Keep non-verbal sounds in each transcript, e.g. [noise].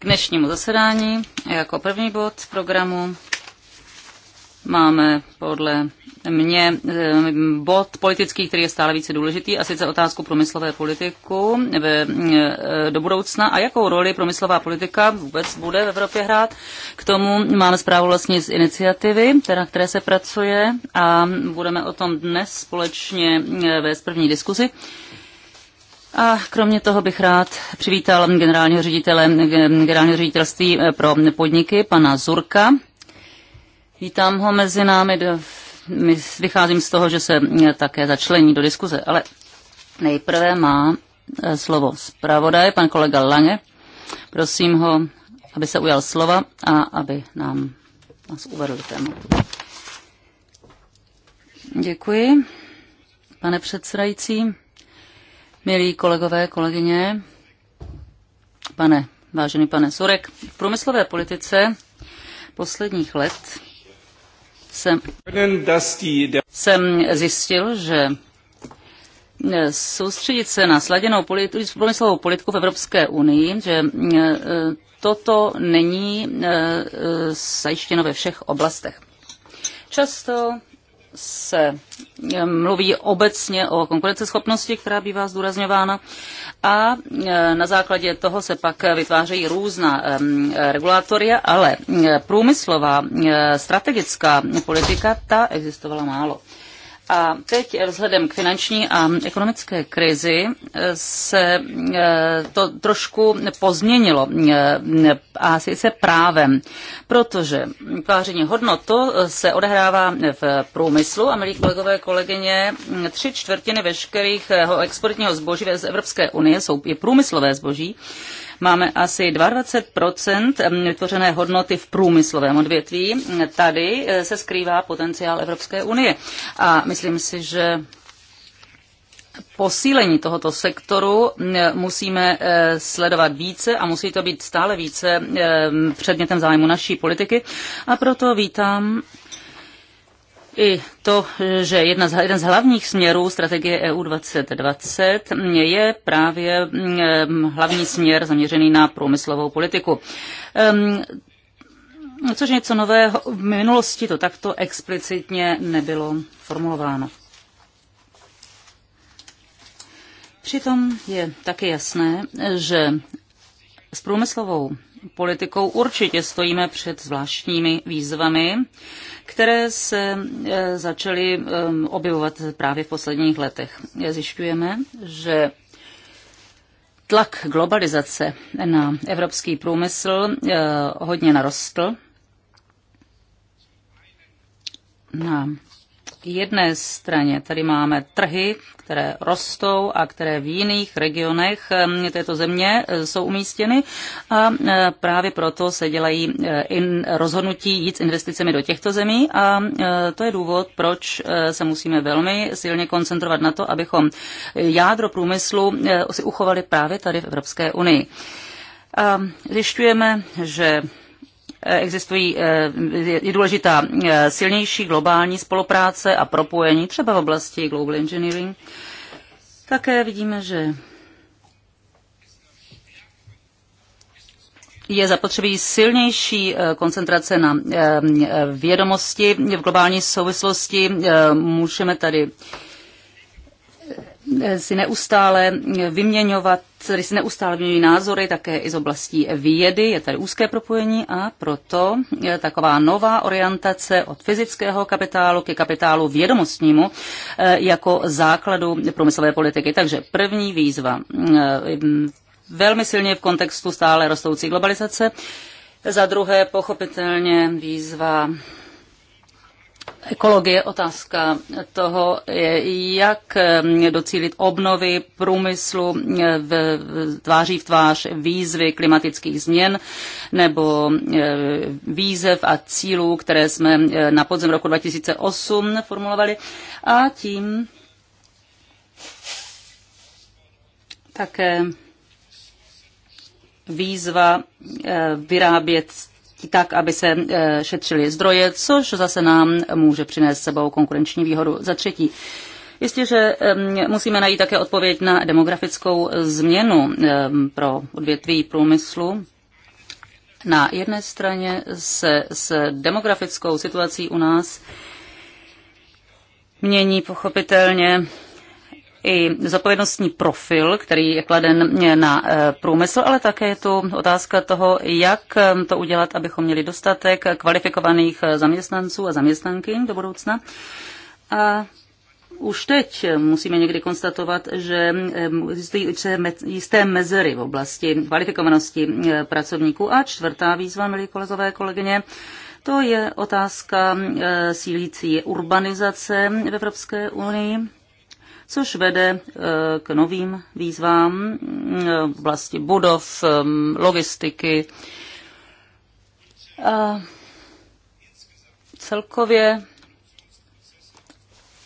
K dnešnímu zasedání jako první bod programu máme podle mě eh, bod politický, který je stále více důležitý, a sice otázku promyslové politiku eh, do budoucna a jakou roli promyslová politika vůbec bude v Evropě hrát. K tomu máme zprávu vlastně z iniciativy, na které se pracuje a budeme o tom dnes společně eh, vést první diskuzi. A kromě toho bych rád přivítal generálního ředitele generálního ředitelství eh, pro podniky, pana Zurka. Vítám ho mezi námi. Vycházím z toho, že se eh, také začlení do diskuze, ale nejprve má eh, slovo zpravodaj, pan kolega Lange. Prosím ho, aby se ujal slova a aby nám nás uvedl do tématu. Děkuji, pane předsedající. Milí kolegové, kolegyně, pane, vážený pane Sorek, v průmyslové politice posledních let jsem, jsem zjistil, že eh, soustředit se na sladěnou politi- průmyslovou politiku v Evropské unii, že eh, toto není eh, zajištěno ve všech oblastech. Často se eh, mluví obecně o konkurenceschopnosti, která bývá zdůrazňována a eh, na základě toho se pak vytvářejí různá regulatoria, ale eh, průmyslová strategická politika, ta existovala málo. A teď vzhledem k finanční a ekonomické krizi se e, to trošku pozměnilo e, a sice právem, protože vytváření hodnot to se odehrává v průmyslu a milí kolegové, kolegyně, tři čtvrtiny veškerých exportního zboží z Evropské unie jsou je průmyslové zboží máme asi 22 vytvořené hodnoty v průmyslovém odvětví. Tady eh, se skrývá potenciál Evropské unie. A myslím si, že posílení tohoto sektoru musíme eh, sledovat více a musí to být stále více předmětem zájmu naší politiky. A proto vítám i to, že jedna z, jeden z hlavních směrů strategie EU 2020 je právě mm, hlavní směr zaměřený na průmyslovou politiku. Což je něco nového. V minulosti to takto explicitně nebylo formulováno. Přitom je také jasné, že s průmyslovou politikou určitě stojíme před zvláštními výzvami, které se e, začaly e, objevovat právě v posledních letech. Zjišťujeme, že tlak globalizace na evropský průmysl e, hodně narostl. Na jedné straně tady máme trhy, které rostou a které v jiných regionech této země e, jsou umístěny a e, právě proto se dělají e, in rozhodnutí jít s investicemi do těchto zemí a to je důvod, proč se musíme velmi silně koncentrovat na to, abychom jádro průmyslu si uchovali právě tady v Evropské unii. A zjišťujeme, že existují, eh, je důležitá eh, silnější globální spolupráce a propojení třeba v oblasti global engineering. Také vidíme, že je zapotřebí silnější eh, koncentrace na vědomosti v globální souvislosti. Můžeme tady si neustále vyměňovat, tady si neustále vyměňují názory také i z oblastí vědy, je tady úzké propojení a proto je taková nová orientace od fyzického kapitálu ke kapitálu vědomostnímu eh, jako základu průmyslové politiky. Takže první výzva, eh, velmi silně v kontextu stále rostoucí globalizace, za druhé pochopitelně výzva Ekologie je otázka toho, jak docílit obnovy průmyslu eh, v tváří v tvář výzvy klimatických změn nebo eh, výzev a cílů, které jsme eh, na podzim roku 2008 formulovali. A tím také výzva vyrábět tak, aby se eh, šetřili zdroje, což zase nám může přinést sebou konkurenční výhodu. Za třetí, Jistě, že musíme najít také odpověď na demografickou změnu pro odvětví průmyslu. Na jedné straně se s demografickou situací u nás mění pochopitelně i zapovědnostní profil, který je kladen na eh, průmysl, ale také je tu otázka toho, jak eh, to udělat, abychom měli dostatek kvalifikovaných eh, zaměstnanců a zaměstnanky do budoucna. A už teď musíme někdy konstatovat, že existují jisté mezery v oblasti kvalifikovanosti pracovníků. A čtvrtá výzva, milí kolegové, kolegyně, to je otázka sílící urbanizace v Evropské unii což vede eh, k novým výzvám mm, eh, v oblasti budov, eh, logistiky. A celkově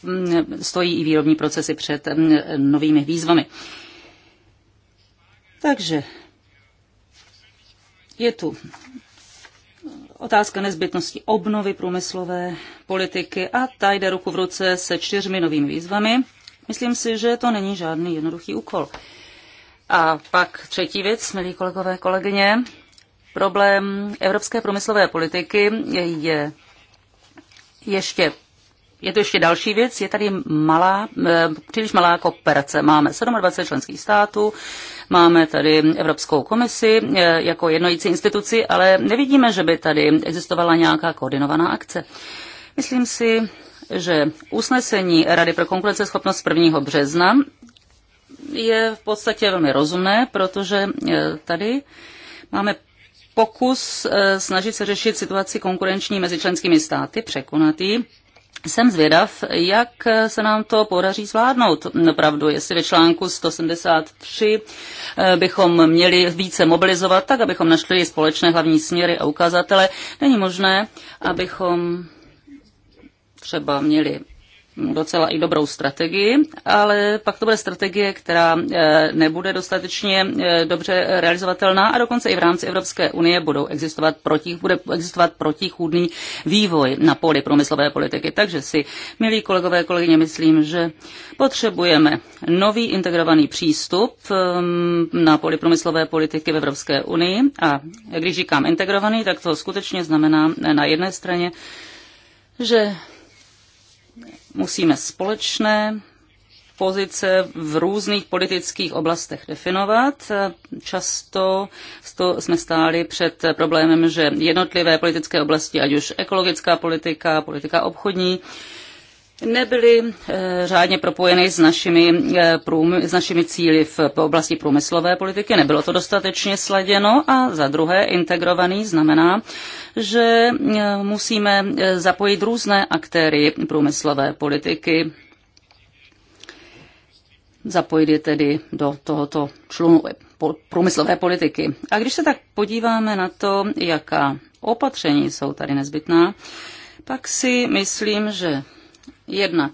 mm, stojí i výrobní procesy před mm, novými výzvami. Takže je tu otázka nezbytnosti obnovy průmyslové politiky a ta jde ruku v ruce se čtyřmi novými výzvami. Myslím si, že to není žádný jednoduchý úkol. A pak třetí věc, milí kolegové, kolegyně. Problém evropské průmyslové politiky je ještě je to ještě další věc, je tady malá, eh, příliš malá kooperace. Máme 27 členských států, máme tady Evropskou komisi eh, jako jednojící instituci, ale nevidíme, že by tady existovala nějaká koordinovaná akce. Myslím si, že usnesení Rady pro konkurenceschopnost 1. března je v podstatě velmi rozumné, protože e, tady máme pokus e, snažit se řešit situaci konkurenční mezi členskými státy, překonat ji. Jsem zvědav, jak se nám to podaří zvládnout. Napravdu, jestli ve článku 173 e, bychom měli více mobilizovat, tak abychom našli společné hlavní směry a ukazatele, není možné, abychom třeba měli docela i dobrou strategii, ale pak to bude strategie, která eh, nebude dostatečně eh, dobře realizovatelná a dokonce i v rámci Evropské unie budou existovat proti, bude existovat protichůdný vývoj na poli průmyslové politiky. Takže si, milí kolegové, kolegyně, myslím, že potřebujeme nový integrovaný přístup ehm, na poli průmyslové politiky v Evropské unii a když říkám integrovaný, tak to skutečně znamená na jedné straně, že musíme společné pozice v různých politických oblastech definovat. Často jsme stáli před problémem, že jednotlivé politické oblasti, ať už ekologická politika, politika obchodní, nebyly eh, řádně propojeny s našimi, eh, prům, s našimi cíly v oblasti průmyslové politiky. Nebylo to dostatečně sladěno a za druhé integrovaný znamená, že eh, musíme zapojit různé aktéry průmyslové politiky. Zapojit je tedy do tohoto člunu průmyslové politiky. A když se tak podíváme na to, jaká opatření jsou tady nezbytná, pak si myslím, že Jednak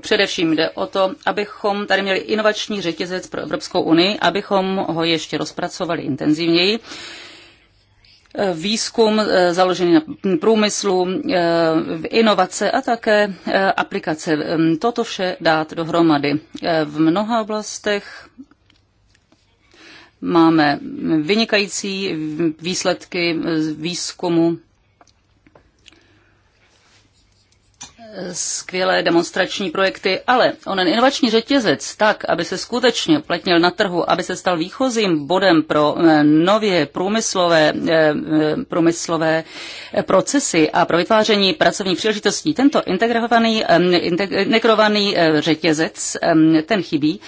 Především jde o to, abychom tady měli inovační řetězec pro Evropskou unii, abychom ho ještě rozpracovali intenzivněji. Výzkum eh, založený na průmyslu, eh, inovace a také eh, aplikace. Ehm, toto vše dát dohromady. V mnoha oblastech máme vynikající výsledky z výzkumu skvělé demonstrační projekty, ale onen inovační řetězec tak, aby se skutečně uplatnil na trhu, aby se stal výchozím bodem pro eh, nově průmyslové, eh, eh, průmyslové procesy a pro vytváření pracovních příležitostí. Tento integrovaný, integrovaný řetězec, ten chybí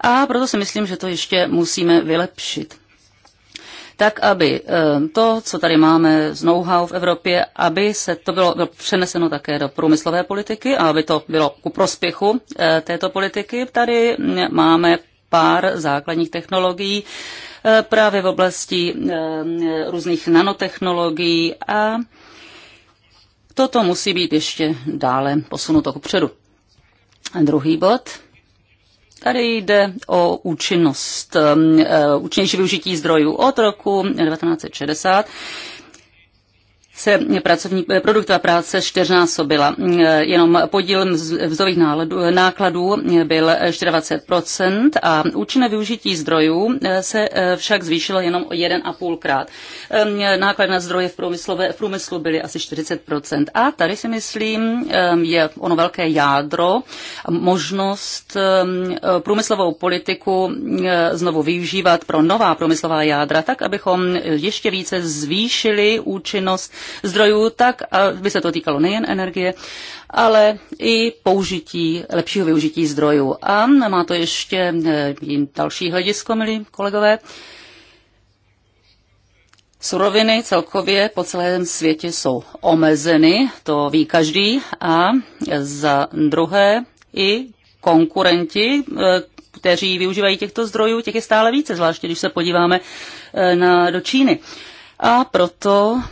a proto si myslím, že to ještě musíme vylepšit tak aby eh, to, co tady máme z know-how v Evropě, aby se to bylo, bylo přeneseno také do průmyslové politiky a aby to bylo ku prospěchu eh, této politiky. Tady mm, máme pár základních technologií eh, právě v oblasti různých nanotechnologií a toto musí být ještě dále posunuto kupředu. druhý bod Tady jde o účinnost, um, uh, účinnější využití zdrojů od roku 1960 se pracovní eh, produktová práce čtyřnásobila. Eh, jenom podíl vzdových eh, nákladů byl 24% a účinné využití zdrojů se však zvýšilo jenom o 1,5 krát. Ehm, náklady na zdroje v, průmyslové, v průmyslu byly asi 40%. A tady si myslím, ehm, je ono velké jádro, možnost ehm, průmyslovou politiku znovu využívat pro nová průmyslová jádra, tak abychom ještě více zvýšili účinnost zdrojů, tak by se to týkalo nejen energie, ale i použití, lepšího využití zdrojů. A má to ještě eh, další hledisko, milí kolegové. Suroviny celkově po celém světě jsou omezeny, to ví každý, a za druhé i konkurenti, eh, kteří využívají těchto zdrojů, těch je stále více, zvláště když se podíváme eh, na, do Číny. A proto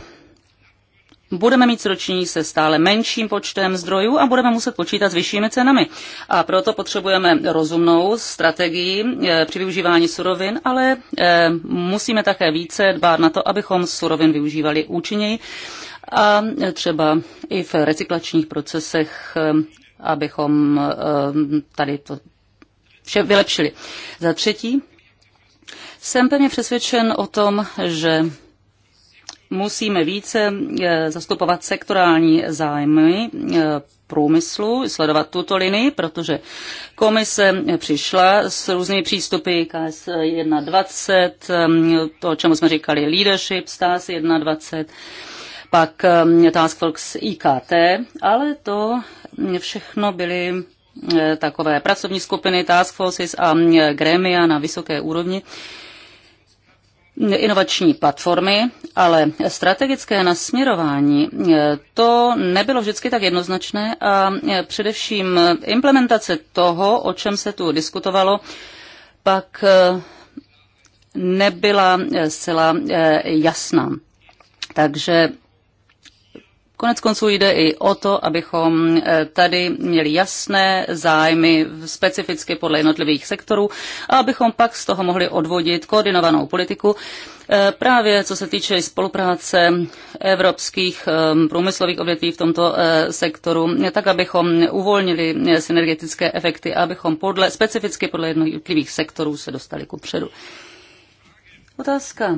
budeme mít sročení se stále menším počtem zdrojů a budeme muset počítat s vyššími cenami. A proto potřebujeme rozumnou strategii eh, při využívání surovin, ale eh, musíme také více dbát na to, abychom surovin využívali účinněji a třeba i v recyklačních procesech, eh, abychom tady to vše vylepšili. Za třetí, jsem pevně přesvědčen o tom, že musíme více eh, zastupovat sektorální zájmy eh, průmyslu, sledovat tuto linii, protože komise přišla s různými přístupy KS 1.20, eh, to, čemu jsme říkali leadership, STAS 1.20, pak Task Force IKT, ale to mm, všechno byly takové pracovní skupiny, task forces a mm, grémia na vysoké úrovni, inovační platformy, ale strategické nasměrování eh, to nebylo vždycky tak jednoznačné a eh, především implementace toho, o čem se tu diskutovalo, pak eh, nebyla zcela jasná. Takže Konec konců jde i o to, abychom eh, tady měli jasné zájmy specificky podle jednotlivých sektorů a abychom pak z toho mohli odvodit koordinovanou politiku, eh, Právě co se týče spolupráce evropských eh, průmyslových odvětví v tomto sektoru, tak abychom uvolnili synergetické efekty a abychom podle, specificky podle jednotlivých sektorů se dostali ku předu. Otázka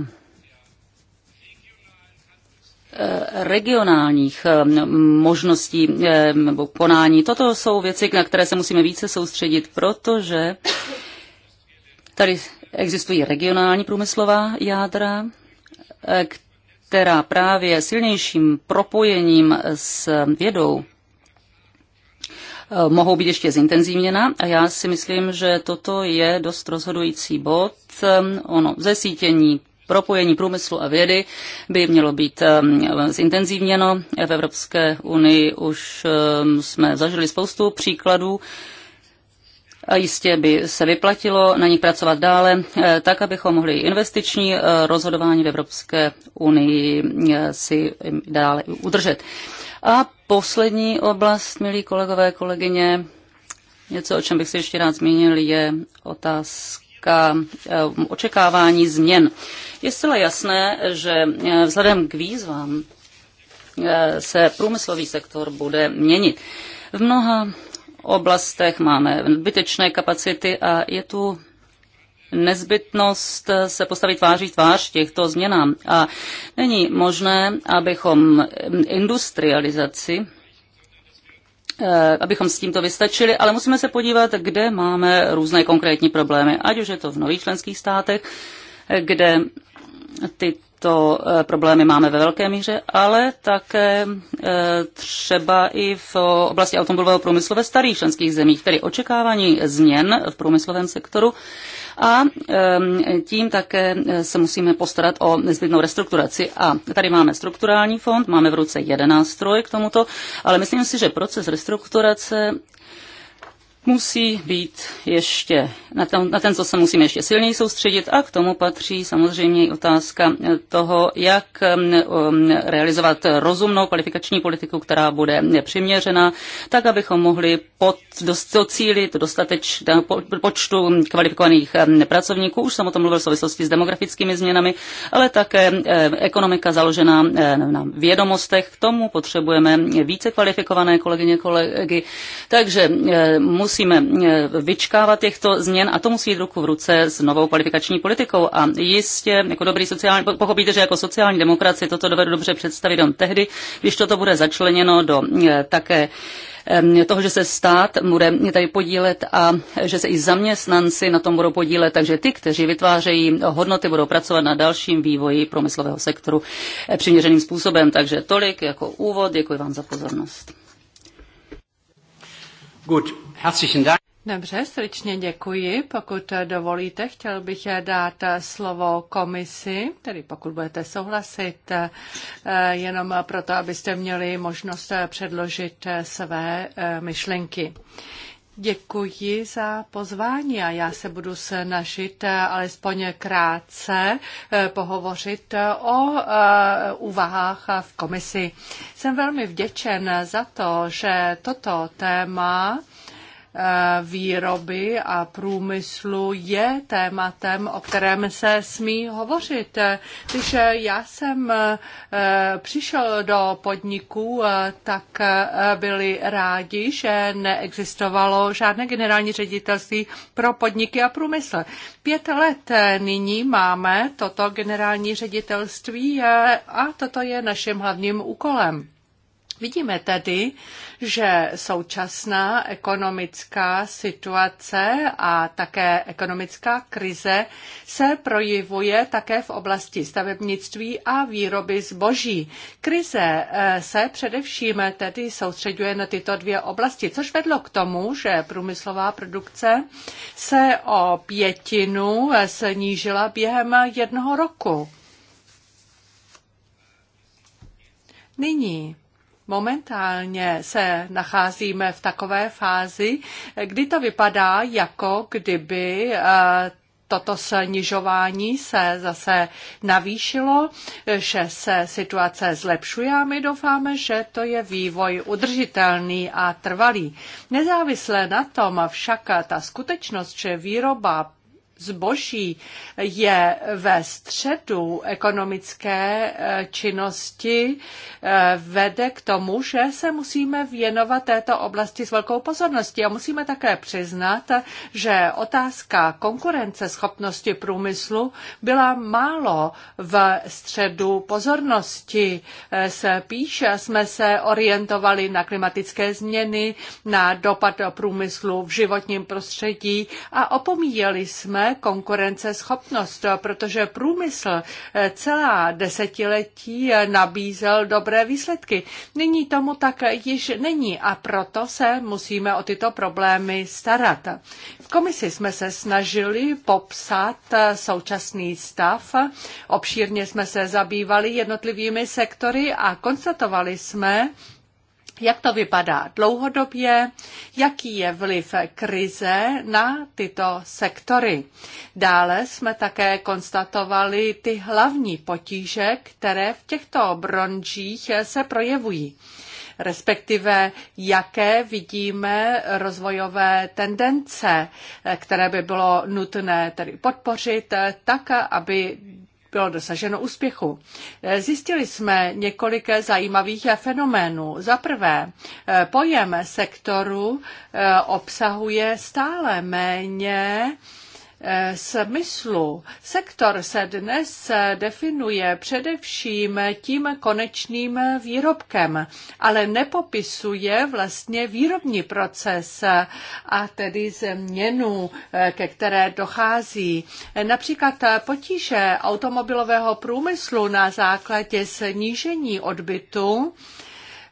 Eh, regionálních eh, možností eh, nebo konání. Toto jsou věci, na které se musíme více soustředit, protože tady existují regionální průmyslová jádra, která právě silnějším propojením s vědou mohou být ještě zintenzívněna a já si myslím, že toto je dost rozhodující bod. Ono zesítění propojení průmyslu a vědy by mělo být zintenzívněno. V Evropské unii už jsme zažili spoustu příkladů, a jistě by se vyplatilo na nich pracovat dále, eh, tak abychom mohli investiční eh, rozhodování v Evropské unii eh, si dále udržet. A poslední oblast, milí kolegové, kolegyně, něco, o čem bych se ještě rád zmínil, je otázka otázka eh, očekávání změn. Je zcela jasné, že eh, vzhledem k výzvám eh, se průmyslový sektor bude měnit. V mnoha oblastech máme zbytečné kapacity a je tu nezbytnost se postavit tváří tvář těchto změnám. A není možné, abychom industrializaci Eh, abychom s tímto vystačili, ale musíme se podívat, kde máme různé konkrétní problémy, ať už je to v nových členských státech, eh, kde ty to eh, problémy máme ve velké míře, ale také eh, třeba i v oblasti automobilového průmyslu ve starých členských zemích, tedy očekávání změn v průmyslovém sektoru a eh, tím také se musíme postarat o nezbytnou restrukturaci. A tady máme strukturální fond, máme v ruce jeden nástroj k tomuto, ale myslím si, že proces restrukturace musí být ještě, na ten, na ten, co se musíme ještě silněji soustředit a k tomu patří samozřejmě i otázka eh, toho, jak mm, um, realizovat rozumnou kvalifikační politiku, která bude přiměřená, tak abychom mohli pod, docílit dostateč po, počtu kvalifikovaných eh, pracovníků, už jsem o tom mluvil v souvislosti s demografickými změnami, ale také eh, ekonomika založená na vědomostech, k tomu potřebujeme více kvalifikované kolegyně, kolegy, takže musí musíme eh, vyčkávat těchto změn a to musí jít ruku v ruce s novou kvalifikační politikou. A jistě, jako dobrý sociální, pochopíte, že jako sociální demokracie toto dovedu dobře představit on tehdy, když toto bude začleněno do eh, také eh, toho, že se stát bude tady podílet a že se i zaměstnanci na tom budou podílet, takže ty, kteří vytvářejí hodnoty, budou pracovat na dalším vývoji průmyslového sektoru přiměřeným způsobem. Takže tolik jako úvod, děkuji vám za pozornost. Good. Herzlichen Dank. Dobře, srdečně děkuji. Pokud dovolíte, chtěl bych dát slovo komisi, tedy pokud budete souhlasit, eh, jenom proto, abyste měli možnost předložit eh, své eh, myšlenky. Děkuji za pozvání a já se budu snažit alespoň krátce pohovořit o úvahách v komisi. Jsem velmi vděčen za to, že toto téma Eh, výroby a průmyslu je tématem, o kterém se smí hovořit. Když já jsem eh, přišel do podniku, eh, tak byli rádi, že neexistovalo žádné generální ředitelství pro podniky a průmysl. Pět let nyní máme toto generální ředitelství a toto je naším hlavním úkolem. Vidíme tedy, že současná ekonomická situace a také ekonomická krize se projevuje také v oblasti stavebnictví a výroby zboží. Krize eh, se především tedy soustředuje na tyto dvě oblasti, což vedlo k tomu, že průmyslová produkce se o pětinu eh, snížila během jednoho roku. Nyní Momentálně se nacházíme v takové fázi, kdy to vypadá, jako kdyby eh, toto snižování se zase navýšilo, že se situace zlepšuje a my doufáme, že to je vývoj udržitelný a trvalý. Nezávisle na tom však ta skutečnost, že výroba zboží je ve středu ekonomické eh, činnosti, eh, vede k tomu, že se musíme věnovat této oblasti s velkou pozorností. A musíme také přiznat, že otázka schopnosti průmyslu byla málo v středu pozornosti. Eh, se píše, jsme se orientovali na klimatické změny, na dopad průmyslu v životním prostředí a opomíjeli jsme, konkurenceschopnost, protože průmysl eh, celá desetiletí eh, nabízel dobré výsledky. Nyní tomu tak již není a proto se musíme o tyto problémy starat. V komisi jsme se snažili popsat eh, současný stav. Obšírně jsme se zabývali jednotlivými sektory a konstatovali jsme, jak to vypadá dlouhodobě, jaký je vliv krize na tyto sektory. Dále jsme také konstatovali ty hlavní potíže, které v těchto bronžích se projevují respektive jaké vidíme rozvojové tendence, které by bylo nutné tedy podpořit tak, aby bylo dosaženo úspěchu. Eh, zjistili jsme několik zajímavých fenoménů. Za prvé, eh, pojem sektoru eh, obsahuje stále méně Eh, smyslu. Sektor se dnes eh, definuje především tím konečným eh, výrobkem, ale nepopisuje vlastně výrobní proces a tedy změnu, ke které dochází. Například potíže automobilového průmyslu na základě snížení odbytu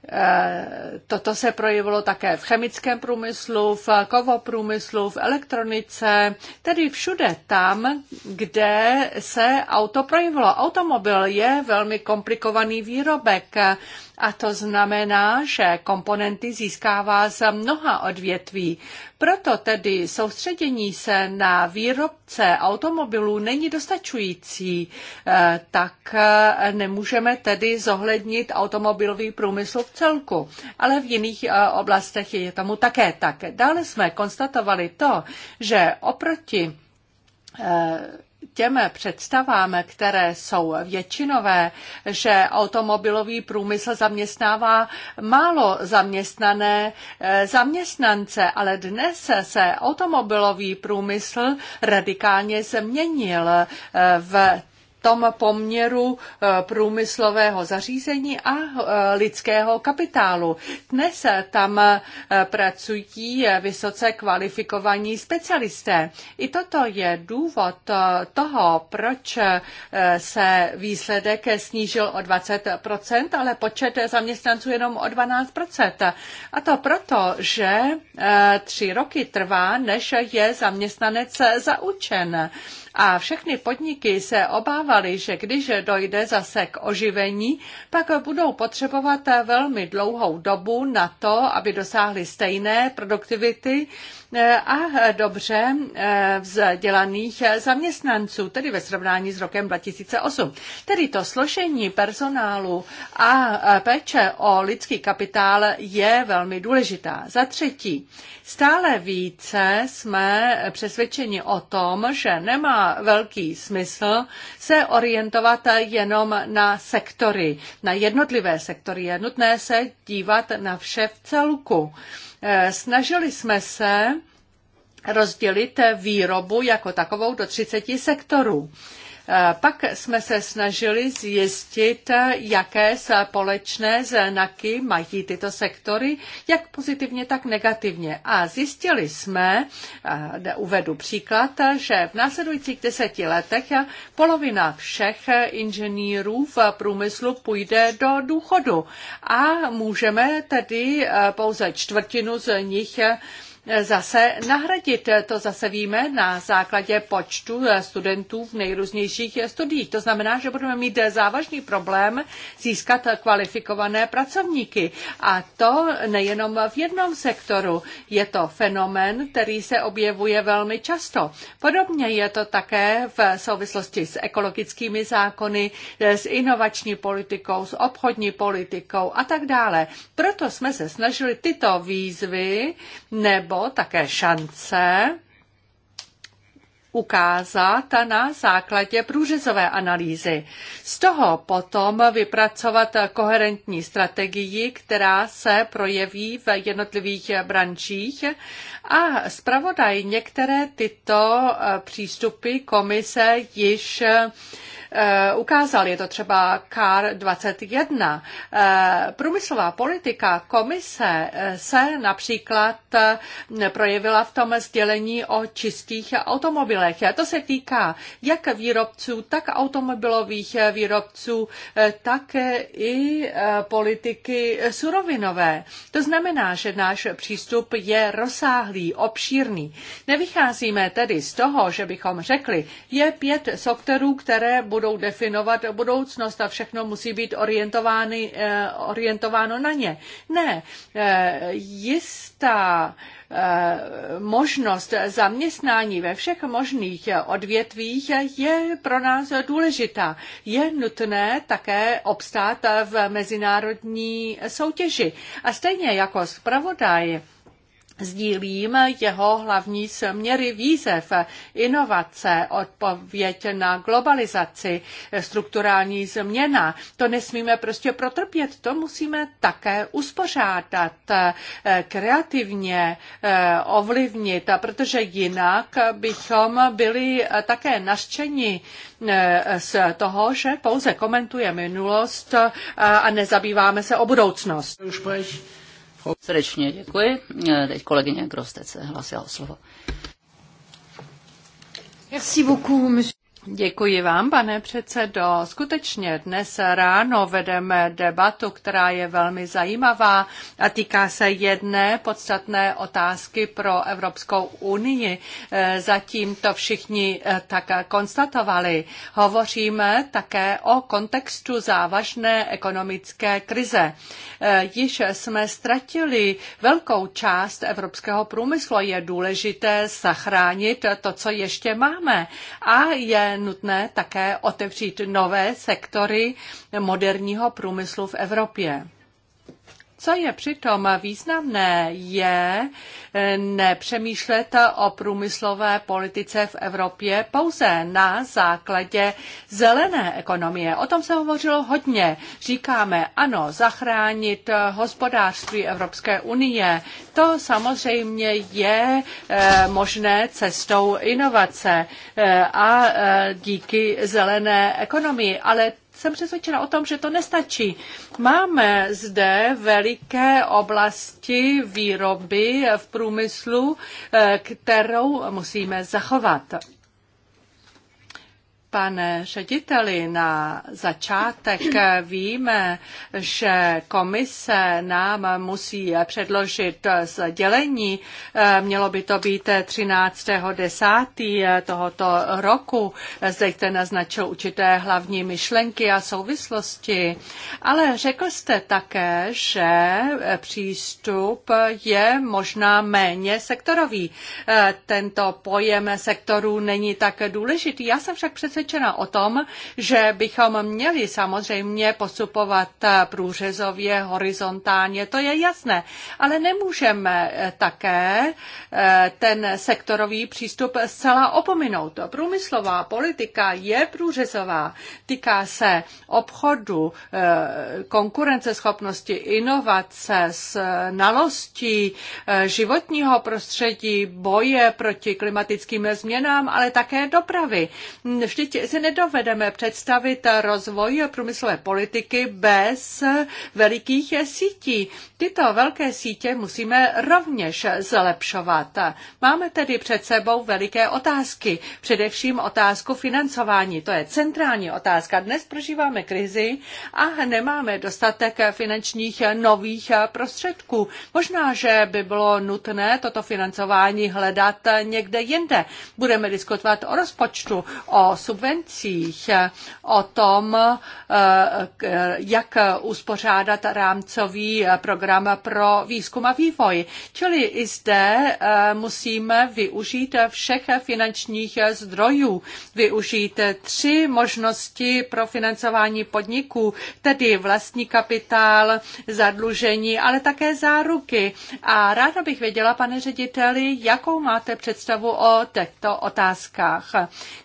Eh, toto se projevilo také v chemickém průmyslu, v kovoprůmyslu, v elektronice, tedy všude tam, kde se auto projevilo. Automobil je velmi komplikovaný výrobek. A to znamená, že komponenty získává z mnoha odvětví. Proto tedy soustředění se na výrobce automobilů není dostačující. E, tak e, nemůžeme tedy zohlednit automobilový průmysl v celku. Ale v jiných e, oblastech je tomu také tak. Dále jsme konstatovali to, že oproti těm představám, které jsou většinové, že automobilový průmysl zaměstnává málo zaměstnané eh, zaměstnance, ale dnes se automobilový průmysl radikálně změnil eh, v tom poměru eh, průmyslového zařízení a eh, lidského kapitálu. Dnes eh, tam pracují vysoce kvalifikovaní specialisté. I toto je důvod toho, proč se výsledek snížil o 20%, ale počet zaměstnanců jenom o 12%. A to proto, že tři roky trvá, než je zaměstnanec zaučen. A všechny podniky se obávaly, že když dojde zase k oživení, pak budou potřebovat velmi dlouhou dobu na to, aby dosáhly stejné produktivity eh, a dobře eh, vzdělaných zaměstnanců, tedy ve srovnání s rokem 2008. Tedy to složení personálu a eh, péče o lidský kapitál je velmi důležitá. Za třetí, stále více jsme přesvědčeni o tom, že nemá velký smysl se orientovat jenom na sektory, na jednotlivé sektory. Je nutné se dívat na vše v celku. Eh, snažili jsme se rozdělit výrobu jako takovou do 30 sektorů. Eh, pak jsme se snažili zjistit, eh, jaké společné znaky mají tyto sektory, jak pozitivně, tak negativně. A zjistili jsme, eh, uvedu příklad, že v následujících deseti letech polovina všech inženýrů v průmyslu půjde do důchodu a můžeme tedy pouze čtvrtinu z nich zase nahradit. To zase víme na základě počtu studentů v nejrůznějších studiích. To znamená, že budeme mít závažný problém získat kvalifikované pracovníky. A to nejenom v jednom sektoru. Je to fenomén, který se objevuje velmi často. Podobně je to také v souvislosti s ekologickými zákony, s inovační politikou, s obchodní politikou a tak dále. Proto jsme se snažili tyto výzvy nebo to také šance ukázat na základě průřezové analýzy. Z toho potom vypracovat koherentní strategii, která se projeví v jednotlivých brančích a zpravodaj některé tyto eh, přístupy komise již Eh, ukázal. Je to třeba CAR 21. Eh, průmyslová politika komise eh, se například projevila v tom sdělení o čistých automobilech. To se týká jak výrobců, tak automobilových výrobců, tak i politiky surovinové. To znamená, že náš přístup je rozsáhlý, obšírný. Nevycházíme tedy z toho, že bychom řekli, je pět sektorů, které budou budou definovat budoucnost a všechno musí být orientovány, eh, orientováno na ně. Ne, eh, jistá eh, možnost zaměstnání ve všech možných odvětvích je pro nás důležitá. Je nutné také obstát v mezinárodní soutěži. A stejně jako zpravodaj, Sdílím jeho hlavní směry výzev, inovace, odpověď na globalizaci, strukturální změna. To nesmíme prostě protrpět, to musíme také uspořádat, eh, kreativně eh, ovlivnit, protože jinak bychom byli eh, také naštěni z toho, že pouze komentujeme minulost a nezabýváme se o budoucnost. Už Srdečně děkuji. Teď kolegyně Grostec se hlasila o slovo. Merci beaucoup, monsieur. Děkuji vám, pane předsedo. Skutečně dnes ráno vedeme debatu, která je velmi zajímavá a týká se jedné podstatné otázky pro Evropskou unii. E, zatím to všichni e, tak konstatovali. Hovoříme také o kontextu závažné ekonomické krize. E, již jsme ztratili velkou část evropského průmyslu. Je důležité zachránit to, co ještě máme. A je nutné také otevřít nové sektory moderního průmyslu v Evropě. Co je přitom významné, je eh, nepřemýšlet o průmyslové politice v Evropě pouze na základě zelené ekonomie. O tom se hovořilo hodně. Říkáme, ano, zachránit eh, hospodářství Evropské unie. To samozřejmě je eh, možné cestou inovace a díky zelené ekonomii, ale jsem přesvědčena o tom, že to nestačí. Máme zde veliké oblasti výroby v průmyslu, eh, kterou musíme zachovat. Pane řediteli, na začátek víme, že komise nám musí předložit sdělení. Mělo by to být 13.10. tohoto roku. Zde jste naznačil určité hlavní myšlenky a souvislosti, ale řekl jste také, že přístup je možná méně sektorový. Tento pojem sektorů není tak důležitý. Já jsem však přece přesvědčena o tom, že bychom měli samozřejmě postupovat eh, průřezově, horizontálně, to je jasné, ale nemůžeme eh, také eh, ten sektorový přístup zcela opominout. Průmyslová politika je průřezová, týká se obchodu, konkurenceschopnosti, inovace, znalostí, životního prostředí, boje proti klimatickým změnám, ale také dopravy. Vždyť byť si nedovedeme představit rozvoj průmyslové politiky bez velikých sítí. Tyto velké sítě musíme rovněž zlepšovat. Máme tedy před sebou veliké otázky, především otázku financování. To je centrální otázka. Dnes prožíváme krizi a nemáme dostatek finančních nových prostředků. Možná, že by bylo nutné toto financování hledat někde jinde. Budeme diskutovat o rozpočtu, o sub subvencích, eh, o tom, eh, jak uspořádat rámcový eh, program pro výzkum a vývoj. Čili i zde musíme využít všech finančních zdrojů, využít tři možnosti pro financování podniků, tedy vlastní kapitál, zadlužení, ale také záruky. A ráda bych věděla, pane řediteli, jakou máte představu o těchto otázkách.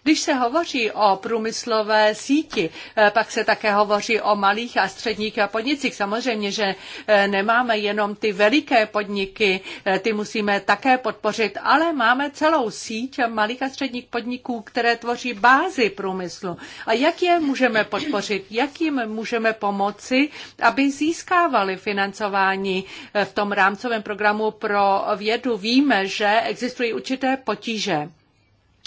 Když se hovoří o průmyslové síti, eh, pak se také hovoří o malých a středních eh, podnicích. Samozřejmě, že eh, nemáme jenom ty veliké podniky, ty musíme také podpořit, ale máme celou síť malých a středních podniků, které tvoří bázi průmyslu. A jak je můžeme podpořit? Jak jim můžeme pomoci, aby získávali financování v tom rámcovém programu pro vědu? Víme, že existují určité potíže.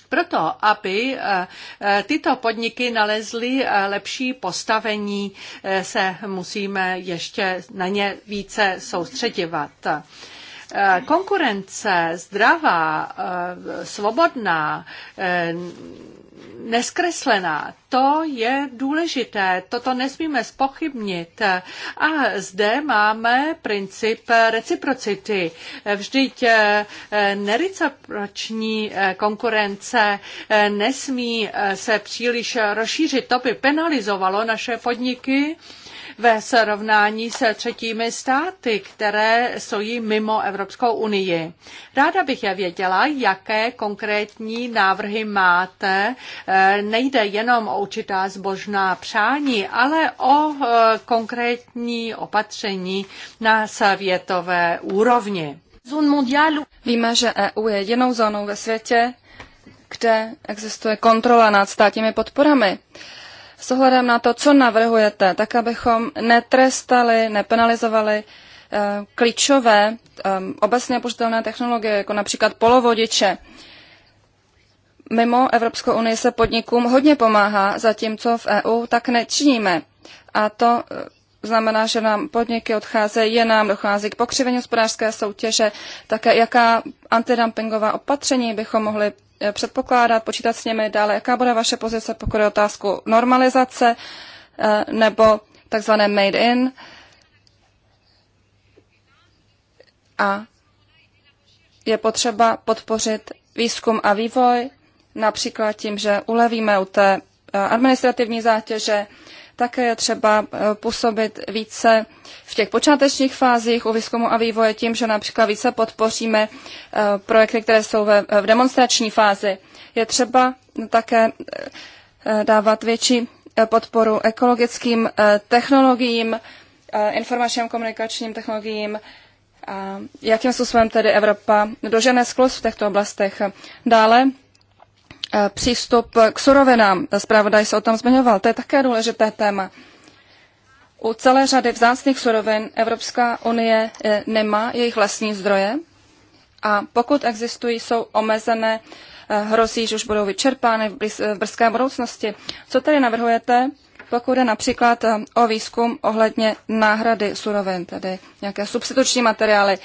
Proto, aby eh, eh, tyto podniky nalezly eh, lepší postavení, se musíme ještě na ně více soustředěvat. Konkurence zdravá, svobodná, neskreslená. To je důležité, toto nesmíme spochybnit. A zde máme princip reciprocity. Vždyť eh, nereciproční eh, konkurence eh, nesmí se příliš rozšířit. To by penalizovalo naše podniky ve srovnání se třetími státy, které stojí mimo Evropskou unii. Ráda bych je věděla, jaké konkrétní návrhy máte. Eh, nejde jenom o určitá zbožná přání, ale o eh, konkrétní opatření na světové úrovni. Víme, že EU je jedinou zónou ve světě, kde existuje kontrola nad státními podporami. Uh, s ohledem na to, co navrhujete, tak abychom netrestali, nepenalizovali eh, klíčové eh, obecně použitelné technologie, jako například polovodiče. Mimo Evropskou unii se podnikům hodně pomáhá, zatímco v EU tak nečiníme. A to eh, znamená, že nám podniky odcházejí, je nám dochází k pokřivení hospodářské soutěže, také jaká antidumpingová opatření bychom mohli Eh, předpokládat, počítat s nimi dále. Jaká bude vaše pozice, pokud je otázku normalizace eh, nebo takzvané made in? A je potřeba podpořit výzkum a vývoj, například tím, že ulevíme u té eh, administrativní zátěže, také je třeba eh, působit více v těch počátečních fázích u výzkumu a vývoje tím, že například více podpoříme eh, projekty, které jsou ve, eh, v demonstrační fázi. Je třeba také dávat větší podporu ekologickým technologiím, informačním komunikačním technologiím, a jakým způsobem tedy Evropa dožene sklus v těchto oblastech. Dále Eh, přístup k surovinám. Zpravodaj se o tom zmiňoval. To je také důležité téma. U celé řady vzácných surovin Evropská unie eh, nemá jejich vlastní zdroje a pokud existují, jsou omezené, eh, hrozí, že už budou vyčerpány v, brzké budoucnosti. Co tedy navrhujete, pokud je například o výzkum ohledně náhrady surovin, tedy nějaké substituční materiály?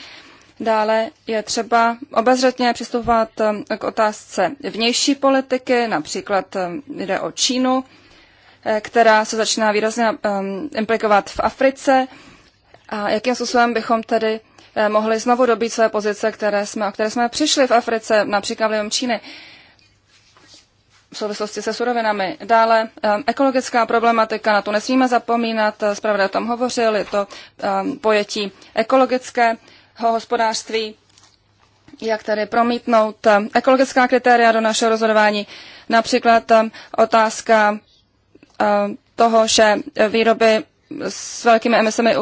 Dále je třeba obezřetně přistupovat um, k otázce vnější politiky, například um, jde o Čínu, eh, která se začíná výrazně um, implikovat v Africe. A jakým způsobem bychom tedy eh, mohli znovu dobít své pozice, které jsme, o které jsme přišli v Africe, například vlivem Číny, v souvislosti se surovinami. Dále ekologická problematika, na to nesmíme zapomínat, eh, zpravda o tom hovořil, je to pojetí ekologické hospodářství, jak tady promítnout eh, ekologická kritéria do našeho rozhodování, například eh, otázka eh, toho, že výroby s velkými emisemi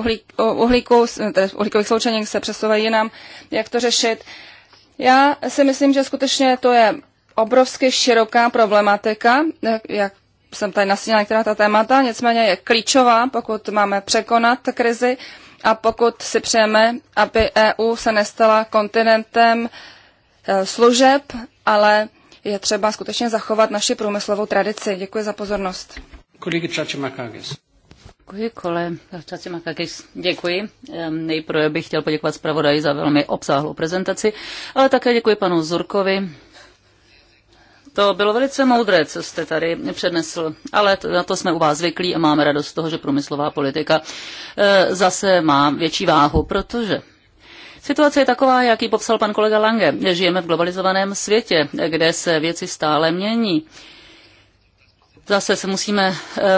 uhlíku, tedy uhlíkových sloučenin se přesouvají jinam, jak to řešit. Já si myslím, že skutečně to je obrovsky široká problematika, jak jsem tady nasínila některá ta témata, nicméně je klíčová, pokud máme překonat krizi a pokud si přejeme, aby EU se nestala kontinentem e, služeb, ale je třeba skutečně zachovat naši průmyslovou tradici. Děkuji za pozornost. Děkuji, kole. děkuji. Nejprve bych chtěl poděkovat zpravodaji za velmi obsáhlou prezentaci, ale také děkuji panu Zurkovi to bylo velice moudré, co jste tady přednesl, ale na to jsme u vás zvyklí a máme radost z toho, že průmyslová politika e, zase má větší váhu, protože Situace je taková, jak ji popsal pan kolega Lange. Žijeme v globalizovaném světě, kde se věci stále mění. Zase se musíme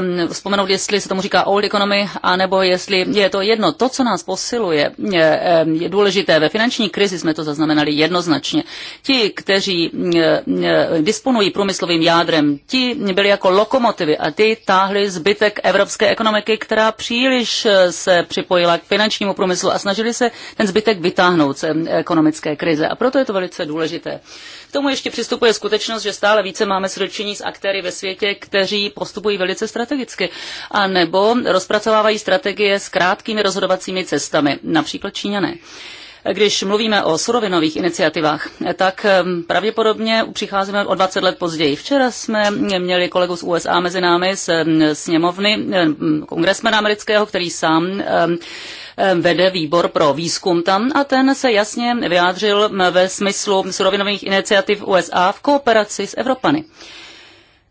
um, vzpomenout, jestli se tomu říká old economy, anebo jestli je to jedno. To, co nás posiluje, je, je důležité. Ve finanční krizi jsme to zaznamenali jednoznačně. Ti, kteří je, je, disponují průmyslovým jádrem, ti byli jako lokomotivy a ty táhli zbytek evropské ekonomiky, která příliš eh, se připojila k finančnímu průmyslu a snažili se ten zbytek vytáhnout z ekonomické krize. A proto je to velice důležité. K tomu ještě přistupuje skutečnost, že stále více máme sročení s aktéry ve světě, kteří postupují velice strategicky, a nebo rozpracovávají strategie s krátkými rozhodovacími cestami, například Číňané. Když mluvíme o surovinových iniciativách, tak pravděpodobně přicházíme o 20 let později. Včera jsme měli kolegu z USA mezi námi z sněmovny, kongresmena amerického, který sám vede výbor pro výzkum tam a ten se jasně vyjádřil ve smyslu surovinových iniciativ USA v kooperaci s Evropany.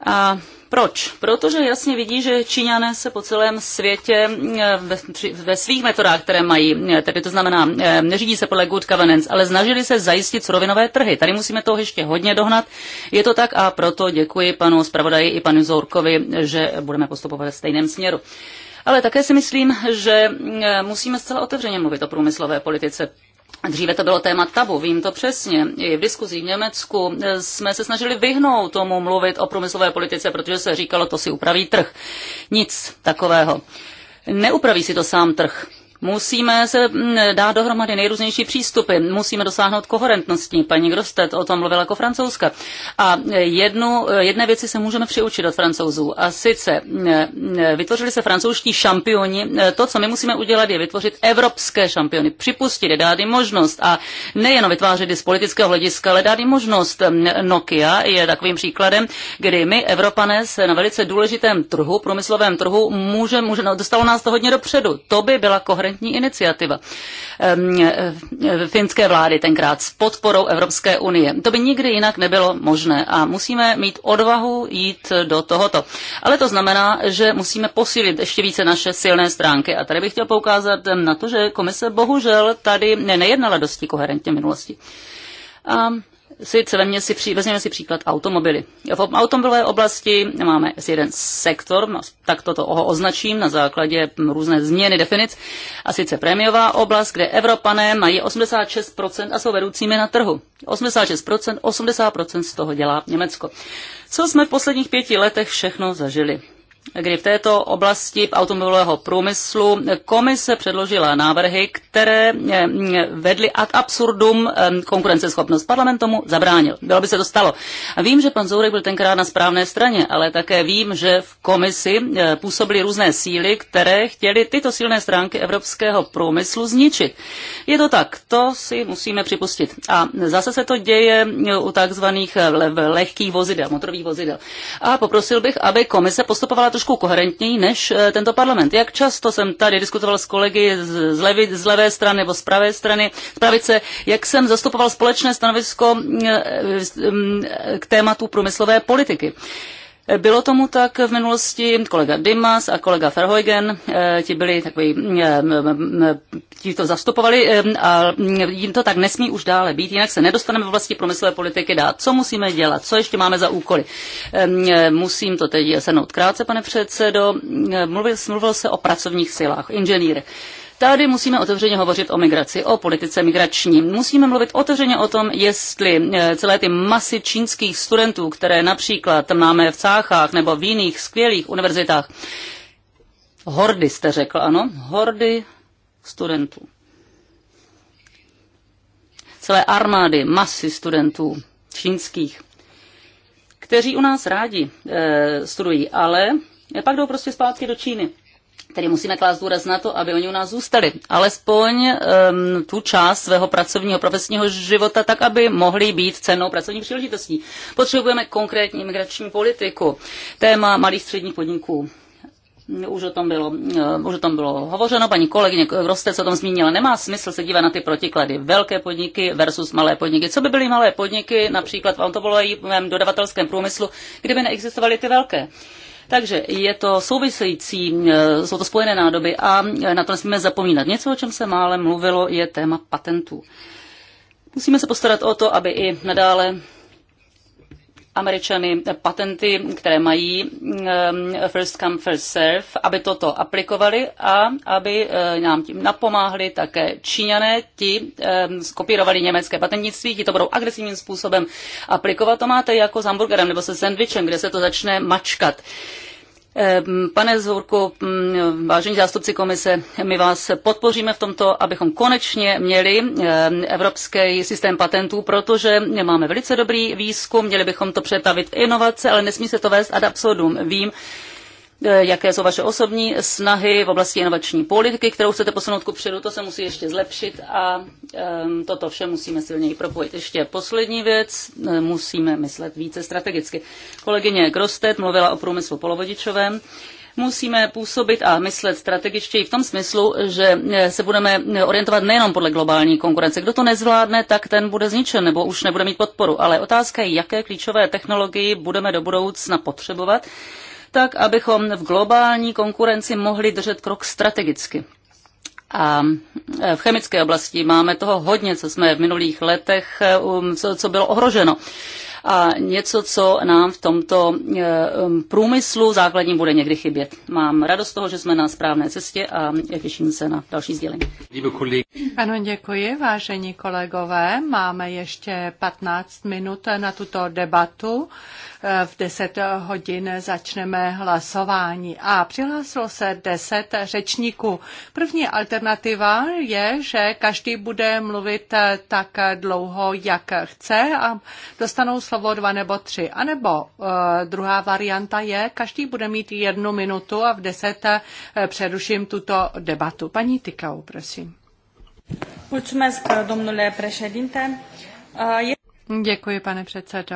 A proč? Protože jasně vidí, že Číňané se po celém světě eh, ve, ve svých metodách, které mají, eh, tedy to znamená, neřídí eh, se podle good governance, ale snažili se zajistit surovinové trhy. Tady musíme toho ještě hodně dohnat. Je to tak a proto děkuji panu zpravodaji i panu Zourkovi, že budeme postupovat ve stejném směru. Ale také si myslím, že mm, musíme zcela otevřeně mluvit o průmyslové politice. Dříve to bylo téma tabu, vím to přesně. I v diskuzi v Německu eh, jsme se snažili vyhnout tomu mluvit o průmyslové politice, protože se říkalo, to si upraví trh. Nic takového. Neupraví si to sám trh. Musíme se mm, dát dohromady nejrůznější přístupy, musíme dosáhnout koherentnosti. Paní Grostet o tom mluvila jako Francouzka. A jednu, jedné věci se můžeme přiučit od francouzů. A sice mm, vytvořili se francouzští šampioni. To, co my musíme udělat, je vytvořit evropské šampiony. Připustit, dát jim možnost. A nejenom vytvářet z politického hlediska, ale dát jim možnost. Mm, Nokia je takovým příkladem, kdy my, Evropané, se na velice důležitém trhu, průmyslovém trhu, může, může, no, dostalo nás to hodně dopředu. To by byla koherentnost transparentní iniciativa finské vlády tenkrát s podporou Evropské unie. To by nikdy jinak nebylo možné a musíme mít odvahu jít do tohoto. Ale to znamená, že musíme posílit ještě více naše silné stránky. A tady bych chtěl poukázat na to, že komise bohužel tady nejednala dosti koherentně minulosti. A si celé si, pří, vezměme si příklad automobily. V automobilové oblasti máme asi jeden sektor, no, tak toto ho označím na základě hm, různé změny definic, a sice prémiová oblast, kde Evropané mají 86% a jsou vedoucími na trhu. 86%, 80% z toho dělá Německo. Co jsme v posledních pěti letech všechno zažili? kdy v této oblasti automobilového průmyslu komise předložila návrhy, které eh, vedly ad absurdum eh, konkurenceschopnost. Parlament tomu zabránil. Bylo by se to stalo. Vím, že pan Zourek byl tenkrát na správné straně, ale také vím, že v komisi eh, působily různé síly, které chtěly tyto silné stránky evropského průmyslu zničit. Je to tak, to si musíme připustit. A zase se to děje u takzvaných lehkých vozidel, motorových vozidel. A poprosil bych, aby komise postupovala trošku koherentněji než eh, tento parlament. Jak často jsem tady diskutoval s kolegy z, levy, z levé strany nebo z pravé strany, z pravice, jak jsem zastupoval společné stanovisko eh, eh, k tématu průmyslové politiky. Bylo tomu tak v minulosti, kolega Dimas a kolega Ferhojgen, eh, ti byli takový, eh, ti to zastupovali eh, a jim to tak nesmí už dále být, jinak se nedostaneme v oblasti promyslové politiky dát. Co musíme dělat? Co ještě máme za úkoly? Ehm, musím to teď sednout krátce, pane předsedo. Mluvil, mluvil se o pracovních silách, inženýrech. Tady musíme otevřeně hovořit o migraci, o politice migrační. Musíme mluvit otevřeně o tom, jestli eh, celé ty masy čínských studentů, které například máme v Cáchách nebo v jiných skvělých univerzitách, hordy jste řekl, ano, hordy studentů. Celé armády, masy studentů čínských, kteří u nás rádi e, studují, ale pak jdou prostě zpátky do Číny Tedy musíme klást důraz na to, aby oni u nás zůstali, alespoň um, tu část svého pracovního profesního života, tak aby mohli být cenou pracovní příležitostí. Potřebujeme konkrétní imigrační politiku. Téma malých středních podniků. Už o, tom bylo, už o tom bylo hovořeno, paní kolegyně Roste se o tom zmínila. Nemá smysl se dívat na ty protiklady. Velké podniky versus malé podniky. Co by byly malé podniky například v automobilovém dodavatelském průmyslu, kdyby neexistovaly ty velké? Takže je to související, e, jsou to spojené nádoby a e, na to nesmíme zapomínat. Něco, o čem se málem mluvilo, je téma patentů. Musíme se postarat o to, aby i nadále Američany patenty, které mají first come, first serve, aby toto aplikovali a aby eh, nám tím napomáhli také Číňané, ti skopírovali německé patentnictví, ti to budou agresivním způsobem aplikovat. To máte jako s hamburgerem nebo se sendvičem, kde se to začne mačkat. Pane Zvorku, vážení zástupci komise, my vás podpoříme v tomto, abychom konečně měli evropský systém patentů, protože máme velice dobrý výzkum, měli bychom to přetavit v inovace, ale nesmí se to vést ad absurdum. Vím, E, jaké jsou vaše osobní snahy v oblasti inovační politiky, kterou chcete posunout ku předu, to se musí ještě zlepšit a toto vše musíme silněji propojit. Ještě poslední věc, e, musíme myslet více strategicky. Kolegyně Grostet mluvila o průmyslu polovodičovém musíme působit a myslet strategičtěji v tom smyslu, že e, se budeme orientovat nejenom podle globální konkurence. Kdo to nezvládne, tak ten bude zničen nebo už nebude mít podporu. Ale otázka je, jaké klíčové technologii budeme do budoucna potřebovat tak abychom v globální konkurenci mohli držet krok strategicky. A e, v chemické oblasti máme toho hodně, co jsme v minulých letech, e, um, co bylo ohroženo. A něco, co nám v tomto e, um, průmyslu základním bude někdy chybět. Mám radost toho, že jsme na správné cestě a těším se na další sdělení. Ano, děkuji, vážení kolegové. Máme ještě 15 minut na tuto debatu v 10 hodin začneme hlasování. A přihlásilo se 10 řečníků. První alternativa je, že každý bude mluvit tak dlouho, jak chce a dostanou slovo dva nebo tři. A nebo eh, druhá varianta je, každý bude mít jednu minutu a v 10 eh, přeruším tuto debatu. Paní Tykau, prosím. Mulțumesc, domnule președinte. Eh, e- Děkuji, pane předsedo.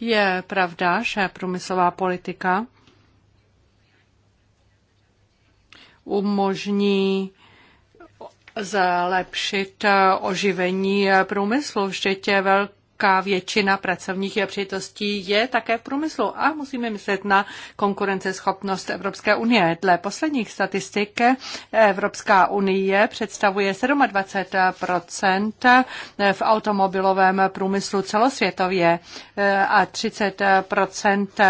Je pravda, že průmyslová politika umožní zlepšit oživení průmyslu. Vždyť velký velká většina pracovních příležitostí je také v průmyslu a musíme myslet na konkurenceschopnost Evropské unie. Dle posledních statistik Evropská unie představuje 27 v automobilovém průmyslu celosvětově a 30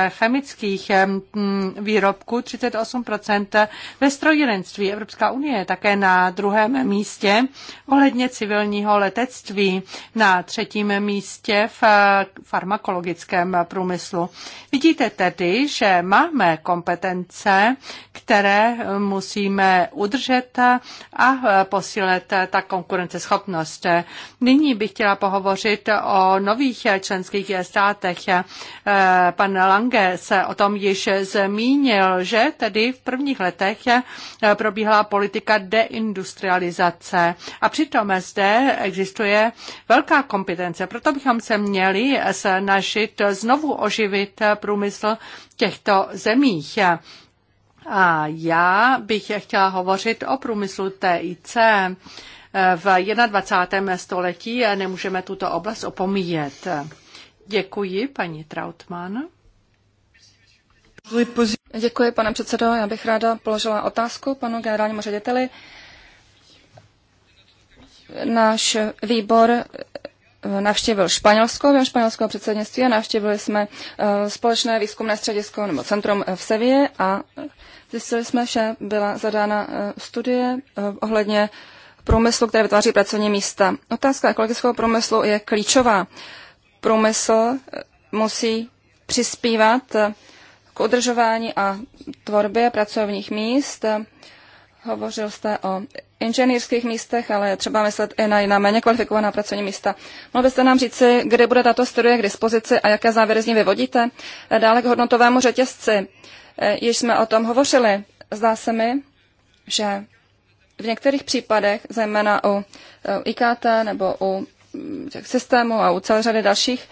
chemických mm, výrobků, 38 ve strojírenství. Evropská unie je také na druhém místě ohledně civilního letectví, na třetím místě místě v eh, farmakologickém průmyslu. Vidíte tedy, že máme kompetence, které eh, musíme udržet eh, a posílit ta konkurenceschopnost. Nyní bych chtěla pohovořit o nových členských státech. Pan Lange se o tom již zmínil, že tedy v prvních letech probíhala politika deindustrializace a přitom zde existuje velká kompetence. Proto bych bychom se měli snažit znovu oživit průmysl v těchto zemích. A já bych chtěla hovořit o průmyslu TIC. V 21. století nemůžeme tuto oblast opomíjet. Děkuji, paní Trautmann. Děkuji, pane předsedo. Já bych ráda položila otázku panu generálnímu řediteli. Náš výbor navštívil Španělsko, během španělského předsednictví a navštívili jsme eh, společné výzkumné středisko nebo centrum eh, v Sevě a eh, zjistili jsme, že byla zadána studie ohledně průmyslu, které vytváří pracovní místa. Otázka ekologického průmyslu je klíčová. Průmysl musí přispívat k udržování a tvorbě pracovních míst. Hovořil jste o inženýrských místech, ale je třeba myslet i na jiná méně kvalifikovaná pracovní místa. Mohl byste nám říci, kdy bude tato studie k dispozici a jaké závěry z ní vyvodíte? Eh, dále k hodnotovému řetězci. Eh, již jsme o tom hovořili. Zdá se mi, že v některých případech, zejména u eh, IKT nebo u mm, těch systémů a u celé řady dalších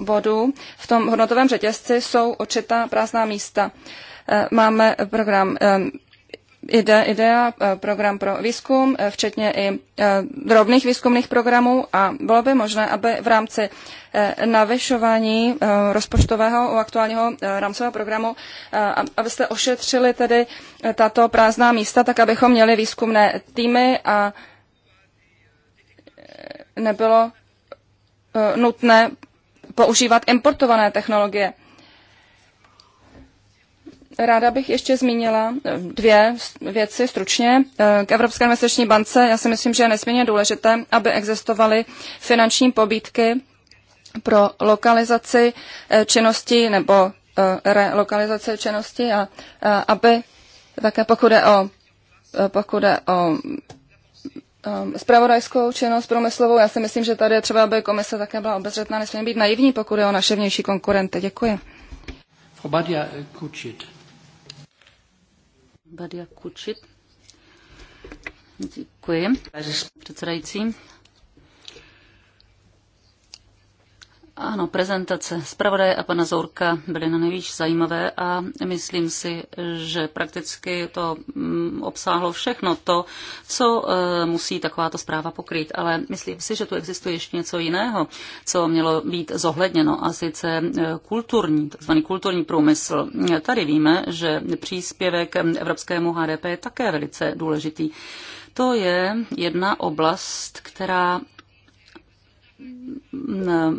bodů, v tom hodnotovém řetězci jsou určitá prázdná místa. Máme program ide, IDEA, eh, program pro výzkum, eh, včetně i eh, drobných výzkumných programů a bylo by možné, aby v rámci navyšování rozpočtového u aktuálního rámcového programu, abyste ošetřili tedy tato prázdná místa, tak abychom měli výzkumné týmy a nebylo nutné používat importované technologie. Ráda bych ještě zmínila eh, dvě věci stručně. Eh, k Evropské investiční bance já si myslím, že je nesmírně důležité, aby existovaly finanční pobídky pro lokalizaci eh, činnosti nebo relokalizaci činnosti a, aby také pokud je o, pokud je o spravodajskou činnost průmyslovou. Já si myslím, že tady je třeba, aby komise také byla obezřetná, nesmíme být naivní, pokud je o naše vnější konkurenty. Děkuji. Frau Badia Kučit. Badia Kučit. Děkuji, předsedající. Ano, prezentace zpravodaje a pana Zourka byly na nejvíc zajímavé a myslím si, že prakticky to mm, obsáhlo všechno to, co eh, musí takováto zpráva pokrýt. Ale myslím si, že tu existuje ještě něco jiného, co mělo být zohledněno a sice eh, kulturní, takzvaný kulturní průmysl. Tady víme, že příspěvek evropskému HDP je také velice důležitý. To je jedna oblast, která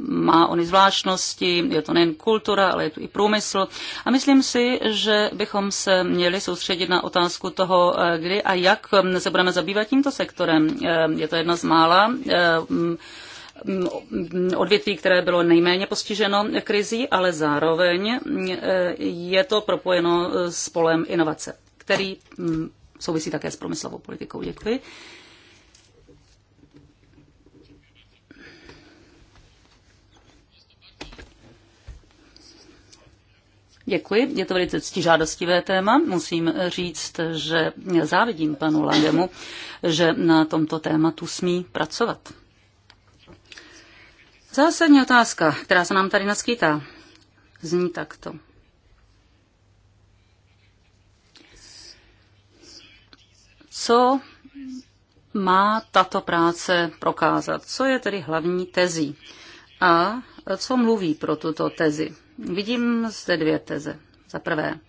má ony zvláštnosti, je to nejen kultura, ale je to i průmysl. A myslím si, že bychom se měli soustředit na otázku toho, eh, kdy a jak se budeme zabývat tímto sektorem. Eh, je to jedna z mála eh, odvětví, které bylo nejméně postiženo krizí, ale zároveň je to propojeno s polem inovace, který souvisí také s průmyslovou politikou. Děkuji. Děkuji, je to velice ctižádostivé téma. Musím říct, že závidím panu Langemu, že na tomto tématu smí pracovat. Zásadní otázka, která se nám tady naskýtá, zní takto. Co má tato práce prokázat? Co je tedy hlavní tezí? A co mluví pro tuto tezi? Vidím zde dvě teze. Za prvé,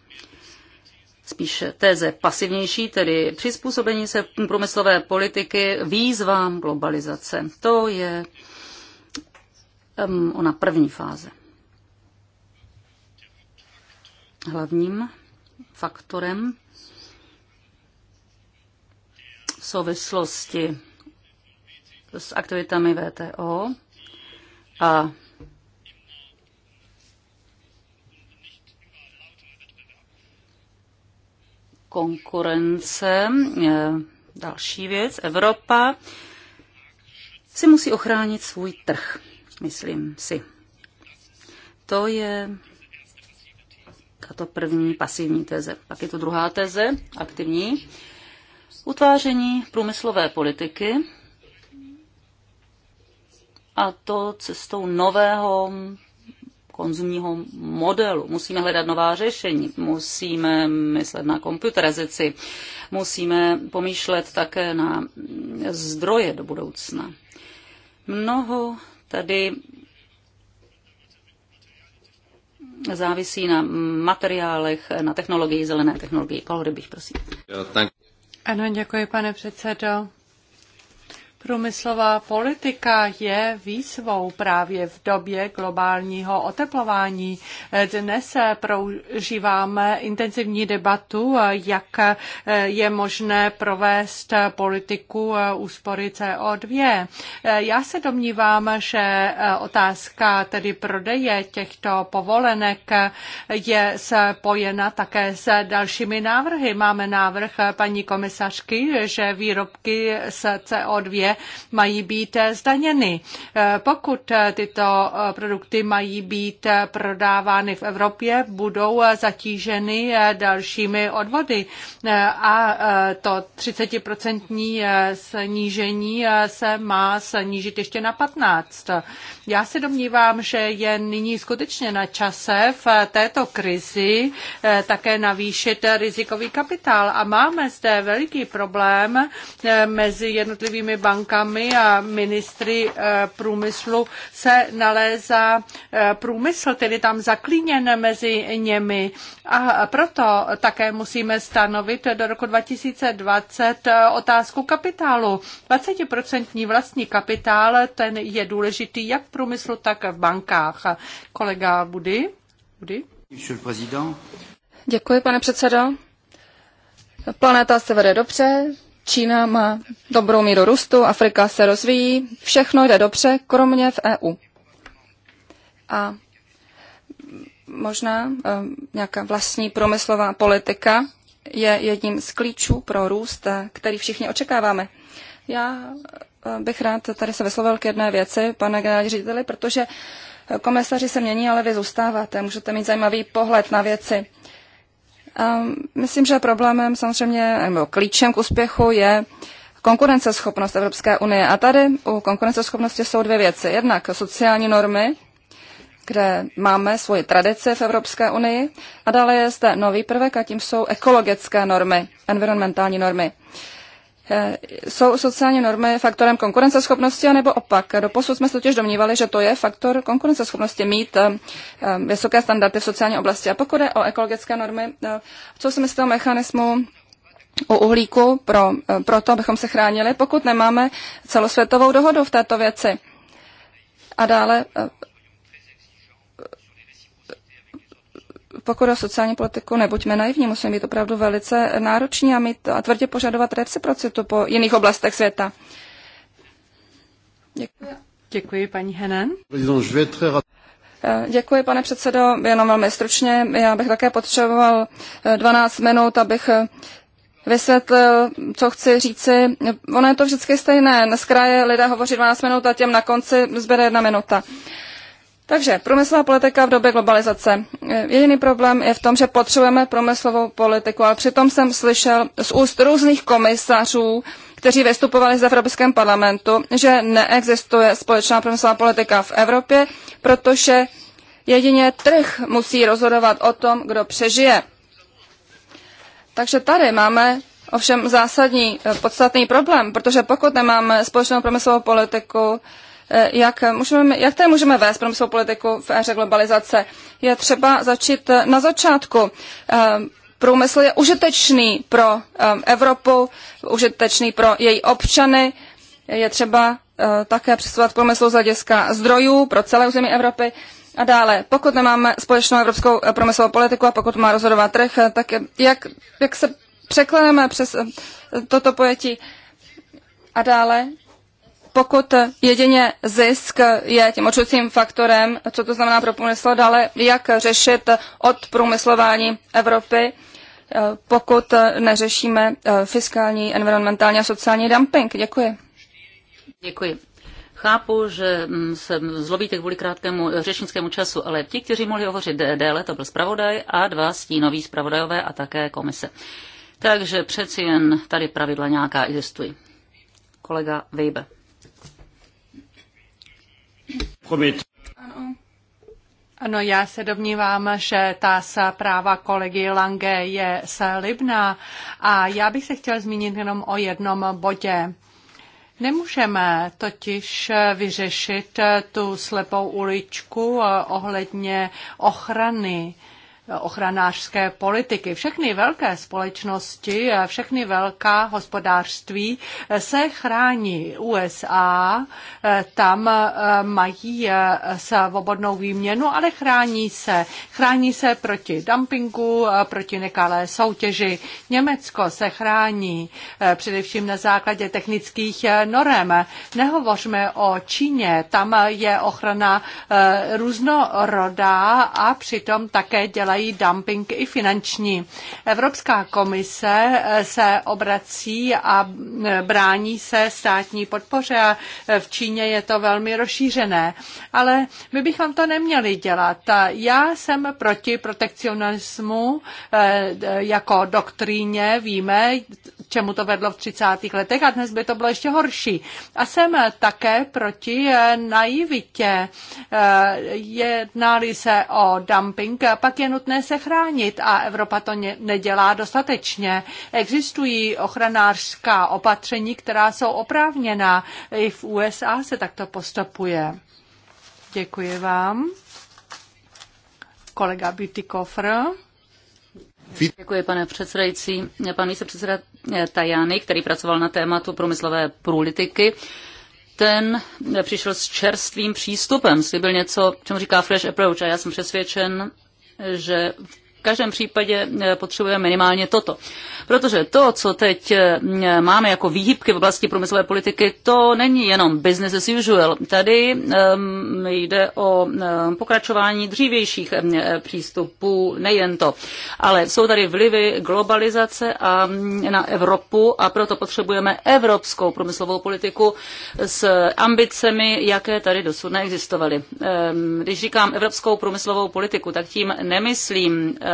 spíše téze pasivnější, tedy přizpůsobení se průmyslové politiky výzvám globalizace. To je um, ona první fáze. Hlavním faktorem v souvislosti s aktivitami VTO a konkurence, eh, další věc, Evropa si musí ochránit svůj trh, myslím si. To je tato první pasivní teze. Pak je to druhá teze, aktivní. Utváření průmyslové politiky a to cestou nového konzumního modelu. Musíme hledat nová řešení, musíme myslet na komputerizaci, musíme pomýšlet také na zdroje do budoucna. Mnoho tady závisí na materiálech, na technologii, zelené technologii. Paul bych prosím. Ano, děkuji, pane předsedo. Průmyslová politika je výzvou právě v době globálního oteplování. Dnes prožíváme intenzivní debatu, jak je možné provést politiku úspory CO2. Já se domnívám, že otázka tedy prodeje těchto povolenek je spojena také s dalšími návrhy. Máme návrh paní komisařky, že výrobky z CO2 mají být zdaněny. Pokud tyto produkty mají být prodávány v Evropě, budou zatíženy dalšími odvody a to 30% snížení se má snížit ještě na 15. Já se domnívám, že je nyní skutečně na čase v této krizi také navýšit rizikový kapitál a máme zde veliký problém mezi jednotlivými bankami bankami a ministry eh, průmyslu se nalézá eh, průmysl, tedy tam zaklíněn mezi němi. A proto také musíme stanovit do roku 2020 eh, otázku kapitálu. 20% vlastní kapitál, ten je důležitý jak v průmyslu, tak v bankách. Kolega Budy. Budy? Děkuji, pane předsedo. Planeta se vede dobře, Čína má dobrou míru růstu, Afrika se rozvíjí, všechno jde dobře, kromě v EU. A možná eh, nějaká vlastní průmyslová politika je jedním z klíčů pro růst, eh, který všichni očekáváme. Já eh, bych rád tady se vyslovil k jedné věci, pane generální řediteli, protože komisaři se mění, ale vy zůstáváte. Můžete mít zajímavý pohled na věci. Ehm, myslím, že problémem samozřejmě, nebo klíčem k úspěchu je konkurenceschopnost Evropské unie. A tady u konkurenceschopnosti jsou dvě věci. Jednak sociální normy, kde máme svoji tradici v Evropské unii. A dále je zde nový prvek a tím jsou ekologické normy, environmentální normy. Uh, Eh, jsou sociální normy faktorem konkurenceschopnosti, anebo opak? Doposud jsme se totiž domnívali, že to je faktor konkurenceschopnosti mít eh, eh, vysoké standardy v sociální oblasti. A pokud je o ekologické normy, co si myslí o mechanismu o uhlíku pro, pro to, abychom se chránili, pokud nemáme celosvětovou dohodu v této věci? A dále pokud o sociální politiku, nebuďme naivní, musíme být opravdu velice nároční a, mít, a tvrdě požadovat reciprocitu po jiných oblastech světa. Děkuji. Děkuji, paní Henen. Eh, děkuji, pane předsedo. Jenom velmi stručně. Já bych také potřeboval 12 eh, minut, abych eh, vysvětlil, co chci říci. Ono je to vždycky stejné. Dneska je lidé hovoří 12 minut a těm na konci zbere jedna minuta. Uh, takže průmyslová politika v době globalizace. Eh, Jediný problém je v tom, že potřebujeme průmyslovou politiku, ale přitom jsem slyšel z úst různých komisařů, kteří vystupovali z Evropském parlamentu, že neexistuje společná průmyslová politika v Evropě, protože jedině trh musí rozhodovat o tom, kdo přežije. Takže tady máme ovšem zásadní, eh, podstatný problém, protože pokud nemáme společnou průmyslovou politiku, Eh, jak, můžeme, jak tady můžeme vést průmyslovou politiku v éře globalizace. Je třeba začít eh, na začátku. Eh, průmysl je užitečný pro Evropu, užitečný pro její občany. Je třeba také přistupovat k průmyslu z hlediska zdrojů pro celé území Evropy. A dále, pokud nemáme společnou evropskou promyslovou politiku a pokud má rozhodovat trh, tak jak, jak se překleneme přes toto pojetí? A dále, pokud jedině zisk je tím očujícím faktorem, co to znamená pro průmysl, dále jak řešit od průmyslování Evropy, eh, pokud neřešíme eh, fiskální, environmentální a sociální dumping. Děkuji. Děkuji. Chápu, že mm, se zlobíte kvůli krátkému eh, řečnickému času, ale ti, kteří mohli hovořit déle, to byl zpravodaj a dva stínoví zpravodajové a také komise. Takže přeci jen tady pravidla nějaká existují. Kolega Weber. Ano. Ano, já se domnívám, že ta práva kolegy Lange je slibná a já bych se chtěl zmínit jenom o jednom bodě. Nemůžeme totiž vyřešit tu slepou uličku eh, ohledně ochrany ochranářské politiky. Všechny velké společnosti, všechny velká hospodářství se chrání USA, eh, tam eh, mají eh, svobodnou výměnu, ale chrání se. Chrání se proti dumpingu, proti nekalé soutěži. Německo se chrání především na základě technických norem. Nehovořme o Číně, tam je ochrana různorodá a přitom také dělá dělají dumping i finanční. Evropská komise eh, se obrací a eh, brání se státní podpoře a eh, v Číně je to velmi rozšířené. Ale my bychom to neměli dělat. Já jsem proti protekcionismu jako doktríně, víme, čemu to vedlo v 30. letech a dnes by to bylo ještě horší. A jsem také proti naivitě. Jednáli se o dumping, pak je nutné nutné se chránit a Evropa to nedělá dostatečně. Existují ochranářská opatření, která jsou oprávněná. I v USA se takto postupuje. Děkuji vám. Kolega Koffer. Děkuji, pane předsedající. Pan vicepředseda Tajany, který pracoval na tématu průmyslové politiky, ten přišel s čerstvým přístupem, slibil něco, čemu říká fresh approach a já jsem přesvědčen, že v každém případě eh, potřebujeme minimálně toto. Protože to, co teď eh, máme jako výhybky v oblasti průmyslové politiky, to není jenom business as usual. Tady um, jde o um, pokračování dřívějších um, přístupů, nejen to. Ale jsou tady vlivy globalizace a mm, na Evropu a proto potřebujeme evropskou průmyslovou politiku s ambicemi, jaké tady dosud neexistovaly. Um, když říkám evropskou průmyslovou politiku, tak tím nemyslím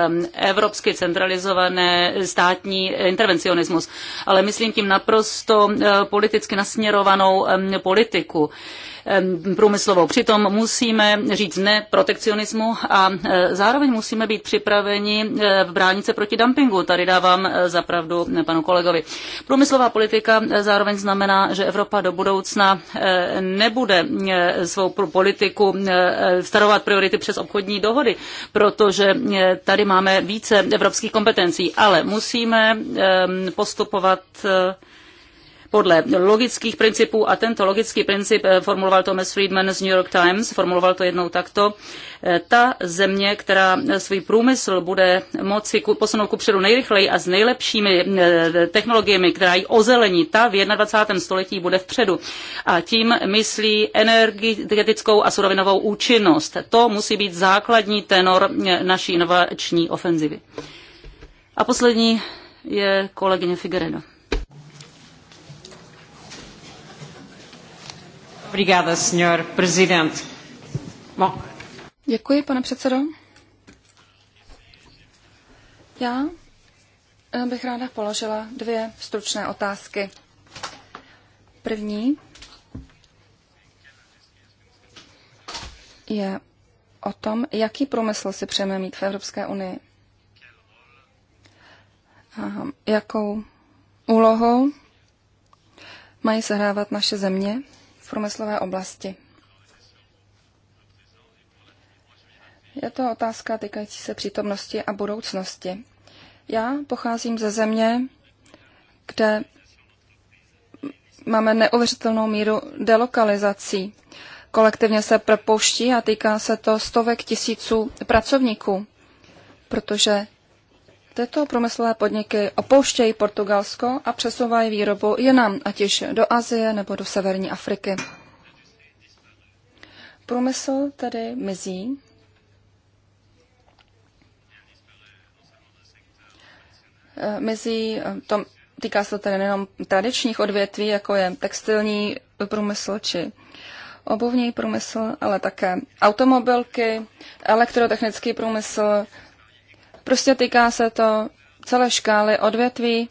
um, evropsky centralizované státní intervencionismus, ale myslím tím naprosto eh, politicky nasměrovanou politiku průmyslovou. Přitom musíme říct ne protekcionismu a e, zároveň musíme být připraveni v e, bránice proti dumpingu. Tady dávám e, zapravdu panu kolegovi. Průmyslová politika zároveň znamená, že Evropa do budoucna nebude svou politiku starovat priority přes obchodní dohody, protože tady máme více evropských kompetencí, ale musíme postupovat podle logických principů a tento logický princip eh, formuloval Thomas Friedman z New York Times, formuloval to jednou takto. Eh, ta země, která eh, svůj průmysl bude moci posunout kupředu nejrychleji a s nejlepšími technologiemi, která ji ozelení, ta v 21. století bude vpředu. A tím myslí energetickou a surovinovou účinnost. To musí být základní tenor naší inovační ofenzivy. A poslední je kolegyně Figueredo. Děkuji, pane předsedo. Já eh, bych ráda položila dvě stručné otázky. První je o tom, jaký průmysl si přejeme mít v Evropské unii. A jakou úlohu mají sehrávat naše země průmyslové oblasti. Je to otázka týkající se přítomnosti a budoucnosti. Já pocházím ze země, kde máme neuvěřitelnou míru delokalizací. Kolektivně se propouští a týká se to stovek tisíců pracovníků, protože Tyto průmyslové podniky opouštějí Portugalsko a přesouvají výrobu jinam, ať již do Asie nebo do severní Afriky. Průmysl tedy mizí. Eh, mizí, eh, to, týká se tedy jenom tradičních odvětví, jako je textilní průmysl či obuvní průmysl, ale také automobilky, elektrotechnický průmysl, Prostě týká se to celé škály odvětví,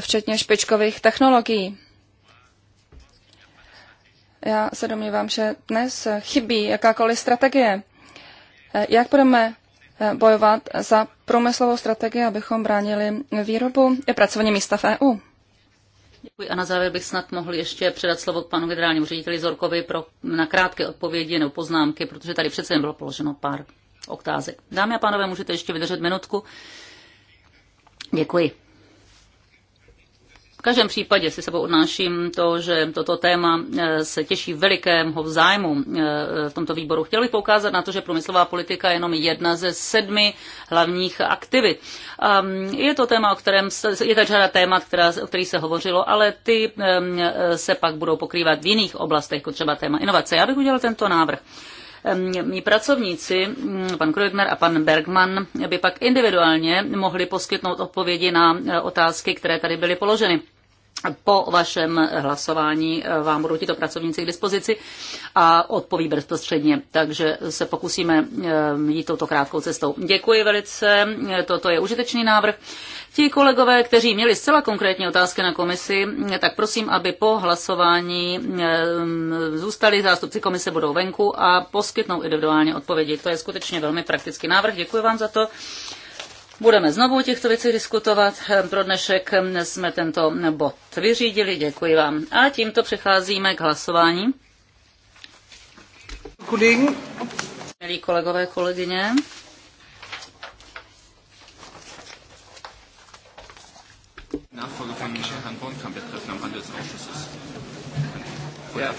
včetně špičkových technologií. Já se domnívám, že dnes chybí jakákoliv strategie. Jak budeme bojovat za průmyslovou strategii, abychom bránili výrobu i pracovní místa v EU? Děkuji a na závěr bych snad mohl ještě předat slovo k panu generálnímu řediteli Zorkovi pro na krátké odpovědi nebo poznámky, protože tady přece jen bylo položeno pár otázek. Dámy a pánové, můžete ještě vydržet minutku. Děkuji. V každém případě si sebou odnáším to, že toto téma eh, se těší velikého zájmu eh, v tomto výboru. Chtěl bych poukázat na to, že průmyslová politika je jenom jedna ze sedmi hlavních aktivit. Ehm, je to téma, o kterém je ta řada témat, která, o kterých se hovořilo, ale ty ehm, se pak budou pokrývat v jiných oblastech, jako třeba téma inovace. Já bych udělal tento návrh. Mí pracovníci, mm, pan Krojegner a pan Bergman, by pak individuálně mohli poskytnout odpovědi na e, otázky, které tady byly položeny. Po vašem hlasování e, vám budou tito pracovníci k dispozici a odpoví bezprostředně. Takže se pokusíme e, jít touto krátkou cestou. Děkuji velice, toto je užitečný návrh. Ti kolegové, kteří měli zcela konkrétní otázky na komisi, tak prosím, aby po hlasování ehm, zůstali zástupci komise budou venku a poskytnou individuálně odpovědi. To je skutečně velmi praktický návrh. Děkuji vám za to. Budeme znovu o těchto věcech diskutovat. Ehm, pro dnešek ehm, jsme tento bod vyřídili. Děkuji vám. A tímto přecházíme k hlasování. Milí kolegové, kolegyně. Nachfolge von Herrn Bornkamp betreffend am Handelsausschuss ist. Ja.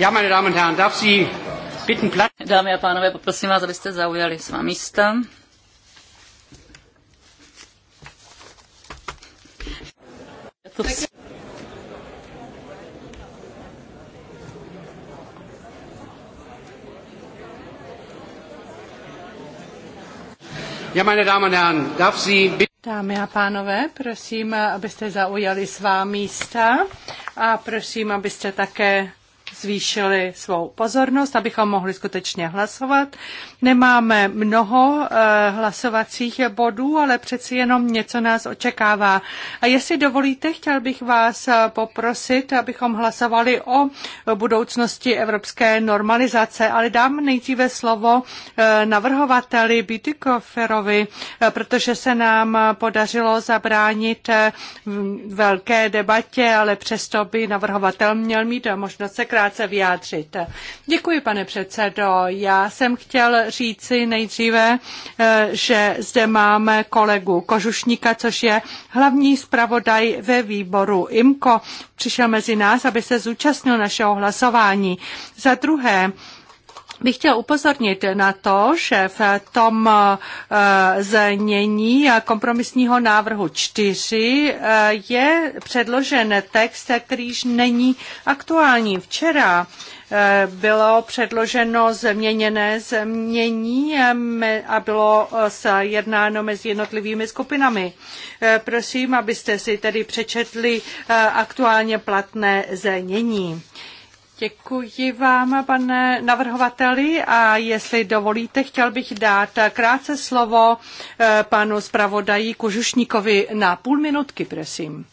Já, meine Damen und Herren, darf Sie bitten, Platz... Dámy a pánové, poprosím vás, abyste zaujali svá místa. Ja, meine Damen und Herren, darf Sie bitten... Dámy a pánové, prosím, abyste zaujali svá místa a prosím, abyste také zvýšili svou pozornost, abychom mohli skutečně hlasovat. Nemáme mnoho eh, hlasovacích bodů, ale přeci jenom něco nás očekává. A jestli dovolíte, chtěl bych vás eh, poprosit, abychom hlasovali o budoucnosti evropské normalizace, ale dám nejdříve slovo eh, navrhovateli Bytykoferovi, protože se nám podařilo zabránit velké debatě, ale přesto by navrhovatel měl mít možnost se krátce krátce vyjádřit. Děkuji, pane předsedo. Já jsem chtěl říci nejdříve, eh, že zde máme kolegu Kožušníka, což je hlavní zpravodaj ve výboru IMKO. Přišel mezi nás, aby se zúčastnil našeho hlasování. Za druhé, bych chtěl upozornit na to, že v tom eh, znění kompromisního návrhu 4 eh, je předložen text, který již není aktuální. Včera eh, bylo předloženo změněné změní a bylo jednáno mezi jednotlivými skupinami. Prosím, abyste si tedy přečetli aktuálně platné znění. Děkuji vám, pane navrhovateli, a jestli dovolíte, chtěl bych dát krátce slovo eh, panu zpravodaji Kožušníkovi na půl minutky, prosím.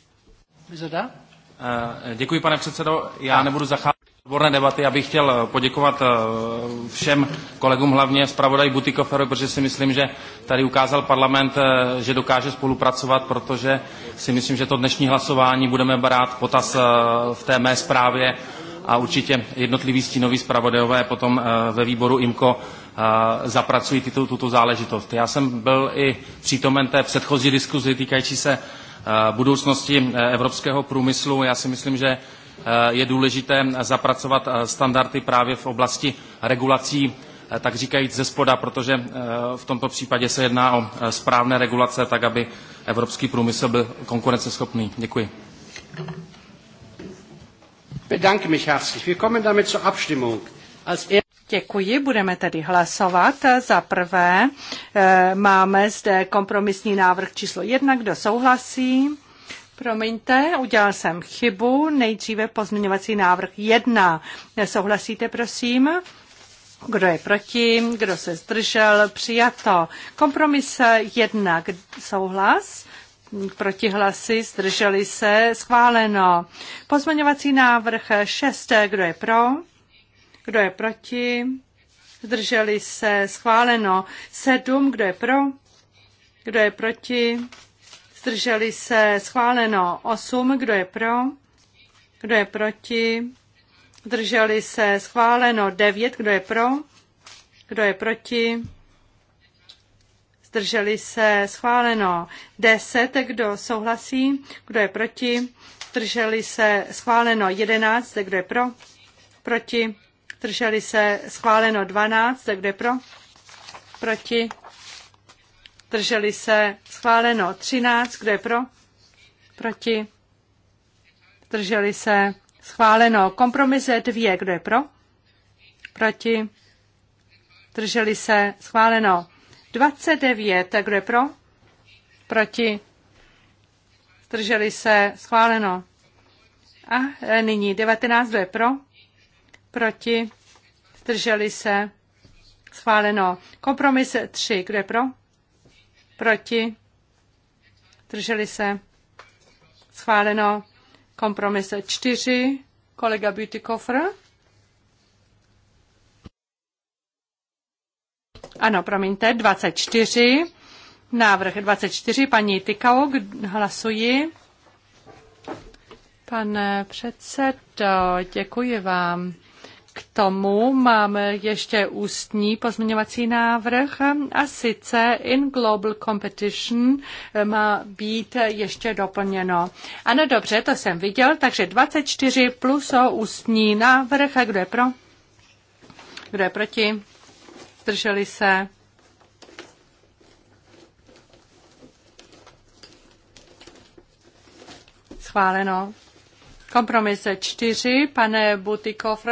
Eh, děkuji, pane předsedo. Já nebudu zacházet odborné debaty. Já bych chtěl eh, poděkovat všem kolegům, hlavně zpravodaj Butikoferu, protože si myslím, že tady ukázal parlament, že dokáže spolupracovat, protože si myslím, že to dnešní hlasování budeme brát potaz v té mé zprávě a určitě jednotliví stínoví zpravodajové potom eh, ve výboru IMKO eh, zapracují tuto, tuto záležitost. Já jsem byl i přítomen té předchozí diskuzi týkající se eh, budoucnosti evropského průmyslu. Já si myslím, že je důležité zapracovat standardy právě v oblasti regulací, tak říkajíc ze spoda, protože v tomto případě se jedná o správné regulace, tak aby evropský průmysl byl konkurenceschopný. Děkuji. Bedanke mich herzlich. Wir kommen damit zur Abstimmung. Als er- Děkuji, budeme tedy hlasovat. Za prvé eh, máme zde kompromisní návrh číslo jedna, kdo souhlasí. Promiňte, udělal jsem chybu. Nejdříve pozměňovací návrh jedna. Nesouhlasíte, prosím? Kdo je proti? Kdo se zdržel? Přijato. Kompromis jedna. Souhlas? protihlasy, zdrželi se, schváleno. Pozmaňovací návrh 6, kdo je pro, kdo je proti, zdrželi se, schváleno. 7, kdo je pro, kdo je proti, zdrželi se, schváleno. 8, kdo je pro, kdo je proti, zdrželi se, schváleno. 9, kdo je pro, kdo je proti, Zdrželi se schváleno 10, kdo souhlasí, kdo je proti. Zdrželi se schváleno 11, kdo je pro, proti. Zdrželi se schváleno 12, kdo je pro, proti. Zdrželi se schváleno 13, kdo je pro, proti. Zdrželi se schváleno kompromis 2, kdo je pro, proti. Zdrželi se schváleno 29. Kdo je pro? Proti? Zdrželi se? Schváleno. A e, nyní 19. Kdo je pro? Proti? Zdrželi se? Schváleno. Kompromis 3. Kdo je pro? Proti? Zdrželi se? Schváleno. Kompromis 4. Kolega Beauty Coffer. Ano, promiňte, 24. Návrh 24, paní Tykao, hlasuji. Pane předsedo, děkuji vám. K tomu máme ještě ústní pozměňovací návrh a sice in global competition má být ještě doplněno. Ano, dobře, to jsem viděl, takže 24 plus ústní návrh. A kdo je pro? Kdo je proti? zdrželi se. Schváleno. Kompromise čtyři, pane Butikofr.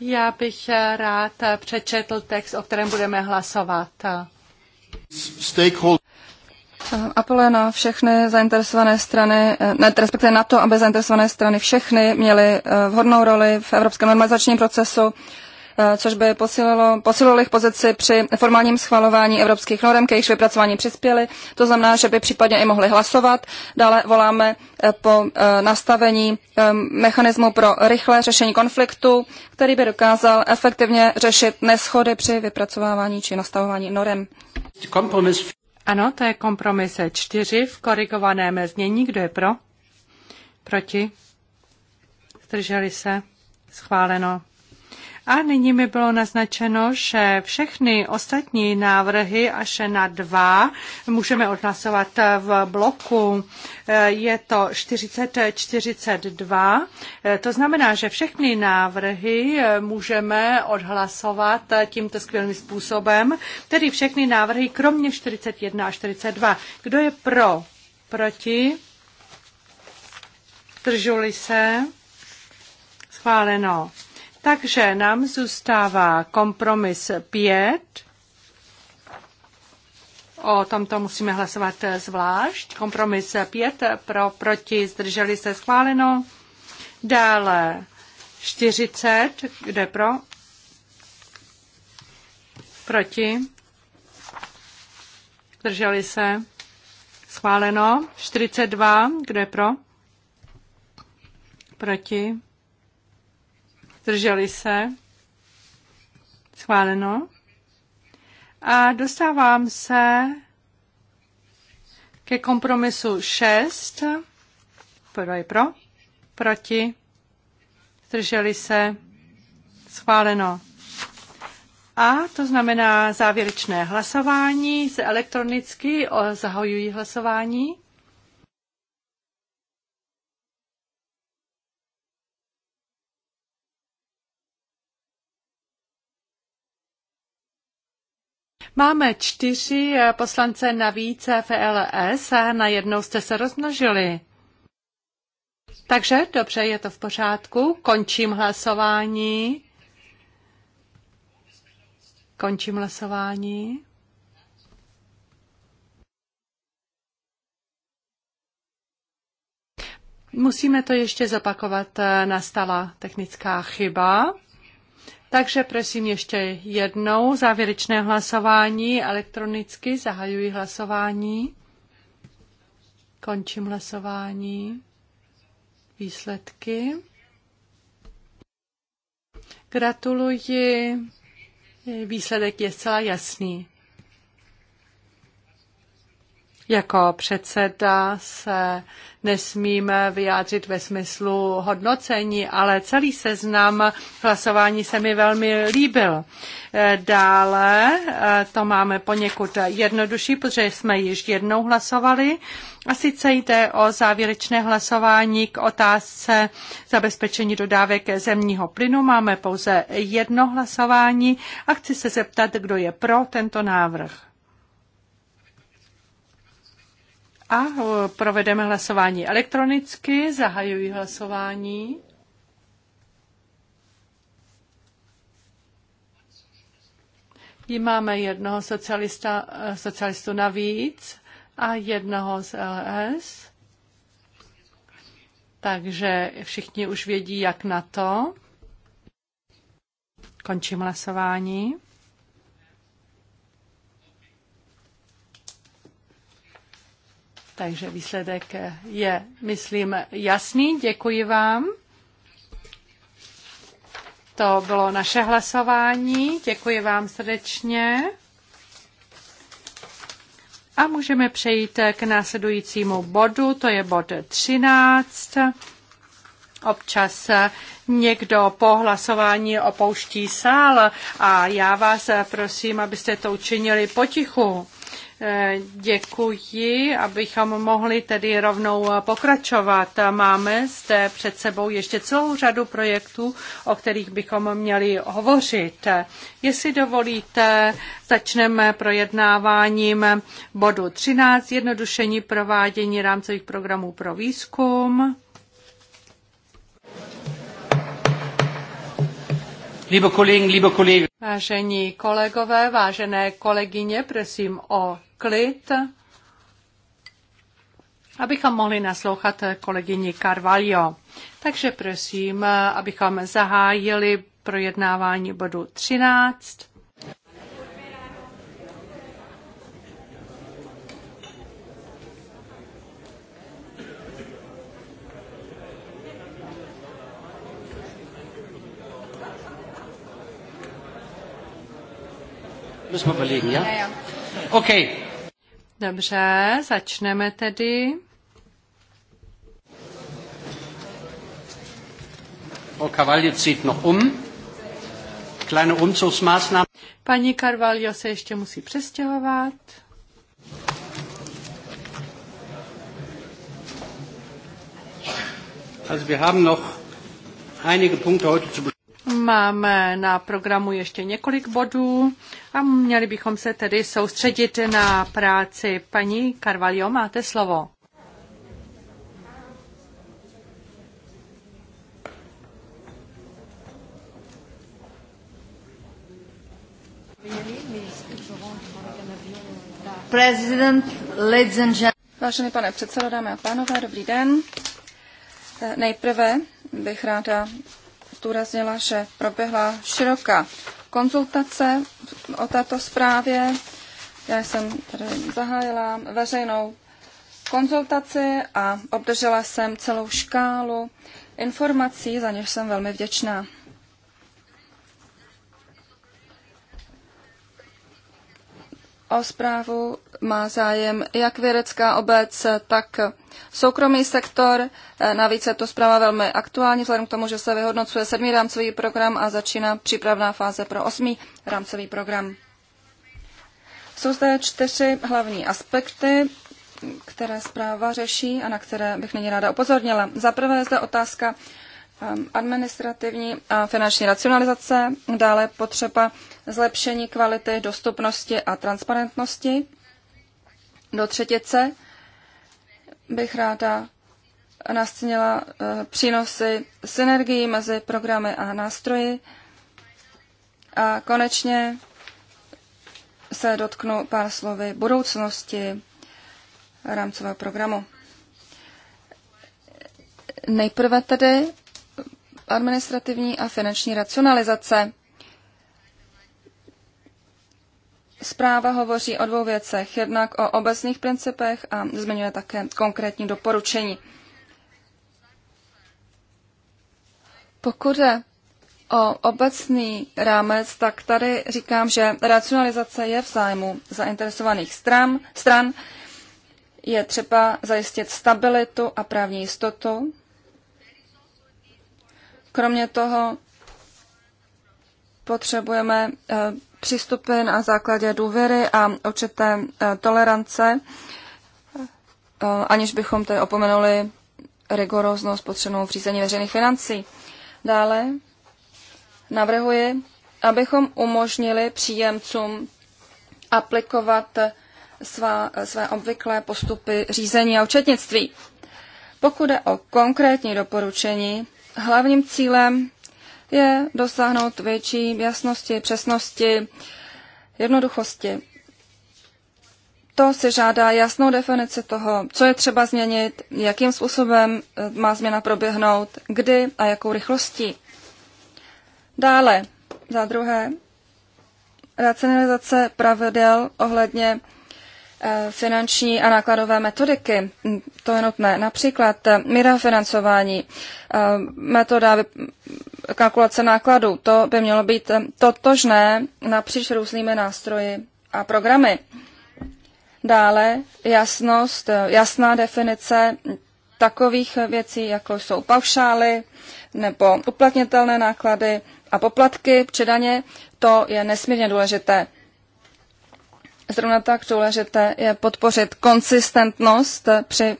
Já bych rád přečetl text, o kterém budeme hlasovat. Stakeholder. Apeluje na všechny zainteresované strany, eh, ne, respektive na to, aby zainteresované strany všechny měly eh, vhodnou roli v evropském normalizačním procesu Eh, což by posililo, posililo jich pozici při formálním schvalování evropských norm, k jejichž vypracování přispěli. To znamená, že by případně i mohli hlasovat. Dále voláme eh, po eh, nastavení ehm, mechanismu pro rychlé řešení konfliktu, který by dokázal efektivně řešit neschody při vypracovávání či nastavování norem. Kompromis. Ano, to je kompromis čtyři v korigovaném znění. Kdo je pro? Proti? Zdrželi se? Schváleno. A nyní mi bylo naznačeno, že všechny ostatní návrhy až na dva můžeme odhlasovat v bloku. Je to 40-42. To znamená, že všechny návrhy můžeme odhlasovat tímto skvělým způsobem, tedy všechny návrhy kromě 41 a 42. Kdo je pro? Proti? Držuli se? Schváleno. Takže nám zůstává kompromis 5. O tomto musíme hlasovat zvlášť. Kompromis 5 pro, proti, zdrželi se schváleno. Dále 40, kde pro? Proti. Zdrželi se. Schváleno. 42, kde pro? Proti zdrželi se, schváleno. A dostávám se ke kompromisu 6, pro je pro, proti, zdrželi se, schváleno. A to znamená závěrečné hlasování. Se elektronicky zahajují hlasování. Máme čtyři eh, poslance navíc eh, v LS a eh, najednou jste se rozmnožili. Takže dobře, je to v pořádku. Končím hlasování. Končím hlasování. Musíme to ještě zopakovat. Nastala technická chyba. Takže prosím ještě jednou závěrečné hlasování elektronicky. Zahajuji hlasování. Končím hlasování. Výsledky. Gratuluji. Výsledek je zcela jasný. Jako předseda se nesmíme vyjádřit ve smyslu hodnocení, ale celý seznam hlasování se mi velmi líbil. Eh, dále eh, to máme poněkud jednodušší, protože jsme již jednou hlasovali. A sice jde o závěrečné hlasování k otázce zabezpečení dodávek zemního plynu. Máme pouze jedno hlasování a chci se zeptat, kdo je pro tento návrh. A eh, provedeme hlasování elektronicky. Zahajuji hlasování. máme jednoho socialista, eh, socialistu navíc a jednoho z LS. Takže všichni už vědí, jak na to. Končím hlasování. Takže výsledek je, myslím, jasný. Děkuji vám. To bylo naše hlasování. Děkuji vám srdečně. A můžeme přejít k následujícímu bodu, to je bod 13. Občas někdo po hlasování opouští sál a já vás prosím, abyste to učinili potichu. Děkuji, abychom mohli tedy rovnou pokračovat. Máme zde před sebou ještě celou řadu projektů, o kterých bychom měli hovořit. Jestli dovolíte, začneme projednáváním bodu 13, jednodušení provádění rámcových programů pro výzkum. Liebe Kollegen, liebe Kollegen. Vážení kolegové, vážené kolegyně, prosím o klid, abychom mohli naslouchat kolegyni Carvalho. Takže prosím, abychom zahájili projednávání bodu 13. Müssen wir überlegen, ja? ja, ja. Okay. Dobře, začneme tedy. Frau Carvalho zieht noch um. Kleine Umzugsmaßnahmen. Pani Carvalho se ještě musí přestěhovat. Also wir haben noch einige Punkte heute zu Máme na programu ještě několik bodů a měli bychom se tedy soustředit na práci. Paní Carvalho, máte slovo. President, ladies and gentlemen. Vážený pane předsedo, dámy a pánové, dobrý den. Nejprve bych ráda zdůraznila, že proběhla široká konzultace o této zprávě. Já jsem tady zahájila veřejnou konzultaci a obdržela jsem celou škálu informací, za něž jsem velmi vděčná. o zprávu má zájem jak vědecká obec, tak soukromý sektor. Navíc je to zpráva velmi aktuální, vzhledem k tomu, že se vyhodnocuje sedmý rámcový program a začíná přípravná fáze pro osmý rámcový program. Jsou zde čtyři hlavní aspekty, které zpráva řeší a na které bych nyní ráda upozornila. Za prvé je zde otázka um, administrativní a finanční racionalizace, dále potřeba zlepšení kvality, dostupnosti a transparentnosti. Do třetice bych ráda nastínila eh, přínosy synergií mezi programy a nástroji. A konečně se dotknu pár slovy budoucnosti rámcového programu. Nejprve tedy administrativní a finanční racionalizace. Zpráva hovoří o dvou věcech. Jednak o obecných principech a zmiňuje také konkrétní doporučení. Pokud je o obecný rámec, tak tady říkám, že racionalizace je v zájmu zainteresovaných stran. stran. Je třeba zajistit stabilitu a právní jistotu. Kromě toho potřebujeme eh, přístupy na základě důvěry a určité e, tolerance, e, aniž bychom tedy opomenuli rigoróznost potřebnou v řízení veřejných financí. Dále navrhuji, abychom umožnili příjemcům aplikovat svá, své obvyklé postupy řízení a účetnictví. Pokud je o konkrétní doporučení, hlavním cílem je dosáhnout větší jasnosti, přesnosti, jednoduchosti. To se žádá jasnou definici toho, co je třeba změnit, jakým způsobem eh, má změna proběhnout, kdy a jakou rychlostí. Dále, za druhé, racionalizace pravidel ohledně Eh, finanční a nákladové metodiky. Mm, to je nutné. Například eh, míra financování, eh, metoda kalkulace nákladů. To by mělo být totožné napříč různými nástroji a programy. Dále jasnost, jasná definice takových věcí, jako jsou paušály nebo uplatnitelné náklady a poplatky přidaně, to je nesmírně důležité. Zrovna tak důležité je podpořit konsistentnost při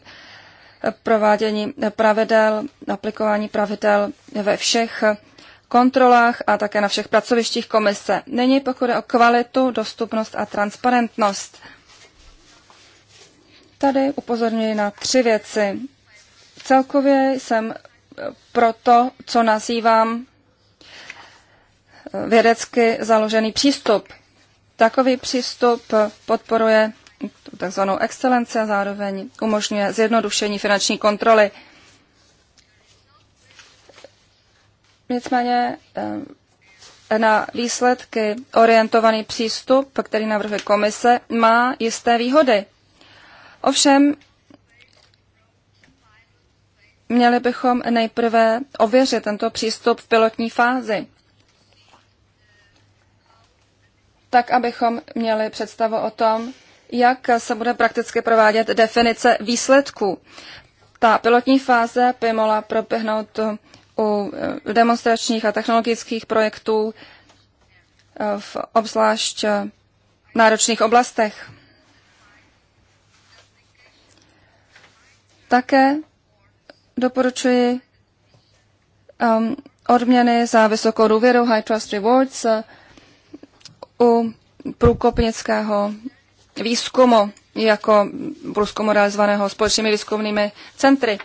provádění pravidel, aplikování pravidel ve všech kontrolách a také na všech pracovištích komise. Není pokud je o kvalitu, dostupnost a transparentnost. Tady upozorňuji na tři věci. Celkově jsem proto, co nazývám vědecky založený přístup. Takový přístup podporuje takzvanou excelenci a zároveň umožňuje zjednodušení finanční kontroly. Nicméně eh, na výsledky orientovaný přístup, který navrhuje komise, má jisté výhody. Ovšem, měli bychom nejprve ověřit tento přístup v pilotní fázi. tak abychom měli představu o tom, jak se bude prakticky provádět definice výsledků. Ta pilotní fáze by mohla proběhnout u eh, demonstračních a technologických projektů eh, v obzvlášť eh, náročných oblastech. Také doporučuji um, odměny za vysokou důvěru High Trust Rewards u průkopnického výzkumu, jako průzkumu realizovaného společnými výzkumnými centry.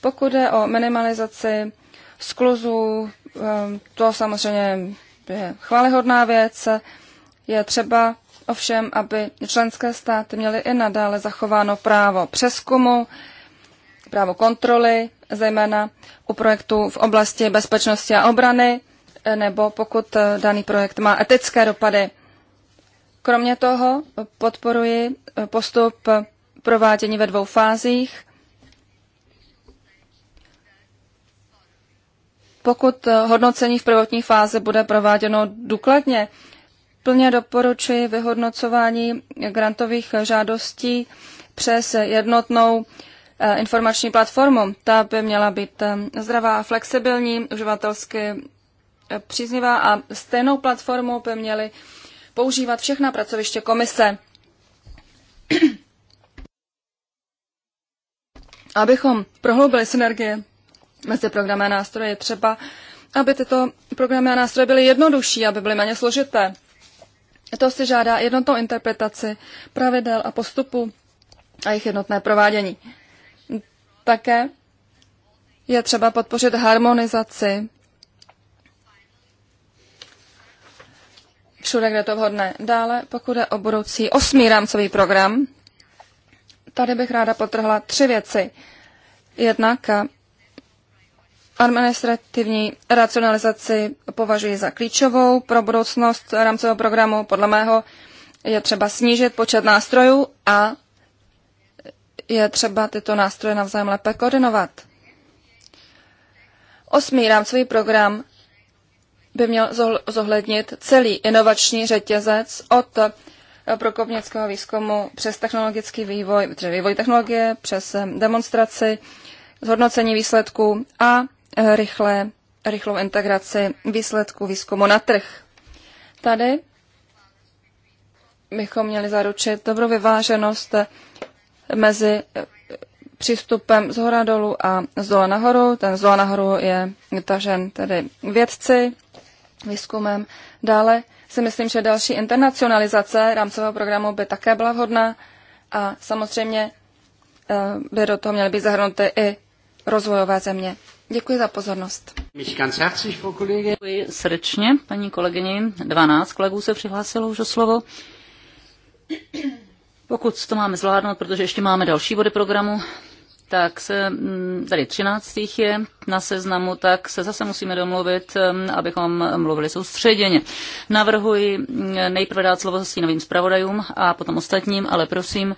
Pokud jde o minimalizaci skluzů, ehm, to samozřejmě je chválihodná věc. Je třeba ovšem, aby členské státy měly i nadále zachováno právo přeskumu, právo kontroly, zejména u projektů v oblasti bezpečnosti a obrany, nebo pokud eh, daný projekt má etické dopady. Kromě toho podporuji eh, postup provádění ve dvou fázích. Pokud eh, hodnocení v prvotní fázi bude prováděno důkladně, plně doporučuji vyhodnocování grantových žádostí přes jednotnou informační platformu. Ta by měla být zdravá a flexibilní, uživatelsky příznivá a stejnou platformu by měly používat všechna pracoviště komise. [clears throat] Abychom prohloubili synergie mezi programy a nástroje, je třeba, aby tyto programy a nástroje byly jednodušší, aby byly méně složité. To si žádá jednotnou interpretaci pravidel a postupu a jejich jednotné provádění. Také je třeba podpořit harmonizaci všude, kde to vhodné. Dále, pokud je o budoucí osmý rámcový program, tady bych ráda potrhla tři věci. Jednak eh, administrativní racionalizaci považuji za klíčovou pro budoucnost rámcového programu. Podle mého je třeba snížit počet nástrojů a je třeba tyto nástroje navzájem lépe koordinovat. Osmý rámcový program by měl zohlednit celý inovační řetězec od eh, prokopnického výzkumu přes technologický vývoj, tedy vývoj technologie, přes eh, demonstraci, zhodnocení výsledků a eh, rychlé, rychlou integraci výsledků výzkumu na trh. Tady bychom měli zaručit dobrou vyváženost mezi přístupem z hora dolů a z dola nahoru. Ten z dola nahoru je tažen tedy vědci, výzkumem. Dále si myslím, že další internacionalizace rámcového programu by také byla vhodná a samozřejmě eh, by do toho měly být zahrnuty i rozvojové země. Děkuji za pozornost. Děkuji srdečně, paní kolegyni. 12 kolegů se přihlásilo už o slovo. Pokud to máme zvládnout, protože ještě máme další body programu, tak se, mm, tady třináctých je na seznamu, tak se zase musíme domluvit, mm, abychom mluvili soustředěně. Navrhuji mm, nejprve dát slovo novým zpravodajům a potom ostatním, ale prosím,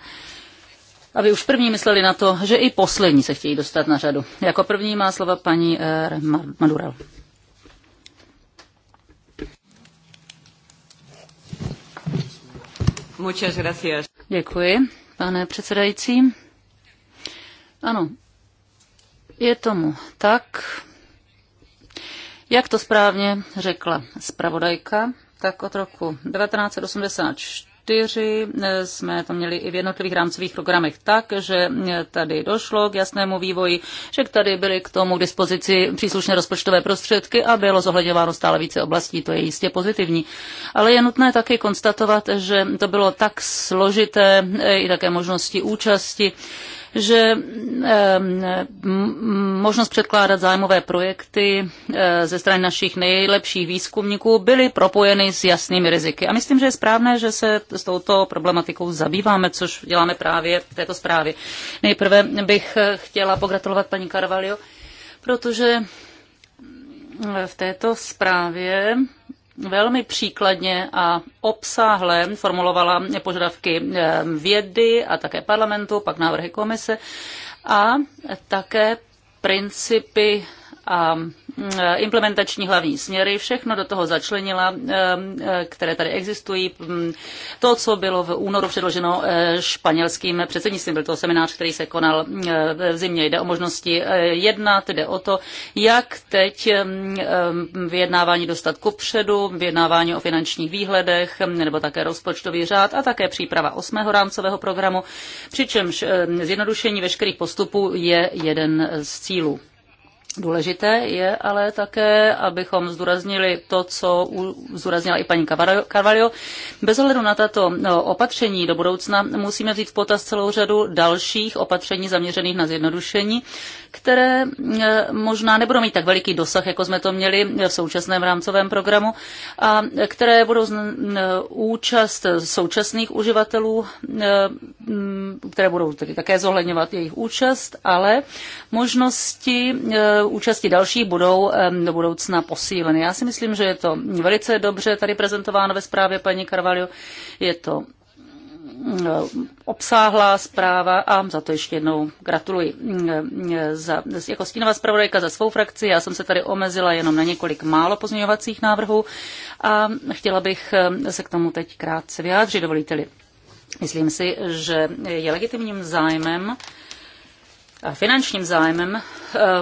aby už první mysleli na to, že i poslední se chtějí dostat na řadu. Jako první má slova paní eh, Madural. Muchas gracias. Děkuji, pane předsedající. Ano, je tomu tak. Jak to správně řekla zpravodajka, tak od roku 1984 eh, jsme to měli i v jednotlivých rámcových programech tak, že eh, tady došlo k jasnému vývoji, že tady byly k tomu k dispozici příslušné rozpočtové prostředky a bylo zohledňováno stále více oblastí, to je jistě pozitivní. Ale je nutné také konstatovat, že to bylo tak složité, eh, i také možnosti účasti, že možnost předkládat zájmové projekty eh, ze strany našich nejlepších výzkumníků byly propojeny s jasnými riziky. A myslím, že je správné, že se s touto problematikou zabýváme, což děláme právě v této zprávě. Nejprve bych eh, chtěla pogratulovat paní Carvalho, protože mm, v této zprávě velmi příkladně a obsáhle formulovala požadavky eh, vědy a také parlamentu, pak návrhy komise a také principy a mm, e, implementační hlavní směry, všechno do toho začlenila, e, e, které tady existují. Mm, to, co bylo v únoru předloženo španělským předsednictvím, byl to seminář, který se konal mm, v zimě. Jde o možnosti jednat, jde o to, jak teď vyjednávání dostat kupředu, vyjednávání o finančních výhledech nebo také rozpočtový řád a také příprava osmého rámcového programu, přičemž zjednodušení veškerých postupů je jeden z cílů. Důležité je ale také, abychom zdůraznili to, co zdůraznila i paní Carvalho. Bez ohledu na tato no, opatření do budoucna musíme vzít v potaz celou řadu dalších opatření zaměřených na zjednodušení, které eh, možná nebudou mít tak veliký dosah, jako jsme to měli v současném rámcovém programu, a které budou účast současných uživatelů, eh, které budou tedy také zohledňovat jejich účast, ale možnosti eh, účasti další budou do budoucna posíleny. Já si myslím, že je to velice dobře tady prezentováno ve zprávě paní Carvalho. Je to mm, obsáhlá zpráva a za to ještě jednou gratuluji. Mm, e, za, jako stínová zpravodajka za svou frakci, já jsem se tady omezila jenom na několik málo pozměňovacích návrhů a chtěla bych se k tomu teď krátce vyjádřit, dovolíte-li. Myslím si, že je legitimním zájmem finančním zájmem eh,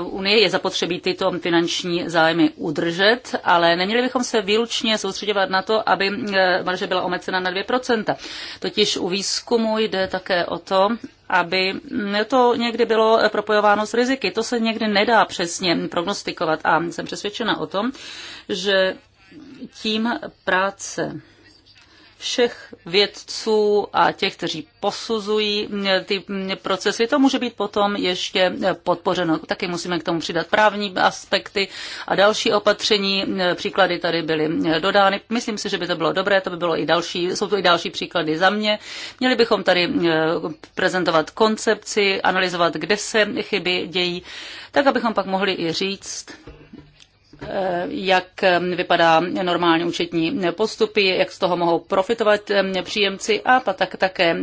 Unie je zapotřebí tyto finanční zájmy udržet, ale neměli bychom se výlučně soustředovat na to, aby eh, marže byla omecena na 2%. Totiž u výzkumu jde také o to, aby mm, to někdy bylo eh, propojováno s riziky. To se někdy nedá přesně prognostikovat a jsem přesvědčena o tom, že tím práce všech vědců a těch, kteří posuzují eh, ty mm, procesy. To může být potom ještě eh, podpořeno. Taky musíme k tomu přidat právní aspekty a další opatření. Eh, příklady tady byly dodány. Myslím si, že by to bylo dobré, to by bylo i další, jsou to i další příklady za mě. Měli bychom tady prezentovat koncepci, analyzovat, kde se chyby dějí, tak abychom pak mohli i říct, Eh, jak vypadá normální účetní postupy, jak z toho mohou profitovat příjemci a tak také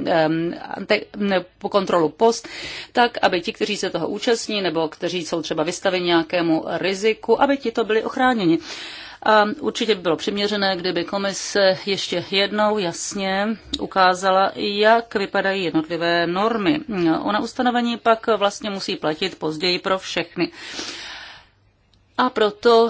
kontrolu post, tak aby ti, kteří se toho účastní nebo kteří jsou třeba vystaveni nějakému riziku, aby ti to byli ochráněni. A určitě by bylo přiměřené, kdyby komise ještě jednou jasně ukázala, jak vypadají jednotlivé normy. Ona ustanovení pak vlastně musí platit později pro všechny. A proto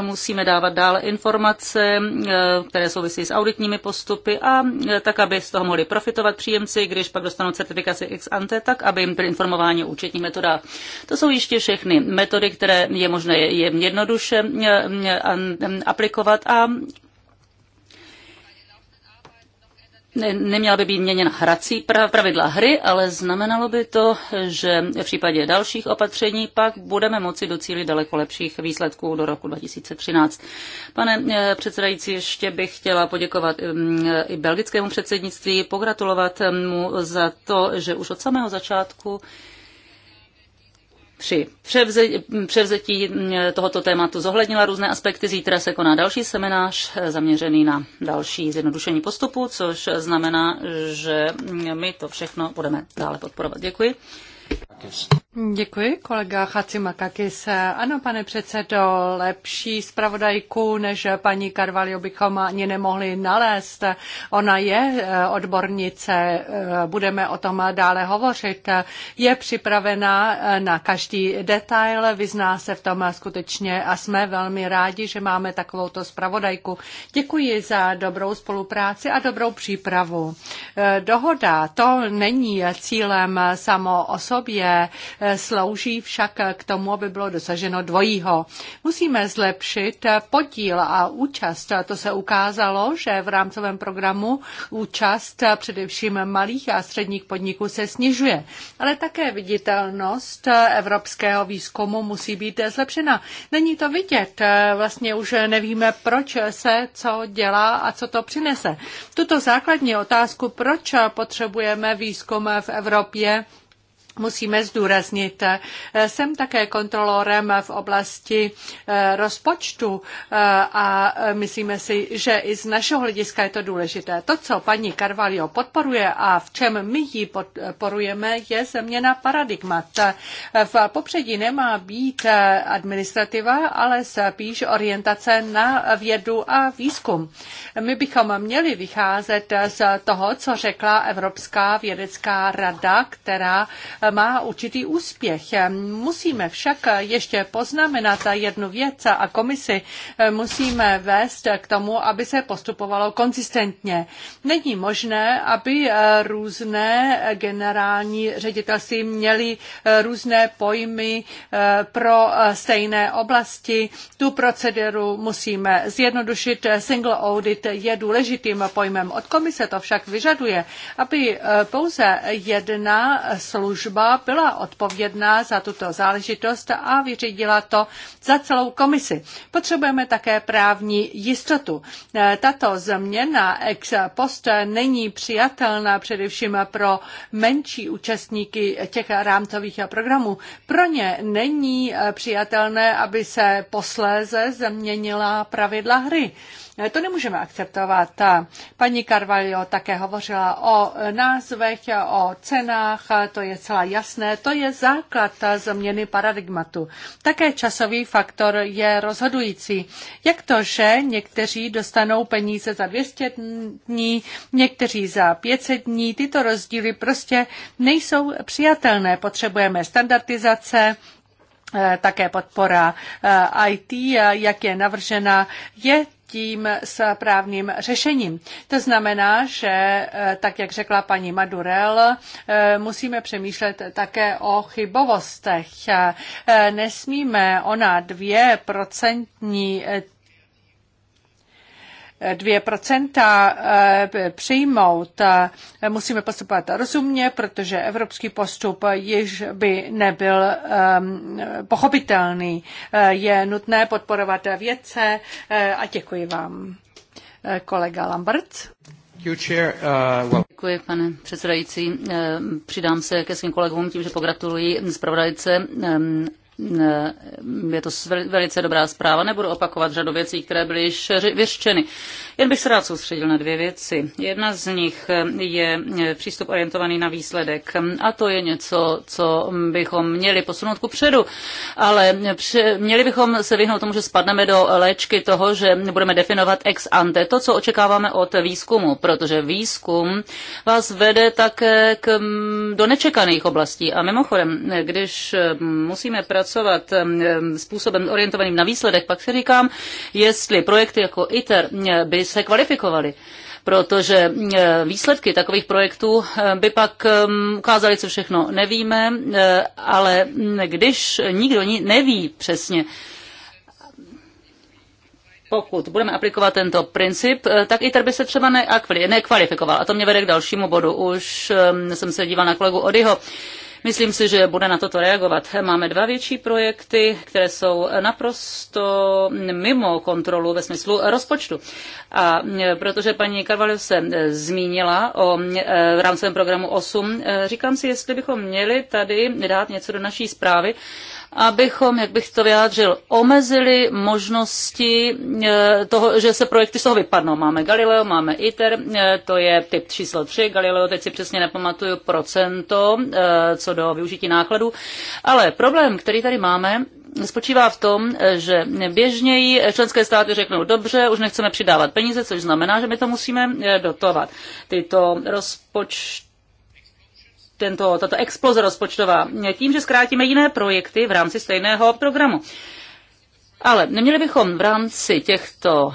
musíme dávat dále informace, eh, které souvisí s auditními postupy a eh, tak, aby z toho mohli profitovat příjemci, když pak dostanou certifikaci ex ante, tak aby jim byly informováni o účetních metodách. To jsou ještě všechny metody, které je možné je jednoduše eh, aplikovat a ne, neměla by být měněna hrací pravidla hry, ale znamenalo by to, že v případě dalších opatření pak budeme moci docílit daleko lepších výsledků do roku 2013. Pane eh, předsedající, ještě bych chtěla poděkovat mm, eh, i belgickému předsednictví, pogratulovat mu za to, že už od samého začátku při převzetí tohoto tématu zohlednila různé aspekty. Zítra se koná další seminář zaměřený na další zjednodušení postupu, což znamená, že my to všechno budeme dále podporovat. Děkuji. Makakis. Děkuji, kolega Chacimakakis. Ano, pane předsedo, lepší zpravodajku než paní Carvalho bychom ani nemohli nalézt. Ona je eh, odbornice, eh, budeme o tom dále hovořit. Je připravena eh, na každý detail, vyzná se v tom skutečně a jsme velmi rádi, že máme takovouto zpravodajku. Děkuji za dobrou spolupráci a dobrou přípravu. Dohoda, to není cílem samo o sobě, Eh, slouží však k tomu, aby bylo dosaženo dvojího. Musíme zlepšit eh, podíl a účast. To se ukázalo, že v rámcovém programu účast eh, především malých a středních podniků se snižuje. Ale také viditelnost evropského výzkumu musí být zlepšena. Není to vidět. Vlastně už nevíme, proč se co dělá a co to přinese. Tuto základní otázku, proč potřebujeme výzkum v Evropě, musíme zdůraznit. Jsem také kontrolorem v oblasti eh, rozpočtu eh, a myslíme si, že i z našeho hlediska je to důležité. To, co paní Carvalho podporuje a v čem my ji podporujeme, je změna paradigmat. V popředí nemá být eh, administrativa, ale spíš orientace na vědu a výzkum. My bychom měli vycházet z toho, co řekla Evropská vědecká rada, která má určitý úspěch. Musíme však ještě poznamenat jednu věc a komisi musíme vést k tomu, aby se postupovalo konzistentně. Není možné, aby různé generální ředitelství měly různé pojmy pro stejné oblasti. Tu proceduru musíme zjednodušit. Single audit je důležitým pojmem. Od komise to však vyžaduje, aby pouze jedna služba služba byla odpovědná za tuto záležitost a vyřídila to za celou komisi. Potřebujeme také právní jistotu. E, tato změna ex post není přijatelná především pro menší účastníky těch rámcových programů. Pro ně není přijatelné, aby se posléze změnila pravidla hry. No, to nemůžeme akceptovat. Paní Carvalho také hovořila o názvech, o cenách, to je celá jasné, to je základ změny paradigmatu. Také časový faktor je rozhodující. Jak to, že někteří dostanou peníze za 200 dní, někteří za 500 dní, tyto rozdíly prostě nejsou přijatelné. Potřebujeme standardizace, eh, také podpora eh, IT, eh, jak je navržena, je tím s právním řešením. To znamená, že, eh, tak jak řekla paní Madurel, eh, musíme přemýšlet také o chybovostech. Eh, nesmíme ona dvě procentní 2% eh, přijmout. Eh, musíme postupovat rozumně, protože evropský postup již by nebyl eh, pochopitelný. Je nutné podporovat vědce a děkuji vám. Kolega Lambert. Uh, děkuji, pane předsedající. Přidám se ke svým kolegům tím, že pogratuluji zpravodajce Eh, je to velice dobrá zpráva, nebudu opakovat řadu věcí, které byly již vyřčeny. Jen bych se rád soustředil na dvě věci. Jedna z nich eh, je eh, přístup orientovaný na výsledek a to je něco, co bychom měli posunout ku předu, ale měli bychom se vyhnout tomu, že spadneme do léčky toho, že budeme definovat ex ante, to, co očekáváme od výzkumu, protože výzkum vás vede také k, mm, do nečekaných oblastí. A mimochodem, když musíme pracovat pracovat způsobem orientovaným na výsledek, pak si říkám, jestli projekty jako ITER by se kvalifikovaly protože výsledky takových projektů by pak ukázaly, co všechno nevíme, e, ale když nikdo neví přesně, pokud budeme aplikovat tento princip, e, tak ITER by se třeba nekvalifikoval. A to mě vede k dalšímu bodu. Už jsem se díval na kolegu Odyho. Myslím si, že bude na toto reagovat. Máme dva větší projekty, které jsou naprosto mimo kontrolu ve smyslu rozpočtu. A e, protože paní Carvalho se e, zmínila o e, rámcovém programu 8, říkám si, jestli bychom měli tady dát něco do naší zprávy, abychom, jak bych to vyjádřil, omezili možnosti e, toho, že se projekty z toho vypadnou. Máme Galileo, máme ITER, e, to je typ číslo 3. Galileo, teď si přesně nepamatuju procento e, co do využití nákladů, ale problém, který tady máme, spočívá v tom, že běžněji členské státy řeknou, dobře, už nechceme přidávat peníze, což znamená, že my to musíme dotovat. Tyto rozpočty tento, tato exploze rozpočtová tím, že zkrátíme jiné projekty v rámci stejného programu. Ale neměli bychom v rámci těchto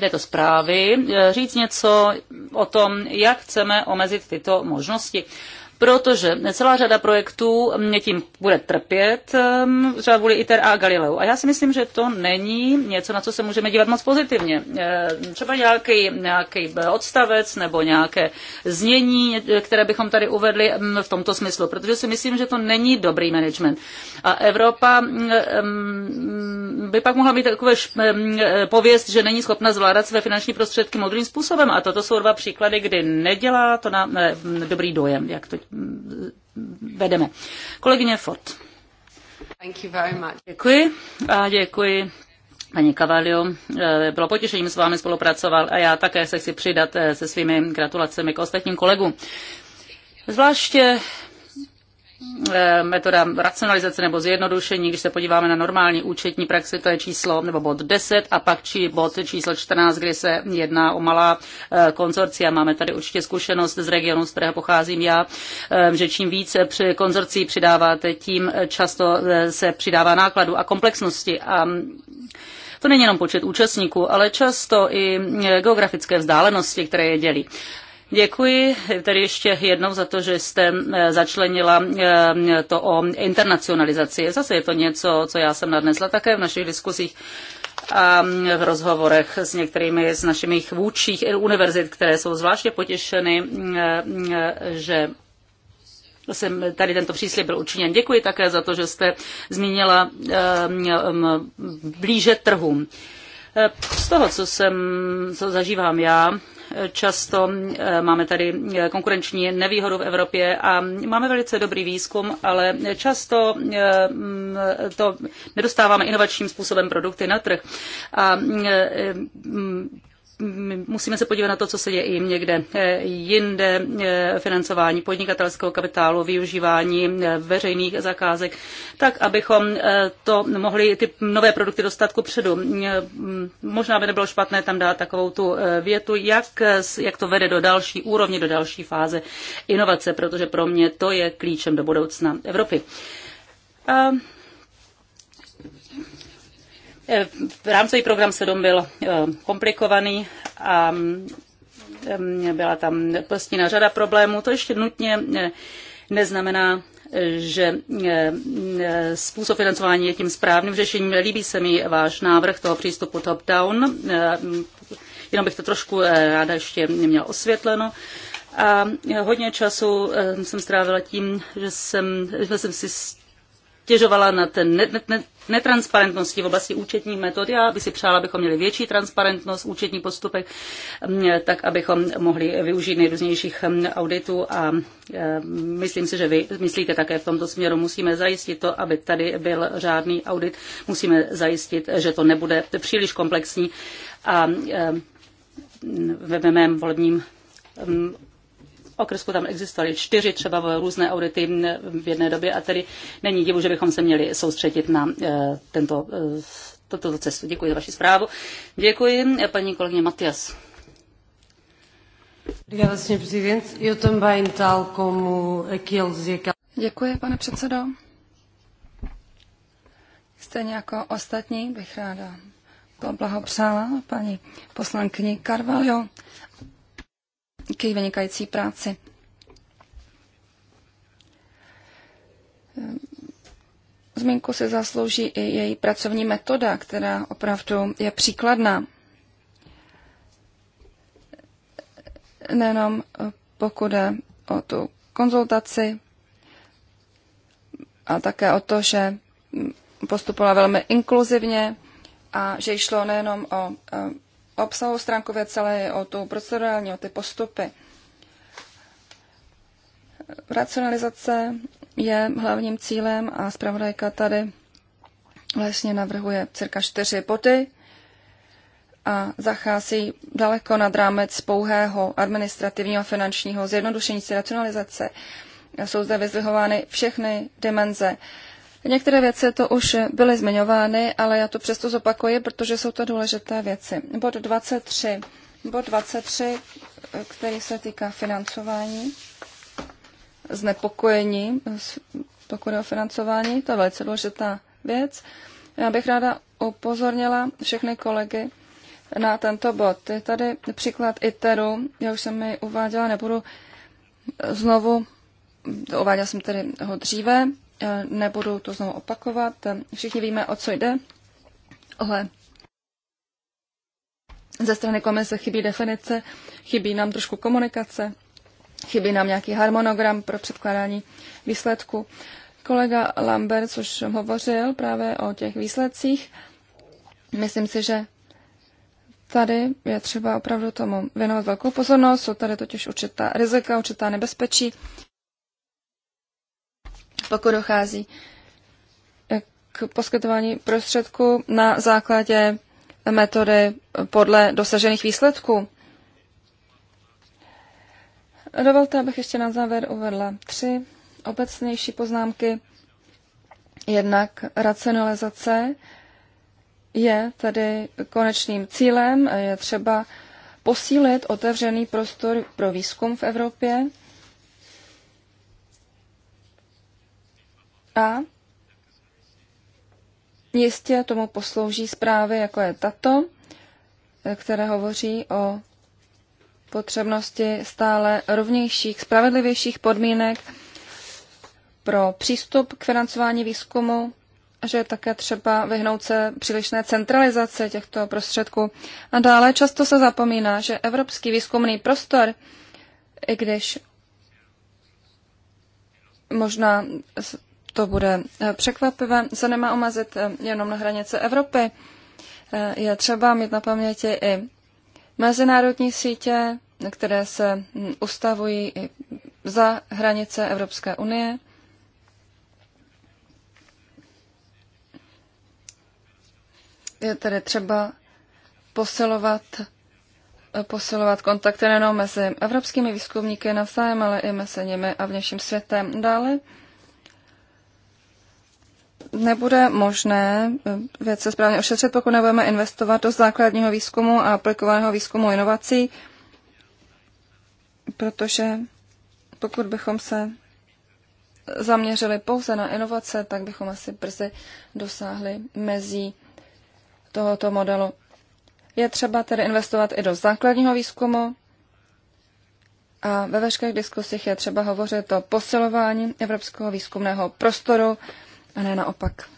této zprávy eh, říct něco o tom, jak chceme omezit tyto možnosti protože celá řada projektů mě tím bude trpět, třeba vůli ITER a Galileu. A já si myslím, že to není něco, na co se můžeme dívat moc pozitivně. Třeba nějaký, nějaký odstavec nebo nějaké znění, které bychom tady uvedli v tomto smyslu, protože si myslím, že to není dobrý management. A Evropa by pak mohla mít takové pověst, že není schopna zvládat své finanční prostředky modrým způsobem. A toto jsou dva příklady, kdy nedělá to na dobrý dojem, jak to vedeme. Kolegyně Ford. Thank you very much. Děkuji a děkuji Paní Cavalio, eh, bylo potěšením s vámi spolupracovat a já také se chci přidat eh, se svými gratulacemi k ostatním kolegům. Zvláště Eh, metoda racionalizace nebo zjednodušení, když se podíváme na normální účetní praxi, to je číslo nebo bod 10 a pak či bod číslo 14, kdy se jedná o malá eh, konzorcia. Máme tady určitě zkušenost z regionu, z kterého pocházím já, eh, že čím více při konzorcí přidáváte, tím často se přidává nákladu a komplexnosti. A mm, to není jenom počet účastníků, ale často i geografické vzdálenosti, které je dělí. Děkuji tedy ještě jednou za to, že jste eh, začlenila eh, to o internacionalizaci. Zase je to něco, co já jsem nadnesla také v našich diskusích a mm, v rozhovorech s některými z našich vůdčích univerzit, které jsou zvláště potěšeny, mm, eh, že jsem tady tento příslip byl učiněn. Děkuji také za to, že jste zmínila mm, blíže trhům. Z toho, co, jsem, co zažívám já, Často eh, máme tady eh, konkurenční nevýhodu v Evropě a máme velice dobrý výzkum, ale často eh, mm, to nedostáváme inovačním způsobem produkty na trh. A mm, musíme se podívat na to, co se děje i někde eh, jinde, eh, financování podnikatelského kapitálu, využívání eh, veřejných zakázek, tak abychom to mohli ty nové produkty dostat ku předu. Možná by nebylo špatné tam dát takovou tu větu, jak, jak to vede do další úrovně, do další fáze inovace, protože pro mě to je klíčem do budoucna Evropy. Eh, rámcový program 7 byl eh, komplikovaný a mm, eh, byla tam prstina řada problémů. To ještě nutně neznamená, že způsob financování je tím správným řešením. Líbí se mi váš návrh toho přístupu top-down. Mm, jenom bych to trošku ráda ještě měla osvětleno. A hodně času jsem strávila tím, že jsem, že jsem si stěžovala na ten net, net, netransparentnosti v oblasti účetních metod. Já bych si přála, abychom měli větší transparentnost v účetní postupech, mm, tak abychom mohli využít nejrůznějších mm, auditů a e, myslím si, že vy myslíte také v tomto směru. Musíme zajistit to, aby tady byl řádný audit. Musíme zajistit, že to nebude příliš komplexní a e, ve mém volebním mm, okrsku tam existovaly čtyři třeba v různé audity v jedné době a tedy není divu, že bychom se měli soustředit na eh, tento, eh, toto cestu. Děkuji za vaši zprávu. Děkuji eh, paní kolegyně Matias. Vlastně Děkuji, pane předsedo. Stejně jako ostatní bych ráda poblahopřála paní poslankyni Carvalho k její vynikající práci. Zmínku se zaslouží i její pracovní metoda, která opravdu je příkladná. Nejenom eh, pokud jde o tu konzultaci a také o to, že mm, postupovala velmi inkluzivně a že šlo nejenom o eh, obsahu stránkově celé, o tu procedurální, o ty postupy. Racionalizace je hlavním cílem a zpravodajka tady vlastně navrhuje cirka čtyři body a zachází daleko nad rámec pouhého administrativního a finančního zjednodušení si racionalizace. Jsou zde vyzvihovány všechny dimenze Některé věci to už byly zmiňovány, ale já to přesto zopakuji, protože jsou to důležité věci. Bod 23. Bod 23, který se týká financování, znepokojení, pokud je o financování, to je velice důležitá věc. Já bych ráda upozornila všechny kolegy na tento bod. Je tady příklad ITERu, já už jsem ji uváděla, nebudu znovu, uváděla jsem tedy ho dříve, Eh, nebudu to znovu opakovat. Všichni víme, o co jde, ale ze strany komise chybí definice, chybí nám trošku komunikace, chybí nám nějaký harmonogram pro předkládání výsledku. Kolega Lambert což hovořil právě o těch výsledcích. Myslím si, že tady je třeba opravdu tomu věnovat velkou pozornost. Jsou tady totiž určitá rizika, určitá nebezpečí, pokud dochází eh, k poskytování prostředků na základě metody podle dosažených výsledků. Dovolte, abych ještě na závěr uvedla tři obecnější poznámky. Jednak racionalizace je tedy konečným cílem, je třeba posílit otevřený prostor pro výzkum v Evropě. A jistě tomu poslouží zprávy, jako je tato, které hovoří o potřebnosti stále rovnějších, spravedlivějších podmínek pro přístup k financování výzkumu, že je také třeba vyhnout se přílišné centralizace těchto prostředků. A dále často se zapomíná, že evropský výzkumný prostor, i když možná to bude eh, překvapivé, se nemá omezit eh, jenom na hranice Evropy. Eh, je třeba mít na paměti i mezinárodní sítě, které se hm, ustavují i za hranice Evropské unie. Je tedy třeba posilovat, posilovat kontakty nejenom mezi evropskými výzkumníky navzájem, ale i mezi nimi a vnějším světem. Dále nebude možné eh, věce správně ošetřit, pokud nebudeme investovat do základního výzkumu a aplikovaného výzkumu inovací, protože pokud bychom se zaměřili pouze na inovace, tak bychom asi brzy dosáhli mezí tohoto modelu. Je třeba tedy investovat i do základního výzkumu a ve veškerých diskusích je třeba hovořit o posilování evropského výzkumného prostoru, a ne naopak.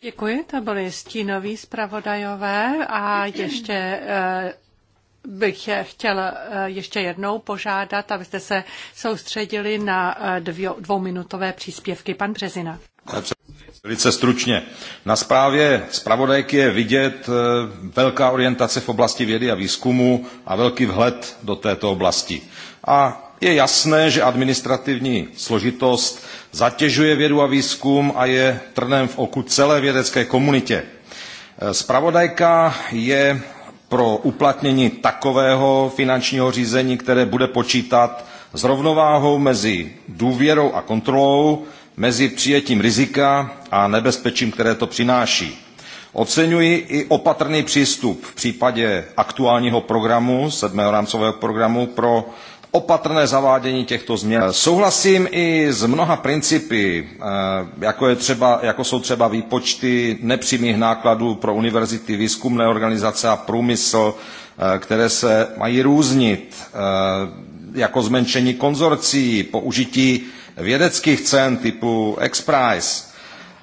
Děkuji, to byly stínoví zpravodajové a ještě eh, bych chtěla eh, ještě jednou požádat, abyste se soustředili na eh, dvě, dvouminutové příspěvky. Pan Březina. Velice stručně. Na zprávě zpravodajky je vidět velká orientace v oblasti vědy a výzkumu a velký vhled do této oblasti. A je jasné, že administrativní složitost zatěžuje vědu a výzkum a je trnem v oku celé vědecké komunitě. Spravodajka je pro uplatnění takového finančního řízení, které bude počítat s rovnováhou mezi důvěrou a kontrolou, mezi přijetím rizika a nebezpečím, které to přináší. Oceňuji i opatrný přístup v případě aktuálního programu, sedmého rámcového programu pro opatrné zavádění těchto změn. Eh, souhlasím i s mnoha principy, eh, jako, je třeba, jako jsou třeba výpočty nepřímých nákladů pro univerzity, výzkumné organizace a průmysl, eh, které se mají různit, jako zmenšení konzorcí, použití vědeckých cen typu XPRIZE.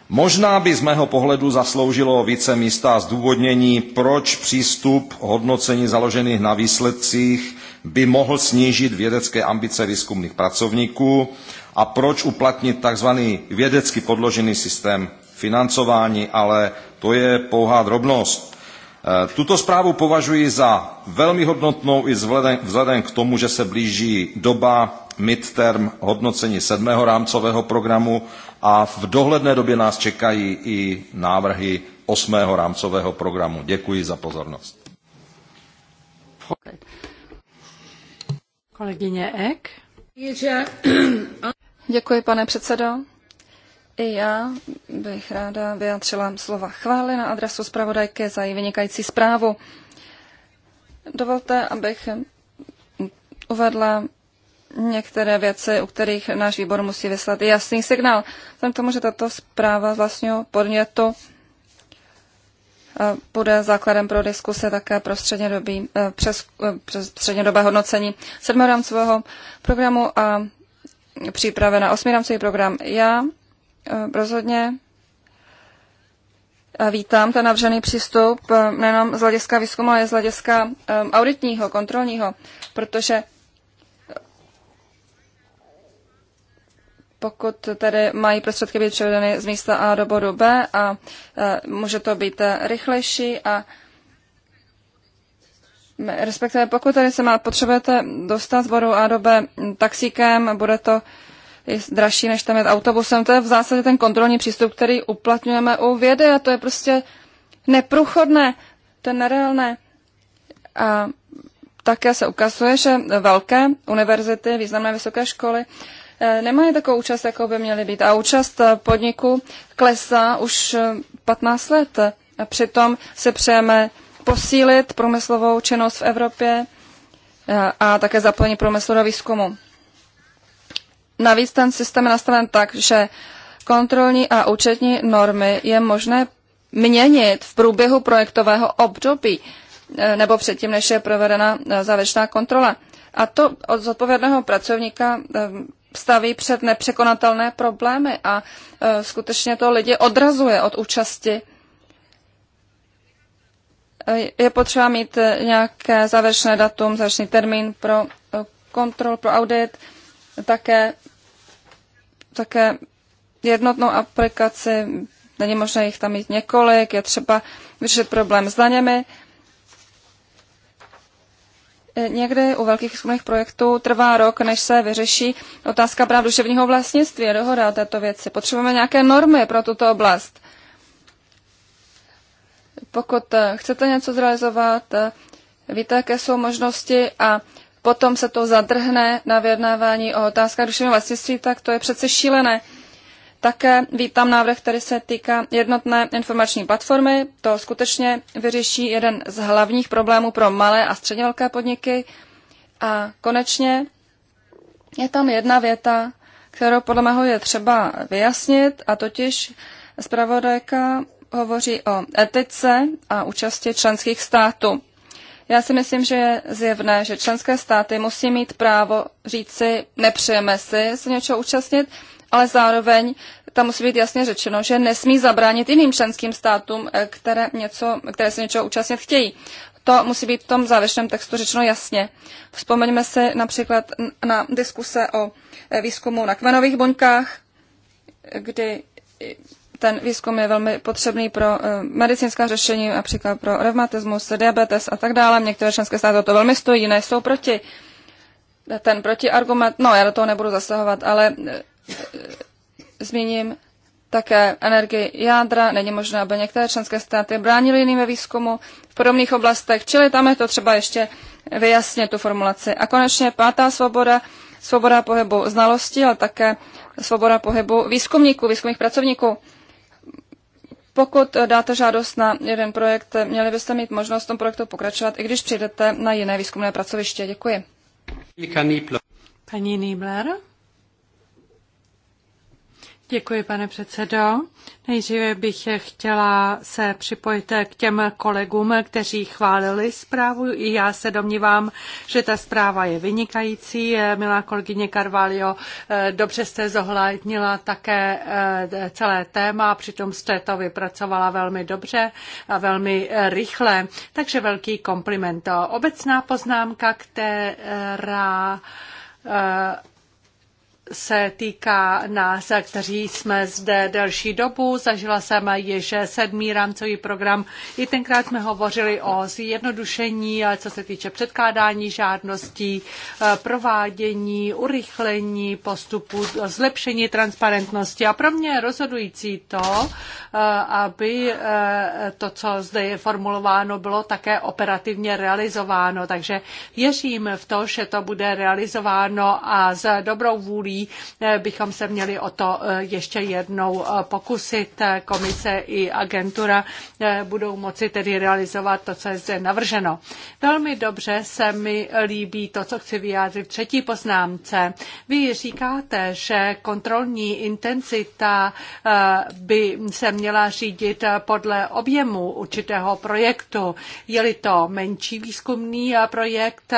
Možná by z mého pohledu zasloužilo více místa zdůvodnění, proč přístup hodnocení založených na výsledcích by mohl snížit vědecké ambice výzkumných pracovníků a proč uplatnit tzv. vědecky podložený systém financování, ale to je pouhá drobnost. E, tuto zprávu považuji za velmi hodnotnou i vzhledem k tomu, že se blíží doba midterm hodnocení sedmého rámcového programu a v dohledné době nás čekají i návrhy osmého rámcového programu. Děkuji za pozornost. Kolegyně Ek. Děkuji, pane předsedo. I já bych ráda vyjádřila slova chvály na adresu zpravodajky za její vynikající zprávu. Dovolte, abych uvedla některé věci, u kterých náš výbor musí vyslat jasný signál. Vzhledem k tomu, že tato zpráva z vlastního podnětu bude základem pro diskuse také pro střednědobí, eh, přes, eh, přes střednědobé hodnocení sedmorámcového programu a přípravy na osmirámcový program. Já eh, rozhodně vítám ten navržený přístup nejenom z hlediska výzkumu, ale i z hlediska auditního, kontrolního, protože pokud tedy mají prostředky být převedeny z místa A do bodu B a e, může to být e, rychlejší a respektive pokud tady se má, potřebujete dostat z bodu A do B taxíkem, bude to dražší, než tam jet autobusem. To je v zásadě ten kontrolní přístup, který uplatňujeme u vědy a to je prostě neprůchodné, to je nereálné. A také se ukazuje, že velké univerzity, významné vysoké školy Eh, nemají takovou účast, jako by měly být. A účast eh, podniku klesá už 15 eh, let. A přitom se přejeme posílit průmyslovou činnost v Evropě a také zaplnit průmyslu do výzkumu. Navíc ten systém je nastaven tak, že kontrolní a účetní normy je možné měnit v průběhu projektového období nebo předtím, než je provedena závěrečná kontrola. A to od zodpovědného pracovníka staví před nepřekonatelné problémy a e, skutečně to lidi odrazuje od účasti. E, je potřeba mít e, nějaké závěrečné datum, závěrečný termín pro kontrol, pro audit, také, také jednotnou aplikaci, není možné jich tam mít několik, je třeba vyřešit problém s daněmi, Někde u velkých výzkumných projektů trvá rok, než se vyřeší otázka práv duševního vlastnictví a dohoda o této věci. Potřebujeme nějaké normy pro tuto oblast. Pokud eh, chcete něco zrealizovat, eh, víte, jaké jsou možnosti a potom se to zadrhne na vyjednávání o otázkách duševního vlastnictví, tak to je přece šílené. Také vítám návrh, který se týká jednotné informační platformy. To skutečně vyřeší jeden z hlavních problémů pro malé a středně velké podniky. A konečně je tam jedna věta, kterou podle mého je třeba vyjasnit, a totiž zpravodajka hovoří o etice a účasti členských států. Já si myslím, že je zjevné, že členské státy musí mít právo říci, nepřejeme si se něčeho účastnit, ale zároveň tam musí být jasně řečeno, že nesmí zabránit jiným členským státům, eh, které, něco, které se něčeho účastnit chtějí. To musí být v tom závěrečném textu řečeno jasně. Vzpomeňme si například na diskuse o eh, výzkumu na kmenových buňkách, kdy ten výzkum je velmi potřebný pro eh, medicínská řešení, například pro reumatismus, diabetes a tak dále. Některé členské státy to velmi stojí, jiné jsou proti. Ten protiargument, no já do toho nebudu zasahovat, ale Zmíním také energii jádra. Není možné, aby některé členské státy bránily jiným výzkumu v podobných oblastech, čili tam je to třeba ještě vyjasnit tu formulaci. A konečně pátá svoboda, svoboda pohybu znalostí, ale také svoboda pohybu výzkumníků, výzkumných pracovníků. Pokud dáte žádost na jeden projekt, měli byste mít možnost v tom projektu pokračovat, i když přijdete na jiné výzkumné pracoviště. Děkuji. Paní Nýbler. Děkuji, pane předsedo. Nejdříve bych chtěla se připojit k těm kolegům, kteří chválili zprávu. I já se domnívám, že ta zpráva je vynikající. Milá kolegyně Carvalho, dobře jste zohlednila také eh, celé téma, přitom jste to vypracovala velmi dobře a velmi eh, rychle, takže velký kompliment. Obecná poznámka, která eh, se týká nás, kteří jsme zde delší dobu. Zažila jsem již sedmý rámcový program. I tenkrát jsme hovořili o zjednodušení, co se týče předkládání žádností, eh, provádění, urychlení postupu, zlepšení transparentnosti. A pro mě je rozhodující to, eh, aby eh, to, co zde je formulováno, bylo také operativně realizováno. Takže věřím v to, že to bude realizováno a s dobrou vůlí potrhují, eh, bychom se měli o to eh, ještě jednou eh, pokusit. Komise i agentura budou moci tedy realizovat to, co je zde navrženo. Velmi dobře se mi líbí to, co chci vyjádřit v třetí poznámce. Vy říkáte, že kontrolní intenzita by se měla řídit podle objemu určitého projektu. Je-li to menší výzkumný projekt,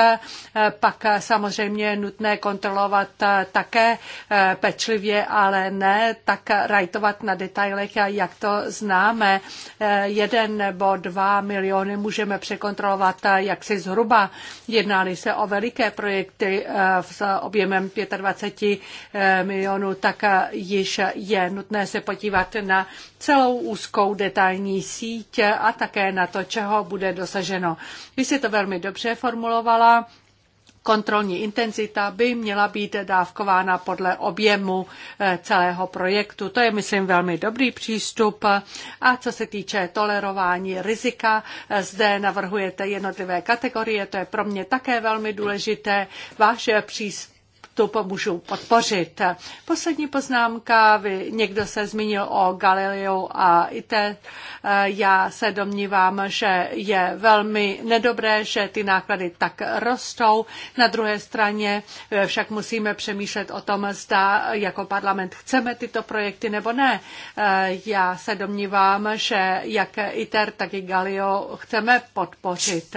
pak samozřejmě je nutné kontrolovat také Eh, pečlivě, ale ne tak rajtovat na detailech, jak to známe. Eh, jeden nebo dva miliony můžeme překontrolovat eh, jak si zhruba. Jednali se o veliké projekty s objemem 25 milionů, tak již je nutné se podívat na celou úzkou detailní síť a také na to, čeho bude dosaženo. Vy jste to velmi dobře formulovala. Kontrolní intenzita by měla být dávkována podle objemu eh, celého projektu. To je, myslím, velmi dobrý přístup. A co se týče tolerování rizika, eh, zde navrhujete jednotlivé kategorie, to je pro mě také velmi důležité. Váš přístup to můžou podpořit. Poslední poznámka, vy, někdo se zmínil o Galileo a ITE. Eh, já se domnívám, že je velmi nedobré, že ty náklady tak rostou. Na druhé straně eh, však musíme přemýšlet o tom, zda jako parlament chceme tyto projekty nebo ne. Eh, já se domnívám, že jak ITER, tak i Galileo chceme podpořit.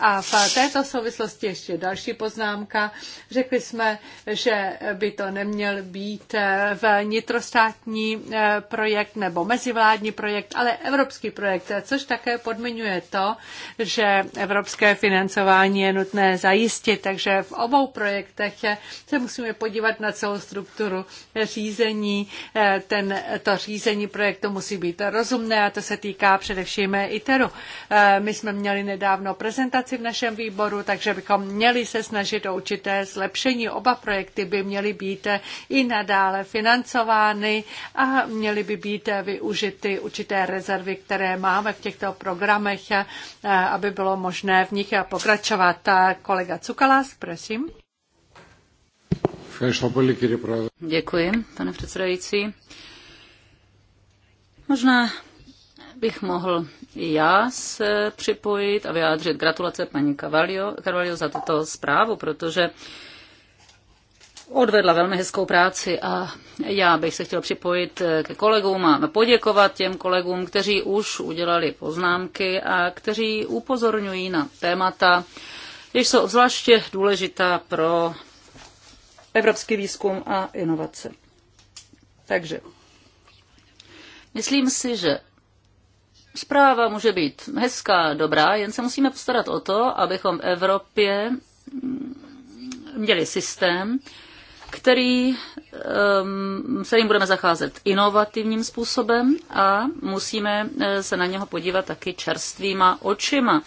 A v této souvislosti ještě další poznámka. Řekli jsme, že by to neměl být eh, vnitrostátní eh, projekt nebo mezivládní projekt, ale evropský projekt, což také podmiňuje to, že evropské financování je nutné zajistit. Takže v obou projektech eh, se musíme podívat na celou strukturu řízení. Ten, to řízení projektu musí být rozumné a to se týká především ITERu. My jsme měli nedávno prezentaci v našem výboru, takže bychom měli se snažit o určité zlepšení. Oba projekty by měly být i nadále financovány a měly by být využity určité rezervy, které máme v těchto programech, eh, aby bylo možné v nich pokračovat. Kolega Cukalas, prosím. Děkuji, pane předsedající. Možná bych mohl i já se připojit a vyjádřit gratulace paní Carvalho, Carvalho za tuto zprávu, protože odvedla velmi hezkou práci a já bych se chtěl připojit ke kolegům a poděkovat těm kolegům, kteří už udělali poznámky a kteří upozorňují na témata, jež jsou zvláště důležitá pro evropský výzkum a inovace. Takže myslím si, že zpráva může být hezká, dobrá, jen se musíme postarat o to, abychom v Evropě měli systém, který, ehm, se jim budeme zacházet inovativním způsobem a musíme eh, se na něho podívat taky čerstvýma očima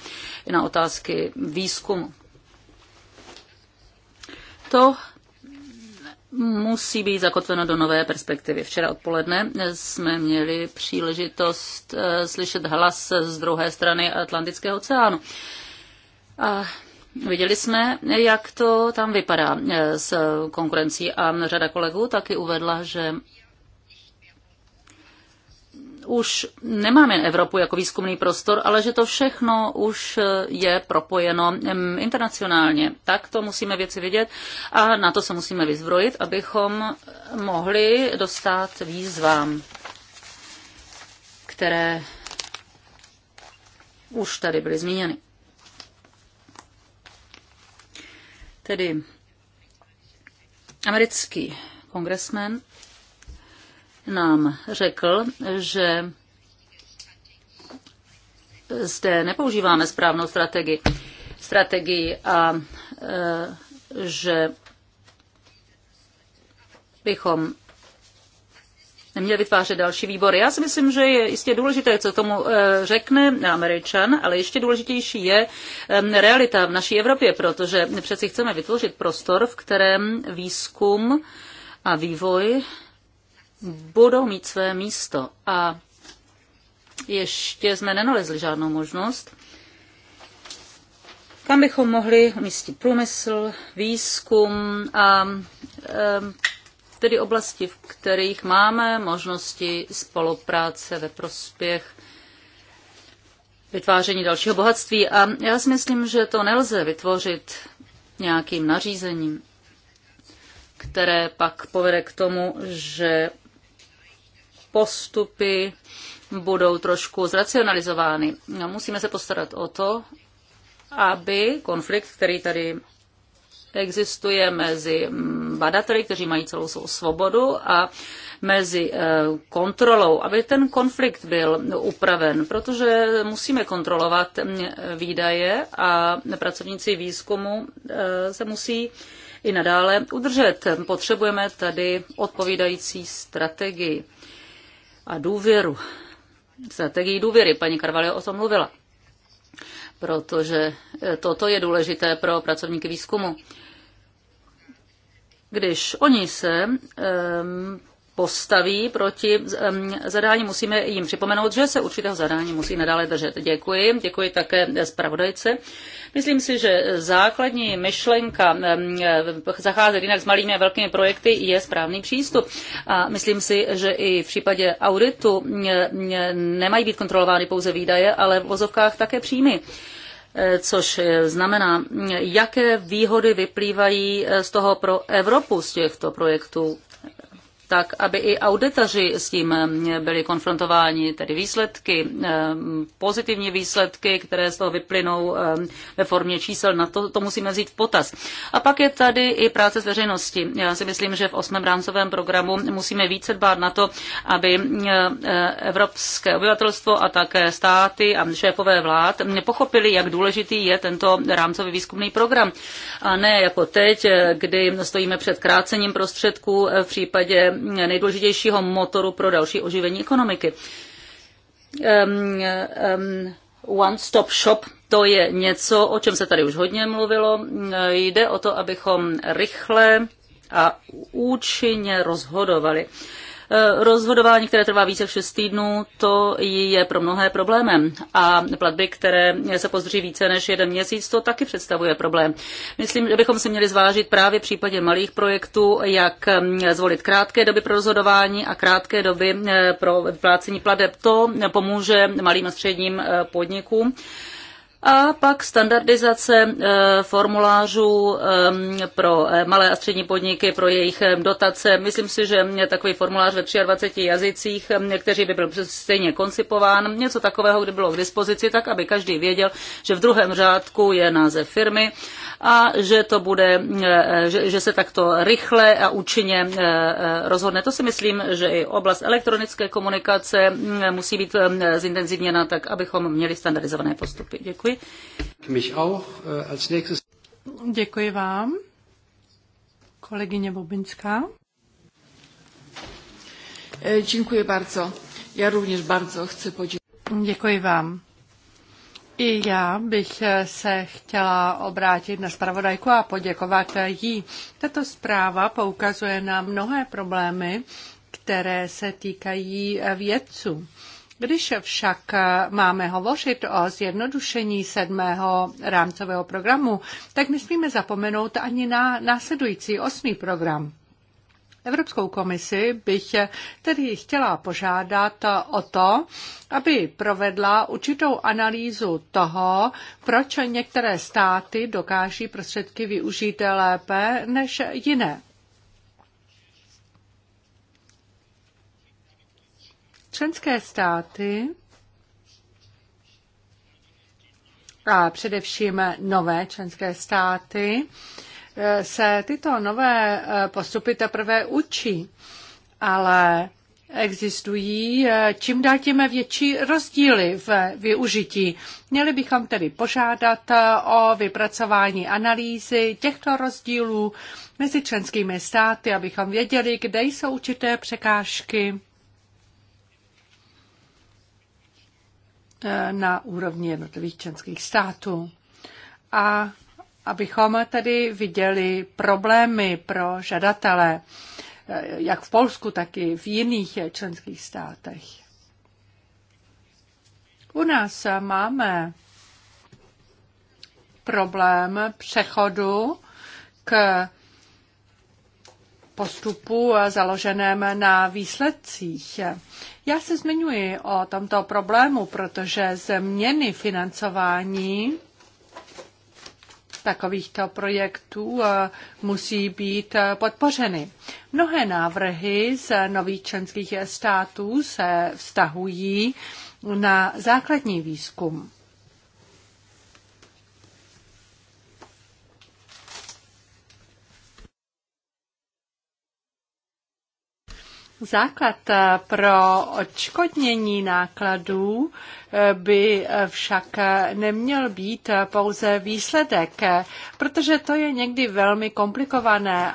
na otázky výzkumu. To musí být zakotveno do nové perspektivy. Včera odpoledne jsme měli příležitost eh, slyšet hlas z druhé strany Atlantického oceánu. A Viděli jsme, jak to tam vypadá eh, s konkurencí a řada kolegů taky uvedla, že už nemáme Evropu jako výzkumný prostor, ale že to všechno už eh, je propojeno internacionálně. Tak to musíme věci vidět a na to se musíme vyzbrojit, abychom mohli dostat výzvám, které už tady byly zmíněny. Tedy americký kongresmen nám řekl, že zde nepoužíváme správnou strategii, strategii a e, že bychom neměl vytvářet další výbory. Já si myslím, že je jistě důležité, co tomu eh, řekne Američan, ale ještě důležitější je eh, realita v naší Evropě, protože přeci chceme vytvořit prostor, v kterém výzkum a vývoj budou mít své místo. A ještě jsme nenalezli žádnou možnost, kam bychom mohli umístit průmysl, výzkum a eh, tedy oblasti, v kterých máme možnosti spolupráce ve prospěch vytváření dalšího bohatství. A já si myslím, že to nelze vytvořit nějakým nařízením, které pak povede k tomu, že postupy budou trošku zracionalizovány. Musíme se postarat o to, aby konflikt, který tady existuje mezi mm, badateli, kteří mají celou svou svobodu a mezi eh, kontrolou, aby ten konflikt byl upraven, protože musíme kontrolovat mm, výdaje a pracovníci výzkumu eh, se musí i nadále udržet. Potřebujeme tady odpovídající strategii a důvěru. Strategii důvěry, paní Karvalio o tom mluvila protože eh, toto je důležité pro pracovníky výzkumu. Když oni se um, postaví proti zadání, musíme jim připomenout, že se určitého zadání musí nadále držet. Děkuji, děkuji také zpravodajce. Myslím si, že základní myšlenka eh, zacházet jinak s malými a velkými projekty je správný přístup. A myslím si, že i v případě auditu nemají být kontrolovány pouze výdaje, ale v vozovkách také příjmy eh, což eh, znamená, jaké výhody vyplývají z toho pro Evropu z těchto projektů tak aby i auditoři s tím eh, byli konfrontováni, tedy výsledky, eh, pozitivní výsledky, které z toho vyplynou eh, ve formě čísel, na to, to musíme vzít v potaz. A pak je tady i práce s veřejností. Já si myslím, že v osmém rámcovém programu musíme více dbát na to, aby evropské obyvatelstvo a také státy a šéfové vlád pochopili, jak důležitý je tento rámcový výzkumný program. A ne jako teď, kdy stojíme před krácením prostředků v případě nejdůležitějšího motoru pro další oživení ekonomiky. Um, um, One Stop Shop, to je něco, o čem se tady už hodně mluvilo. Jde o to, abychom rychle a účinně rozhodovali. Eh, rozhodování, které trvá více než 6 týdnů, to je pro mnohé problémem. A platby, které se pozdří více než jeden měsíc, to taky představuje problém. Myslím, že bychom si měli zvážit právě v případě malých projektů, jak mm, zvolit krátké doby pro rozhodování a krátké doby eh, pro vyplácení plateb. To pomůže malým a středním eh, podnikům. A pak standardizace eh, formulářů eh, pro eh, malé a střední podniky, pro jejich dotace. Myslím si, že takový formulář ve 23 jazycích, který by byl stejně koncipován, něco takového, kdy bylo k dispozici, tak aby každý věděl, že v druhém řádku je název firmy a že to bude, že, že se takto rychle a účinně rozhodne. To si myslím, že i oblast elektronické komunikace mm, musí být zintenzivněna tak, abychom měli standardizované postupy. Děkuji. Děkuji. Mich auch, äh, als nächstes. Děkuji vám. Kolegyně Bobinská. Eh, děkuji bardzo. Já rovněž bardzo chci poděkovat. Děkuji vám. I já bych eh, se chtěla obrátit na zpravodajku a poděkovat jí. Tato zpráva poukazuje na mnohé problémy, které se týkají eh, vědců. Když však eh, máme hovořit o zjednodušení sedmého rámcového programu, tak nesmíme zapomenout ani na následující osmý program. Evropskou komisi bych eh, tedy chtěla požádat o to, aby provedla určitou analýzu toho, proč některé státy dokáží prostředky využít lépe než jiné. Členské státy a především nové členské státy eh, se tyto nové eh, postupy teprve učí, ale existují eh, čím dál tím větší rozdíly v využití. Měli bychom tedy požádat o vypracování analýzy těchto rozdílů mezi členskými státy, abychom věděli, kde jsou určité překážky Eh, na úrovni jednotlivých členských států. A abychom tedy viděli problémy pro žadatele, eh, jak v Polsku, tak i v jiných eh, členských státech. U nás máme problém přechodu k postupu založeném na výsledcích. Já se zmiňuji o tomto problému, protože změny financování takovýchto projektů eh, musí být podpořeny. Mnohé návrhy z nových členských států se vztahují na základní výzkum. Základ eh, pro odškodnění nákladů eh, by eh, však neměl být pouze výsledek, protože to je někdy velmi komplikované,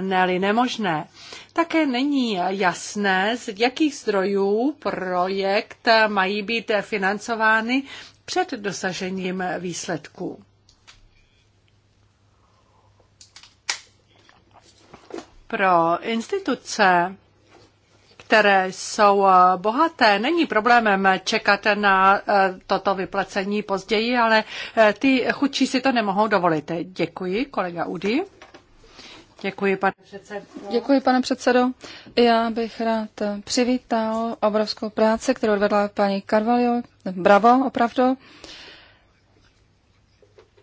ne nemožné. Také není jasné, z jakých zdrojů projekt mají být financovány před dosažením výsledků. Pro instituce které jsou eh, bohaté, není problémem čekat na eh, toto vyplacení později, ale eh, ty chudší si to nemohou dovolit. Děkuji, kolega Udy. Děkuji, pane předsedo. Děkuji, pane předsedo. Já bych rád přivítal obrovskou práci, kterou odvedla paní Carvalho. Bravo, opravdu.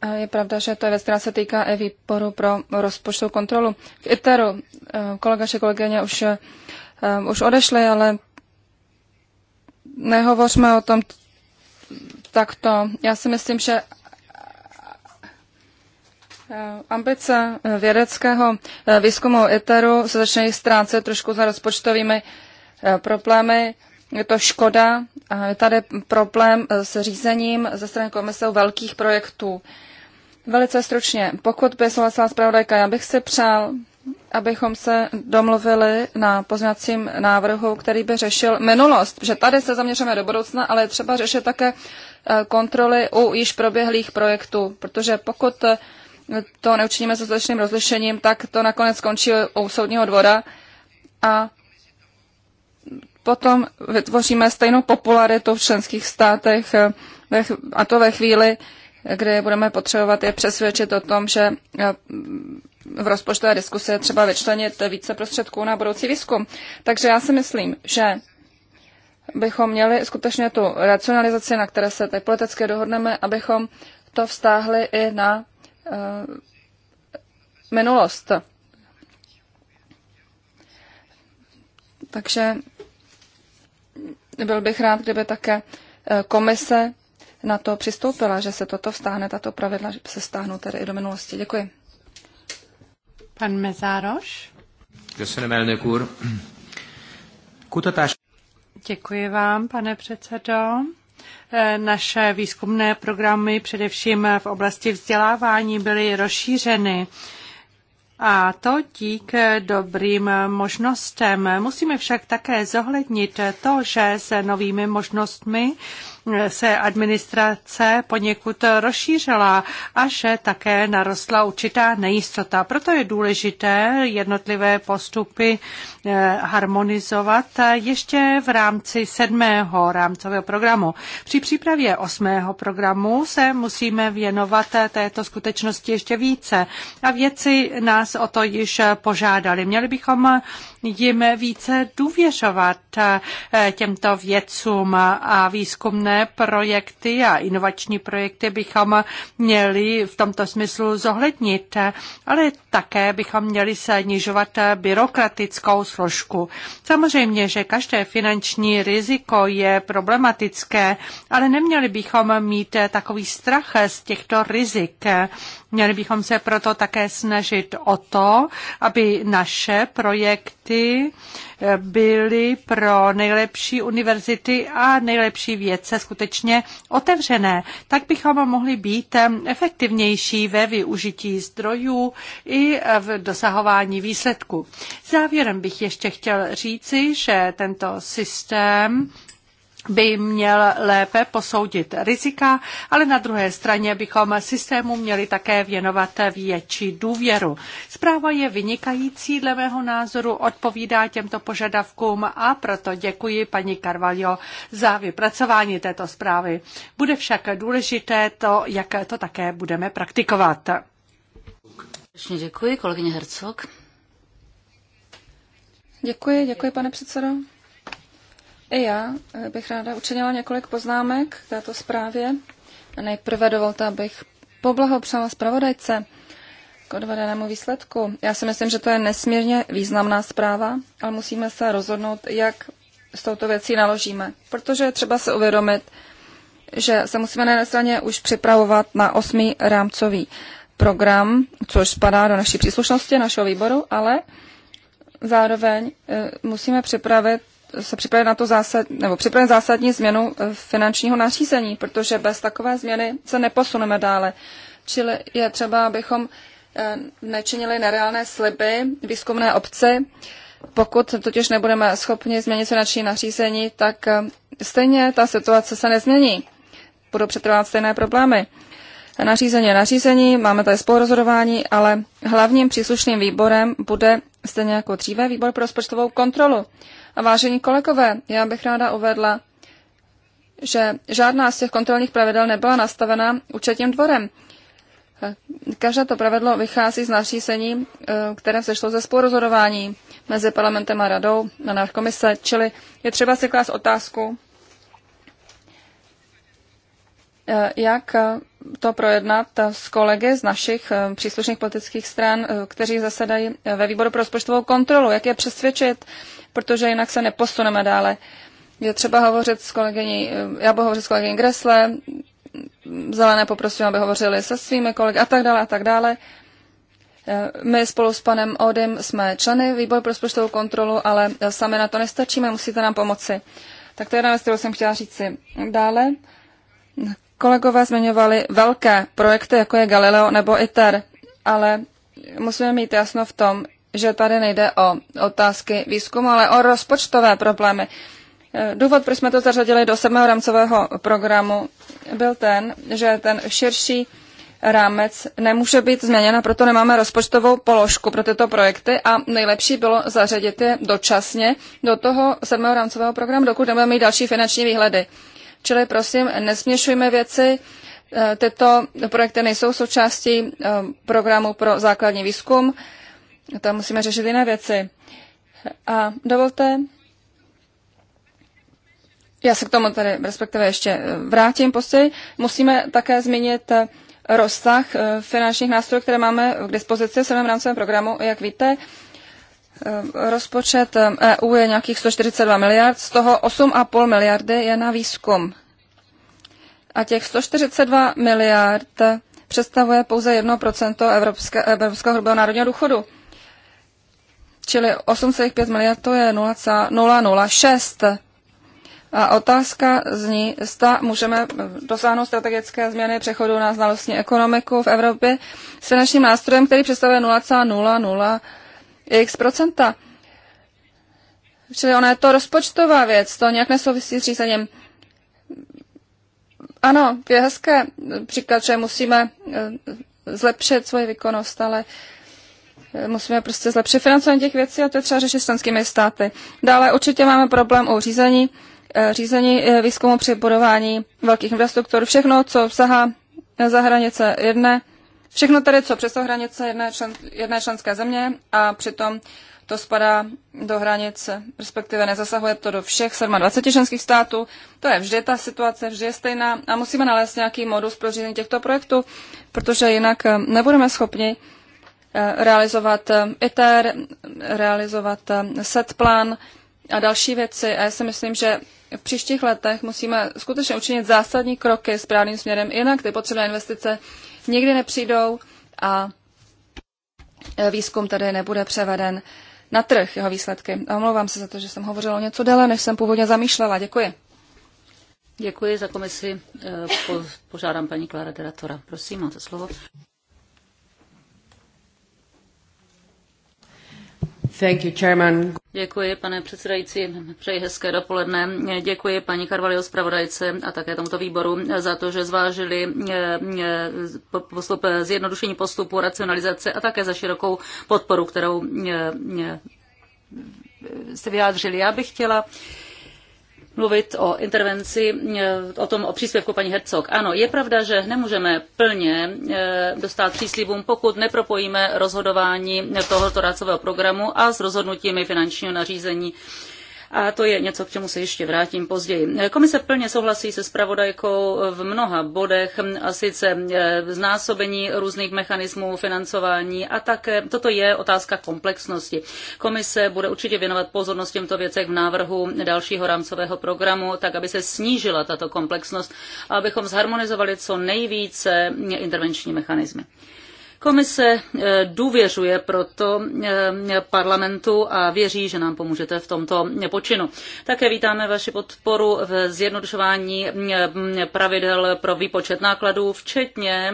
A je pravda, že to je věc, která se týká i výboru pro rozpočtovou kontrolu. K ITERu kolega či kolegyně už um, už odešli, ale nehovořme o tom takto. Já si myslím, že ehm, ambice eh, vědeckého eh, výzkumu ITERu se začínají ztrácet trošku za rozpočtovými eh, problémy. Je to škoda. Je tady problém s řízením ze strany komise velkých projektů. Velice stručně, pokud by souhlasila zpravodajka, já bych si přál, abychom se domluvili na pozměňovacím návrhu, který by řešil minulost, že tady se zaměříme do budoucna, ale třeba řešit také eh, kontroly u již proběhlých projektů, protože pokud eh, to neučiníme s dostatečným rozlišením, tak to nakonec skončí u soudního dvora a potom vytvoříme stejnou popularitu v členských státech eh, a to ve chvíli, kdy budeme potřebovat je přesvědčit o tom, že v rozpočtové diskusi je třeba vyčlenit více prostředků na budoucí výzkum. Takže já si myslím, že bychom měli skutečně tu racionalizaci, na které se teď politicky dohodneme, abychom to vztáhli i na uh, minulost. Takže byl bych rád, kdyby také eh, komise na to přistoupila, že se toto vztáhne, tato pravidla se stáhnou tedy i do minulosti. Děkuji. Pan Mezároš. Köszönöm, elnök úr. Kutatás... Děkuji vám, pane předsedo e, naše výzkumné programy, především v oblasti vzdělávání, byly rozšířeny. A to dík dobrým možnostem. Musíme však také zohlednit to, že se novými možnostmi se administrace poněkud rozšířila a že také narostla určitá nejistota. Proto je důležité jednotlivé postupy eh, harmonizovat ještě v rámci sedmého rámcového programu. Při přípravě osmého programu se musíme věnovat této skutečnosti ještě více a věci nás o to již požádali. Měli bychom jim více důvěřovat eh, těmto vědcům a výzkumné projekty a inovační projekty bychom měli v tomto smyslu zohlednit, ale také bychom měli snižovat byrokratickou složku. Samozřejmě, že každé finanční riziko je problematické, ale neměli bychom mít takový strach z těchto rizik. Měli bychom se proto také snažit o to, aby naše projekty eh, byly pro nejlepší univerzity a nejlepší vědce skutečně otevřené. Tak bychom mohli být eh, efektivnější ve využití zdrojů i eh, v dosahování výsledku. Závěrem bych ještě chtěl říci, že tento systém by měl lépe posoudit rizika, ale na druhé straně bychom systému měli také věnovat větší důvěru. Zpráva je vynikající, dle mého názoru odpovídá těmto požadavkům a proto děkuji paní Carvalho za vypracování této zprávy. Bude však důležité to, jak to také budeme praktikovat. Děkuji, kolegyně Herzog. Děkuji, děkuji, pane předsedo. I já eh, bych ráda učinila několik poznámek k této zprávě. Nejprve dovolte, abych poblahopřála zpravodajce k odvedenému výsledku. Já si myslím, že to je nesmírně významná zpráva, ale musíme se rozhodnout, jak s touto věcí naložíme. Protože třeba se uvědomit, že se musíme na straně už připravovat na osmý rámcový program, což spadá do naší příslušnosti, našeho výboru, ale zároveň eh, musíme připravit se připravit na to zásad, nebo připravit zásadní změnu eh, finančního nařízení, protože bez takové změny se neposuneme dále. Čili je třeba, abychom eh, nečinili nereálné sliby výzkumné obci. Pokud totiž nebudeme schopni změnit finanční nařízení, tak eh, stejně ta situace se nezmění. Budou přetrvávat stejné problémy. Nařízení je nařízení, máme tady spolurozhodování, ale hlavním příslušným výborem bude, stejně jako dříve, výbor pro rozpočtovou kontrolu. A vážení kolegové, já bych ráda uvedla, že žádná z těch kontrolních pravidel nebyla nastavena účetním dvorem. Každé to pravidlo vychází z nařízení, eh, které šlo ze spolurozhodování mezi parlamentem a radou na náš komise, čili je třeba si klást otázku, eh, jak eh, to projednat s kolegy z našich příslušných politických stran, kteří zasedají ve výboru pro rozpočtovou kontrolu, jak je přesvědčit protože jinak se neposuneme dále. Je třeba hovořit s kolegyní, já budu hovořit s kolegyní Gresle, zelené poprosím, aby hovořili se svými kolegy a tak dále a tak dále. My spolu s panem Odem jsme členy výboru pro rozpočtovou kontrolu, ale sami na to nestačíme, musíte nám pomoci. Tak to je jedna věc, kterou jsem chtěla si Dále kolegové zmiňovali velké projekty, jako je Galileo nebo ITER, ale musíme mít jasno v tom, že tady nejde o otázky výzkumu, ale o rozpočtové problémy. Eh, důvod, proč jsme to zařadili do sedmého rámcového programu, byl ten, že ten širší rámec nemůže být změněn a proto nemáme rozpočtovou položku pro tyto projekty a nejlepší bylo zařadit je dočasně do toho sedmého rámcového programu, dokud nebudeme mít další finanční výhledy. Čili prosím, nesměšujme věci, eh, tyto projekty nejsou součástí eh, programu pro základní výzkum, No, tam musíme řešit jiné věci. A dovolte, já se k tomu tady respektive ještě eh, vrátím později. Musíme také zmínit eh, rozsah eh, finančních nástrojů, které máme k dispozici v sedmém rámcovém programu. Jak víte, rozpočet EU e je nějakých 142 miliard, z toho 8,5 miliardy je na výzkum. A těch 142 miliard představuje pouze 1% evropské, evropského hrubého národního důchodu. Čili 8,5 miliard to je 0,006. A otázka zní, zda můžeme dosáhnout strategické změny přechodu na znalostní ekonomiku v Evropě s finančním nástrojem, který představuje 0,00x procenta. Čili ona je to rozpočtová věc, to nějak nesouvisí s řízením. Ano, je hezké příklad, že musíme eh, zlepšit svoji výkonnost, ale musíme prostě zlepšit financování těch věcí a to je třeba řešit s členskými státy. Dále určitě máme problém o řízení, eh, řízení eh, výzkumu při budování velkých infrastruktur, všechno, co sahá za hranice jedné, všechno tedy, co přesahuje hranice jedné, člen, jedné členské země a přitom to spadá do hranic, respektive nezasahuje to do všech 27 členských států. To je vždy ta situace, vždy je stejná a musíme nalézt nějaký modus pro řízení těchto projektů, protože jinak eh, nebudeme schopni Eh, realizovat eh, ITER, realizovat eh, set plan a další věci. A já si myslím, že v příštích letech musíme skutečně učinit zásadní kroky správným směrem, jinak ty potřebné investice nikdy nepřijdou a výzkum tady nebude převeden na trh jeho výsledky. A omlouvám se za to, že jsem hovořila o něco déle, než jsem původně zamýšlela. Děkuji. Děkuji za komisi. Požádám paní Klára Deratora. Prosím, máte slovo. Thank you, Chairman. Děkuji, pane předsedající. Přeji hezké dopoledne. Děkuji paní Karvalio zpravodajce a také tomuto výboru za to, že zvážili eh, eh, postup, zjednodušení postupu, racionalizace a také za širokou podporu, kterou eh, jste vyjádřili. Já bych chtěla mluvit o intervenci, e, o tom o příspěvku paní Hercog. Ano, je pravda, že nemůžeme plně e, dostat příslibům, pokud nepropojíme rozhodování tohoto rácového programu a s rozhodnutími finančního nařízení a to je něco, k čemu se ještě vrátím později. Komise plně souhlasí se spravodajkou v mnoha bodech, a sice e, znásobení různých mechanismů financování a také toto je otázka komplexnosti. Komise bude určitě věnovat pozornost těmto věcech v návrhu dalšího rámcového programu, tak aby se snížila tato komplexnost a abychom zharmonizovali co nejvíce intervenční mechanismy. Komise eh, důvěřuje proto eh, parlamentu a věří, že nám pomůžete v tomto počinu. Také vítáme vaši podporu v zjednodušování eh, pravidel pro výpočet nákladů, včetně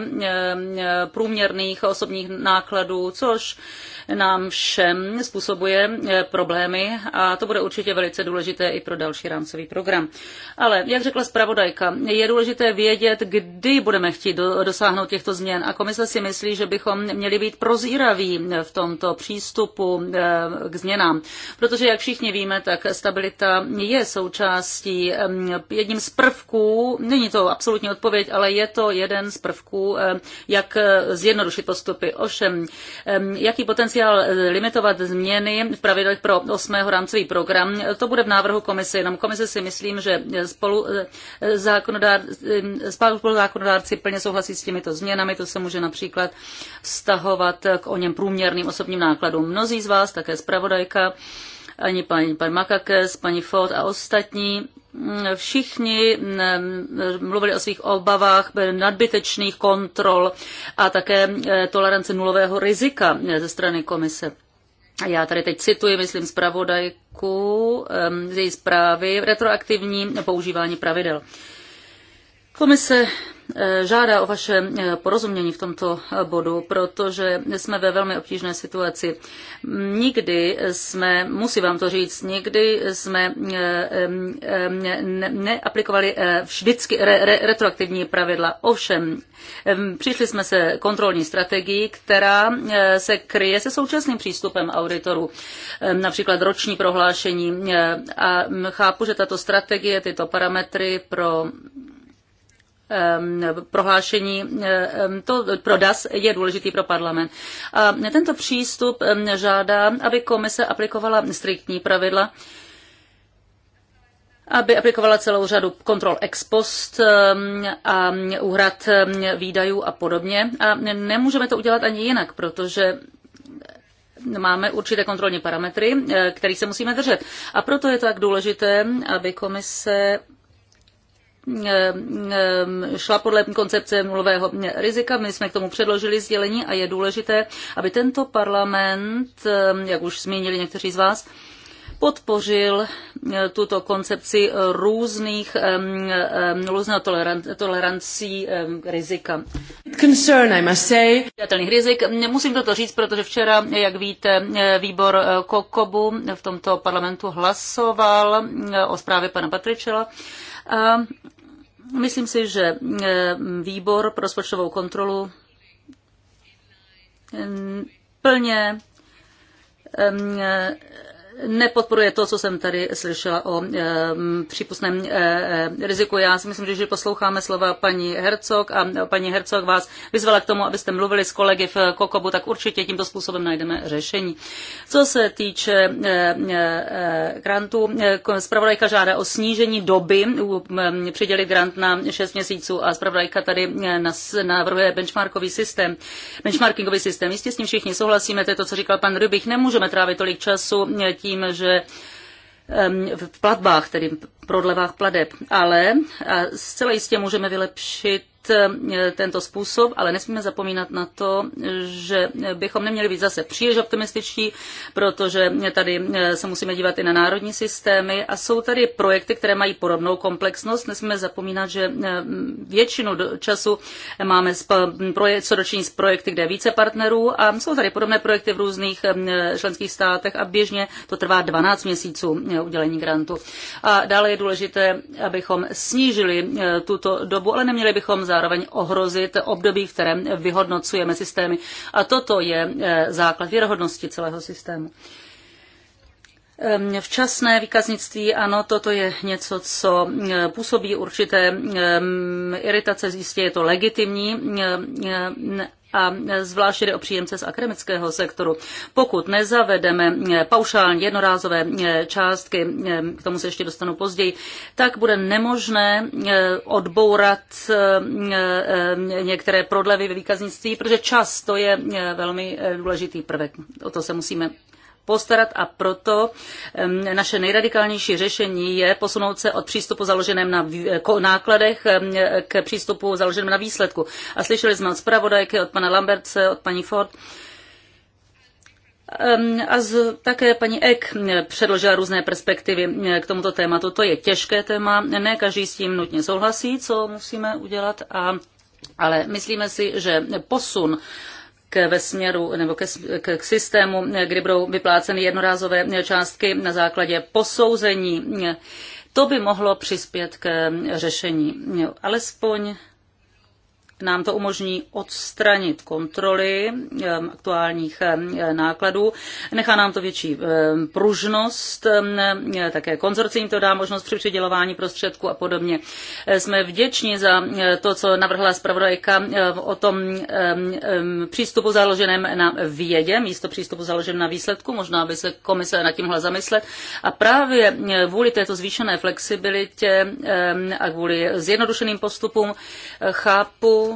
průměrných osobních nákladů, což nám všem způsobuje eh, problémy a to bude určitě velice důležité i pro další rámcový program. Ale jak řekla zpravodajka, je důležité vědět, kdy budeme chtít dosáhnout těchto změn a komise si myslí, že bychom měli být prozíraví v tomto přístupu eh, k změnám, protože jak všichni víme, tak stabilita je součástí eh, jedním z prvků, není to absolutní odpověď, ale je to jeden z prvků, jak zjednodušit postupy. Ovšem, jaký potenciál chtěl eh, limitovat změny v pravidlech pro osmého rámcový program. To bude v návrhu komise, jenom komise si myslím, že spolu, eh, zákonodár, eh, spolu zákonodárci plně souhlasí s těmito změnami, to se může například vztahovat k o něm průměrným osobním nákladům. Mnozí z vás, také zpravodajka, ani paní, paní Makakes, paní Ford a ostatní Všichni mm, mluvili o svých obavách nadbytečných kontrol a také eh, tolerance nulového rizika eh, ze strany komise. Já tady teď cituji, myslím, zpravodajku eh, z její zprávy, retroaktivní používání pravidel. Komise eh, žádá o vaše eh, porozumění v tomto eh, bodu, protože jsme ve velmi obtížné situaci. Nikdy jsme, musí vám to říct, nikdy jsme neaplikovali vždycky re, re, retroaktivní pravidla. Ovšem, přišli jsme se kontrolní strategií, která se kryje se současným přístupem auditorů, například roční prohlášení. A chápu, že tato strategie, tyto parametry pro prohlášení to pro DAS je důležitý pro parlament. A tento přístup žádá, aby komise aplikovala striktní pravidla, aby aplikovala celou řadu kontrol ex post a úhrad výdajů a podobně. A nemůžeme to udělat ani jinak, protože máme určité kontrolní parametry, e, kterých se musíme držet. A proto je tak důležité, aby komise šla podle koncepce nulového rizika. My jsme k tomu předložili sdělení a je důležité, aby tento parlament, jak už zmínili někteří z vás, podpořil eh, tuto koncepci různých eh, eh, různého tolerancí rizika. Concern, I must say. rizik. Musím toto říct, protože včera, jak víte, výbor Kokobu v tomto parlamentu hlasoval o zprávě pana Patričela a myslím si, že e, výbor pro rozpočtovou kontrolu e, plně e, nepodporuje to, co jsem tady slyšela o eh, přípustném eh, eh, riziku. Já si myslím, že když posloucháme slova paní Hercog a no, paní Hercog vás vyzvala k tomu, abyste mluvili s kolegy v Kokobu, tak určitě tímto způsobem najdeme řešení. Co se týče grantů, zpravodajka žádá o snížení doby přidělit grant na 6 měsíců a zpravodajka tady navrhuje benchmarkový systém, benchmarkingový systém. Jistě s ním všichni souhlasíme, to je to, co říkal pan Rybich, nemůžeme trávit tolik času tím, tím, že v platbách, tedy prodlevách pladeb, ale zcela jistě můžeme vylepšit Eh, tento způsob, ale nesmíme zapomínat na to, že bychom neměli být zase příliš optimističtí, protože tady eh, se musíme dívat i na národní systémy a jsou tady projekty, které mají podobnou komplexnost. Nesmíme zapomínat, že eh, většinu času máme co dočinit s projekty, kde je více partnerů a jsou tady podobné projekty v různých členských státech a běžně to trvá 12 měsíců udělení grantu. A dále je důležité, abychom snížili tuto dobu, ale neměli bychom zároveň ohrozit období, v kterém vyhodnocujeme systémy. A toto je eh, základ věrohodnosti celého systému. Ehm, včasné výkaznictví, ano, toto je něco, co eh, působí určité ehm, iritace, zjistě je to legitimní, ehm, a zvláště jde o příjemce z akademického sektoru. Pokud nezavedeme paušální jednorázové eh, částky, eh, k tomu se ještě dostanu později, tak bude nemožné eh, odbourat některé prodlevy ve výkaznictví, protože čas to je velmi důležitý prvek. O to se musíme postarat a proto naše nejradikálnější řešení je posunout se od přístupu založeném na eh, nákladech k přístupu založeném na výsledku. A slyšeli jsme od zpravodajky, od pana Lambertce, od paní Ford, a z, také paní Ek předložila různé perspektivy k tomuto tématu. To je těžké téma, ne každý s tím nutně souhlasí, co musíme udělat, a, ale myslíme si, že posun k, ve směru nebo ke, k, k systému, kdy budou vypláceny jednorázové částky na základě posouzení. To by mohlo přispět k řešení. Alespoň nám to umožní odstranit kontroly aktuálních nákladů, nechá nám to větší pružnost, také konzorcím to dá možnost při přidělování prostředků a podobně. E, jsme vděční za e, to, co navrhla zpravodajka e, o tom přístupu založeném na vědě, místo přístupu založeném na výsledku, možná by se komise nad tímhle zamyslet. A právě vůli této zvýšené flexibilitě a kvůli zjednodušeným postupům chápu,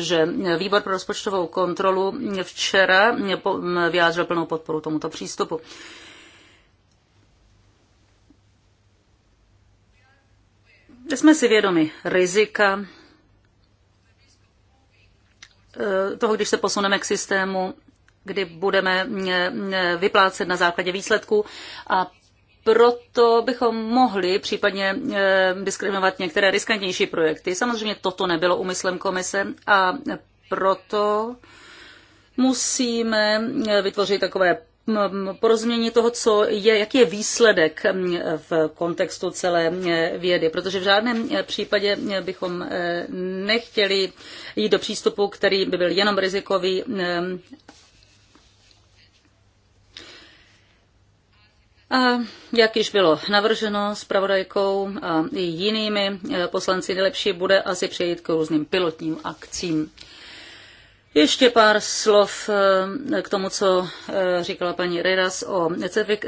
že výbor pro rozpočtovou kontrolu včera vyjádřil plnou podporu tomuto přístupu. Jsme si vědomi rizika eh, toho, když se posuneme k systému, kdy budeme vyplácet na základě výsledků a proto bychom mohli případně eh, diskriminovat některé riskantnější projekty. Samozřejmě toto nebylo úmyslem komise a proto musíme eh, vytvořit takové porozumění toho, co je, jaký je výsledek v kontextu celé eh, vědy, protože v žádném případě bychom nechtěli jít do přístupu, který by byl jenom rizikový A jak již bylo navrženo s pravodajkou a jinými eh, poslanci, nejlepší bude asi přejít k různým pilotním akcím. Ještě pár slov eh, k tomu, co eh, říkala paní Reras o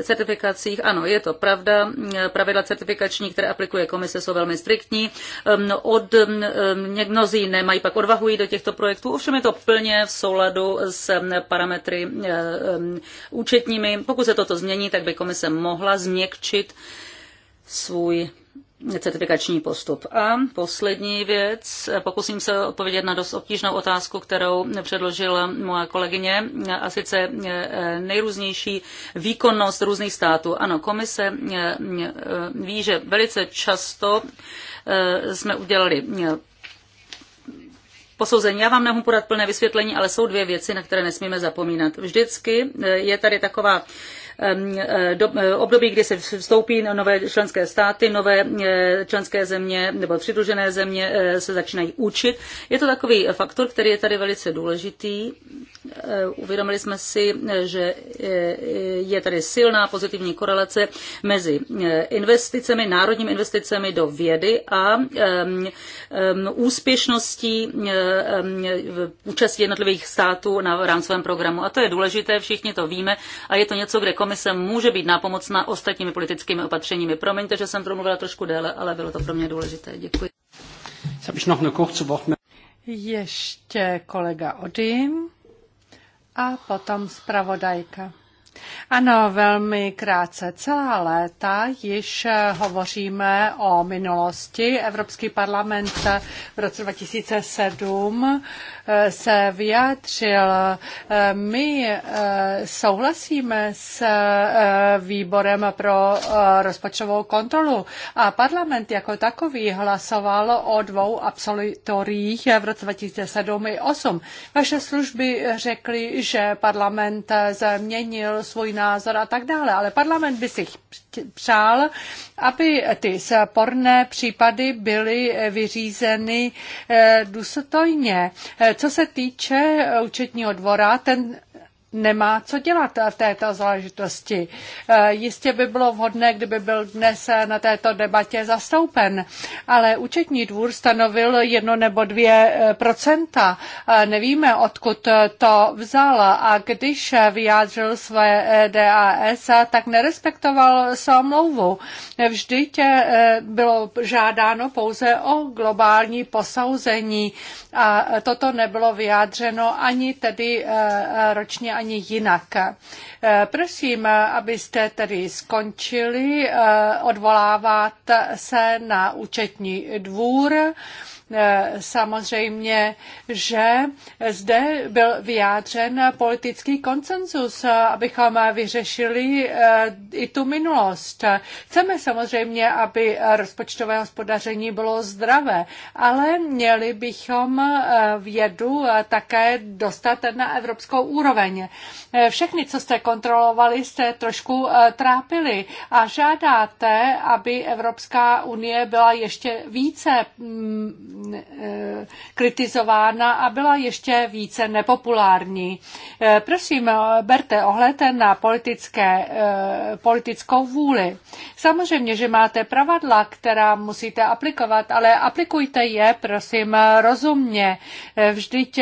certifikacích. Ano, je to pravda. Pravidla certifikační, které aplikuje komise, jsou velmi striktní. Ehm, no, od, ehm, mnozí nemají pak odvahu do těchto projektů, ovšem je to plně v souladu s ehm, parametry eh, účetními. Pokud se toto změní, tak by komise mohla změkčit svůj certifikační postup. A poslední věc, pokusím se odpovědět na dost obtížnou otázku, kterou předložila moja kolegyně, a sice eh, nejrůznější výkonnost různých států. Ano, komise eh, eh, ví, že velice často jsme udělali posouzení. Já vám nemohu podat plné vysvětlení, ale jsou dvě věci, na které nesmíme zapomínat. Vždycky je tady taková Eh, eh, období, kdy se vstoupí nové členské státy, nové eh, členské země nebo přidružené země se začínají učit. Je to takový faktor, který je tady velice důležitý. Uvědomili jsme si, že je tady silná pozitivní korelace mezi investicemi, národními investicemi do vědy a úspěšností účasti jednotlivých států na rámcovém programu. A to je důležité, všichni to víme a je to něco, kde komise může být nápomocná ostatními politickými opatřeními. Promiňte, že jsem promluvila trošku déle, ale bylo to pro mě důležité. Děkuji. Ještě kolega Odin a potom zpravodajka. Ano, velmi krátce. Celá léta již eh, hovoříme o minulosti. Evropský parlament eh, v roce 2007 eh, se vyjádřil. My souhlasíme s výborem pro rozpočtovou kontrolu a parlament jako takový hlasoval o dvou absolutoriích v roce 2007 i 2008. Vaše služby řekly, že parlament změnil svůj názor a tak dále. Ale parlament by si přál, aby ty sporné případy byly eh, vyřízeny eh, důstojně. Eh, co se týče účetního dvora, ten nemá co dělat v této záležitosti. Eh, jistě by bylo vhodné, kdyby byl dnes eh, na této debatě zastoupen, ale účetní dvůr stanovil jedno nebo dvě eh, procenta. Nevíme, odkud to vzal a když vyjádřil své DAS, tak nerespektoval samlouvu. Vždyť bylo žádáno pouze o globální posouzení a toto nebylo vyjádřeno ani tedy ročně, ani jinak. Eh, prosím, abyste tedy skončili eh, odvolávat se na účetní dvůr Samozřejmě, že zde byl vyjádřen politický koncenzus, abychom vyřešili eh, i tu minulost. Chceme samozřejmě, aby rozpočtové hospodaření bylo zdravé, ale měli bychom eh, vědu také dostat na evropskou úroveň. Eh, všechny, co jste kontrolovali, jste trošku trápili a žádáte, aby Evropská unie byla ještě více mm, Eh, kritizována a byla ještě více nepopulární. Eh, prosím, berte ohled na politické, eh, politickou vůli. Samozřejmě, že máte pravadla, která musíte aplikovat, ale aplikujte je, prosím, rozumně. Vždyť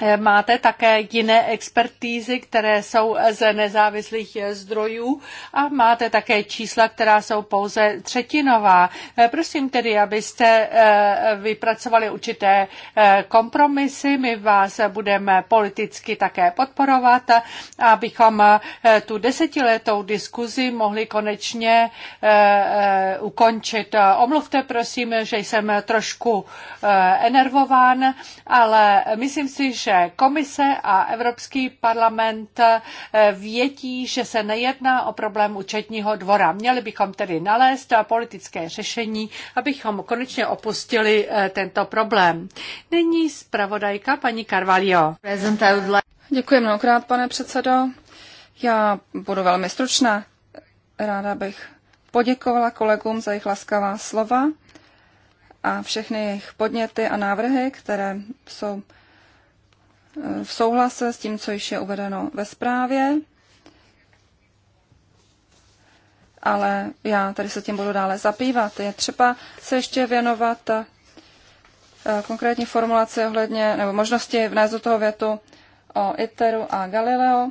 Eh, máte také jiné expertízy, které jsou z nezávislých eh, zdrojů a máte také čísla, která jsou pouze třetinová. Eh, prosím tedy, abyste vypracovali určité kompromisy. My vás budeme politicky také podporovat, abychom tu desetiletou diskuzi mohli konečně ukončit. Omluvte prosím, že jsem trošku enervován, ale myslím si, že že komise a Evropský parlament eh, vědí, že se nejedná o problém účetního dvora. Měli bychom tedy nalézt politické řešení, abychom konečně opustili eh, tento problém. Nyní zpravodajka paní Carvalho. Děkuji mnohokrát, pane předsedo. Já budu velmi stručná. Ráda bych poděkovala kolegům za jejich laskavá slova a všechny jejich podněty a návrhy, které jsou v souhlase s tím, co již je uvedeno ve zprávě, ale já tady se tím budu dále zapývat. Je třeba se ještě věnovat eh, konkrétní formulaci ohledně, nebo možnosti vnést do toho větu o ITERu a Galileo.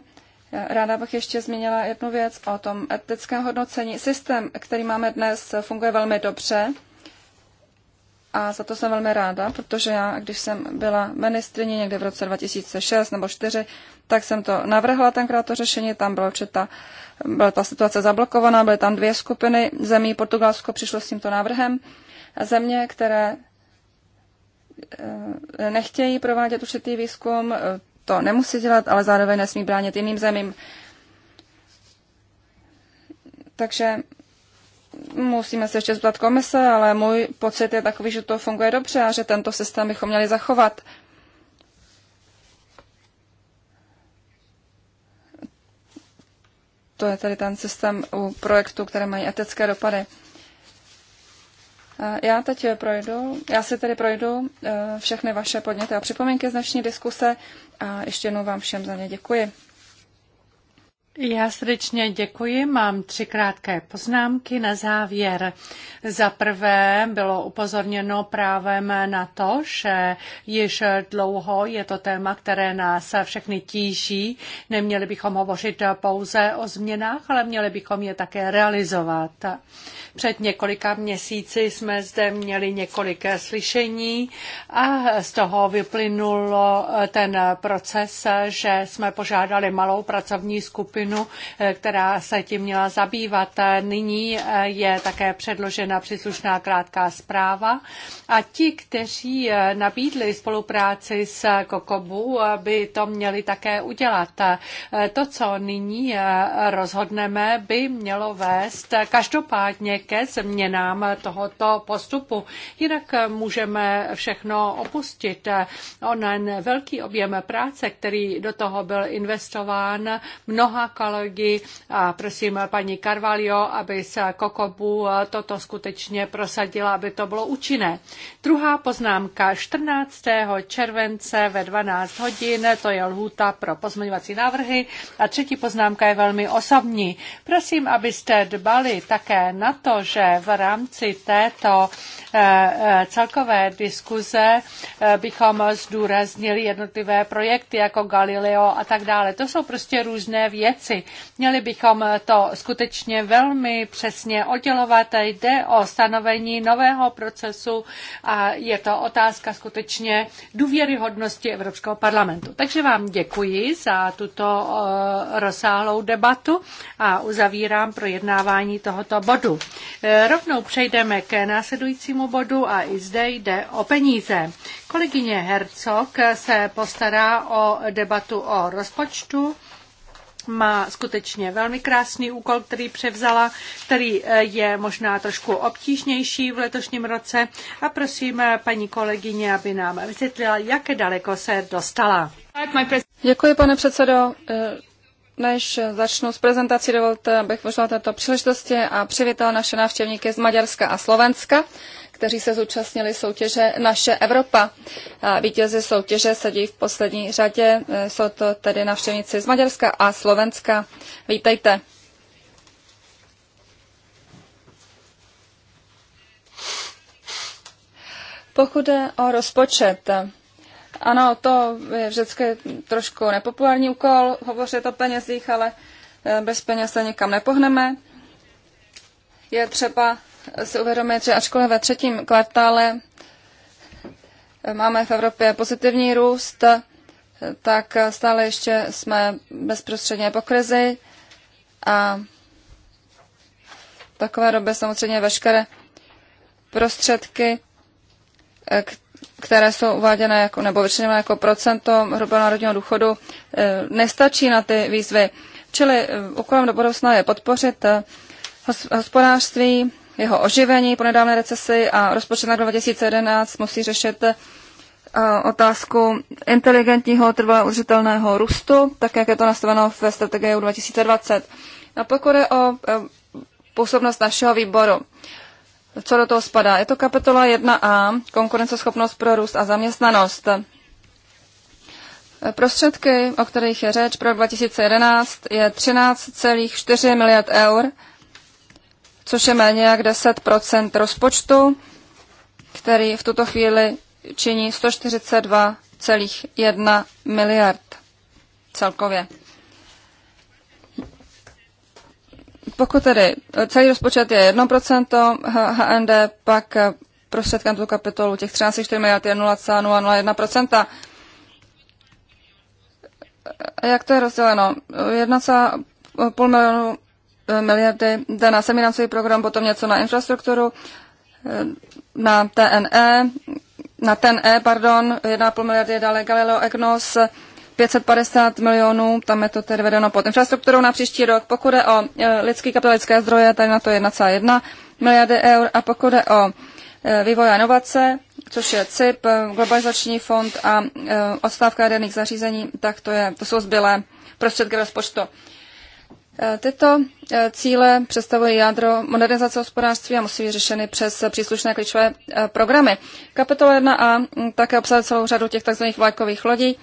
Eh, ráda bych ještě zmínila jednu věc o tom etickém hodnocení. Systém, který máme dnes, funguje velmi dobře a za to jsem velmi ráda, protože já, když jsem byla ministrině někde v roce 2006 nebo 2004, tak jsem to navrhla tenkrát to řešení, tam byla ta byla ta situace zablokovaná, byly tam dvě skupiny zemí, Portugalsko přišlo s tímto návrhem, a země, které eh, nechtějí provádět určitý výzkum, eh, to nemusí dělat, ale zároveň nesmí bránit jiným zemím. Takže musíme se ještě zeptat komise, ale můj pocit je takový, že to funguje dobře a že tento systém bychom měli zachovat. To je tedy ten systém u projektů, které mají etické dopady. Já teď projdu, já si tedy projdu eh, všechny vaše podněty a připomínky z dnešní diskuse a ještě jednou vám všem za ně děkuji. Já srdečně děkuji. Mám tři krátké poznámky na závěr. Za prvé bylo upozorněno právem na to, že již dlouho je to téma, které nás všechny tíží. Neměli bychom hovořit pouze o změnách, ale měli bychom je také realizovat. Před několika měsíci jsme zde měli několik slyšení a z toho vyplynul ten proces, že jsme požádali malou pracovní skupinu skupinu, eh, která se tím měla zabývat. Nyní eh, je také předložena příslušná krátká zpráva a ti, kteří eh, nabídli spolupráci s Kokobu, by to měli také udělat. To, co nyní rozhodneme, by mělo vést každopádně ke změnám tohoto postupu. Jinak můžeme všechno opustit. Onen velký objem práce, který do toho byl investován mnoha kolegy a prosím paní Carvalho, aby se Kokobu toto skutečně prosadila, aby to bylo účinné. Druhá poznámka 14. července ve 12 hodin, to je lhůta pro pozměňovací návrhy. A třetí poznámka je velmi osobní. Prosím, abyste dbali také na to, že v rámci této eh, eh, celkové diskuze eh, bychom zdůraznili jednotlivé projekty jako Galileo a tak dále. To jsou prostě různé věci věci. Měli bychom to skutečně velmi přesně oddělovat. Jde o stanovení nového procesu a je to otázka skutečně důvěryhodnosti Evropského parlamentu. Takže vám děkuji za tuto eh, rozsáhlou debatu a uzavírám projednávání tohoto bodu. Eh, rovnou přejdeme k následujícímu bodu a i zde jde o peníze. Kolegyně Herzog se postará o debatu o rozpočtu má skutečně velmi krásný úkol, který převzala, který eh, je možná trošku obtížnější v letošním roce a prosím eh, paní kolegyně, aby nám vysvětlila, jak daleko se dostala. Děkuji, pane předsedo. Eh, než začnu s prezentací, dovolte, abych využila této příležitosti a přivítal naše návštěvníky z Maďarska a Slovenska kteří se zúčastnili soutěže Naše Evropa. Vítězi soutěže sedí v poslední řadě, e, jsou to tedy navštěvníci z Maďarska a Slovenska. Vítejte. Pokud jde o rozpočet, ano, to je vždycky trošku nepopulární úkol, hovořit o penězích, ale e, bez peněz se nikam nepohneme. Je třeba si uvědomit, že ačkoliv ve třetím kvartále máme v Evropě pozitivní růst, tak stále ještě jsme bezprostředně po krizi a v takové době samozřejmě veškeré prostředky, které jsou uváděné jako, nebo vyčleněné jako procento hrubého národního důchodu, eh, nestačí na ty výzvy. Čili eh, úkolem do budoucna je podpořit eh, hospodářství, jeho oživení po nedávné recesi a rozpočet na 2011 musí řešit eh, otázku inteligentního trvale udržitelného růstu, tak jak je to nastaveno ve strategii 2020. A pokud je o eh, působnost našeho výboru, co do toho spadá? Je to kapitola 1a, konkurenceschopnost pro růst a zaměstnanost. Prostředky, o kterých je řeč pro 2011, je 13,4 miliard eur, což je méně jak 10 rozpočtu, který v tuto chvíli činí 142,1 miliard celkově. Pokud tedy celý rozpočet je 1% HND, pak prostředkem na tu kapitolu těch 13,4 miliard je 0,001%. Jak to je rozděleno? 1,5 milionu Eh, miliardy jde na seminářový program, potom něco na infrastrukturu, eh, na TNE, na TNE, pardon, 1,5 miliardy je dále Galileo Egnos, 550 milionů, tam je to tedy vedeno pod infrastrukturou na příští rok. Pokud je o eh, lidský kapitalické zdroje, tady na to 1,1 miliardy eur a pokud je o vývoj a inovace, což je CIP, Globalizační fond a odstávka jaderných zařízení, tak to, je, to jsou zbylé prostředky rozpočtu. Eh, tyto eh, cíle představují jádro modernizace hospodářství a musí být řešeny přes příslušné klíčové eh, programy. Kapitola 1a hm, také obsahuje celou řadu těch tzv. vlajkových lodí,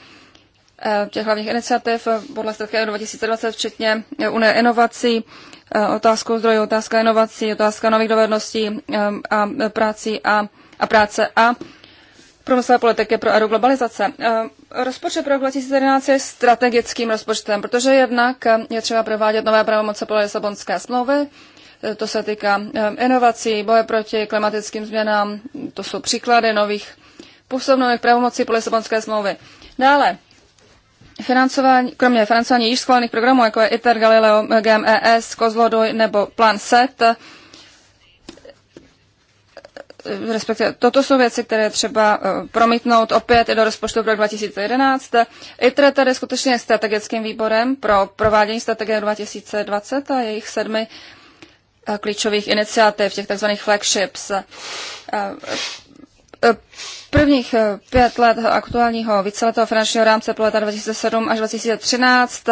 těch hlavních iniciativ podle strategie 2020, včetně Unie inovací, otázku zdrojů, otázka inovací, otázka nových dovedností a práci a, a práce a průmyslové politiky pro éru globalizace. Eh, rozpočet pro 2017 je strategickým rozpočtem, protože jednak eh, je třeba provádět nové pravomoce podle Lisabonské smlouvy, eh, to se týká inovací, boje proti klimatickým změnám, to jsou příklady nových působných pravomocí podle Lisabonské smlouvy. Dále, financování, kromě financování již schválených programů, jako je ITER, Galileo, GMES, Kozloduj nebo Plan SET, respektive toto jsou věci, které třeba eh, promítnout opět i do rozpočtu pro 2011. ITRE tedy skutečně je strategickým výborem pro provádění strategie 2020 a jejich sedmi eh, klíčových iniciativ, těch tzv. flagships. Eh, prvních pět let aktuálního víceletého finančního rámce pro leta 2007 až 2013,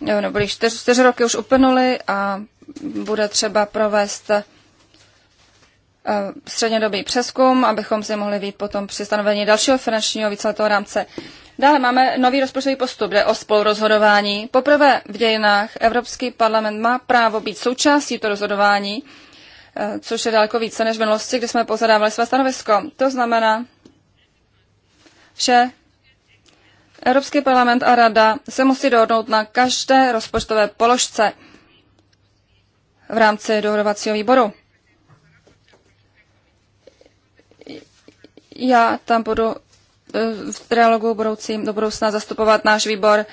nebo čtyři, čtyři roky už uplynuly a bude třeba provést Eh, střednědobý přeskum, abychom si mohli vít potom při stanovení dalšího finančního víceletého rámce. Dále máme nový rozpočtový postup, jde o spolurozhodování. Poprvé v dějinách Evropský parlament má právo být součástí toho rozhodování, eh, což je daleko více než v minulosti, kdy jsme pozadávali své stanovisko. To znamená, že Evropský parlament a rada se musí dohodnout na každé rozpočtové položce v rámci dohodovacího výboru. Já tam budu e, v trialogu budoucím do budoucna zastupovat náš výbor e,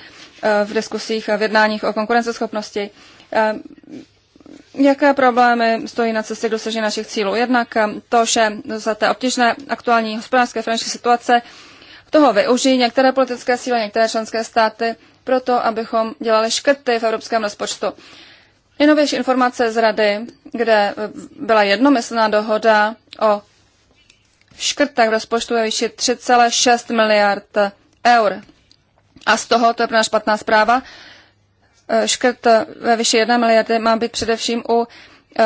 v diskusích a v jednáních o konkurenceschopnosti. E, jaké problémy stojí na cestě k dosažení našich cílů? Jednak to, že za té obtížné aktuální hospodářské finanční situace toho využijí některé politické síly, některé členské státy proto, abychom dělali škrty v evropském rozpočtu. Nejnovější informace z Rady, kde byla jednomyslná dohoda o škrtech v rozpočtu je výši 3,6 miliard eur. A z toho, to je pro nás špatná zpráva, eh, škrt ve výši 1 miliardy má být především u, eh,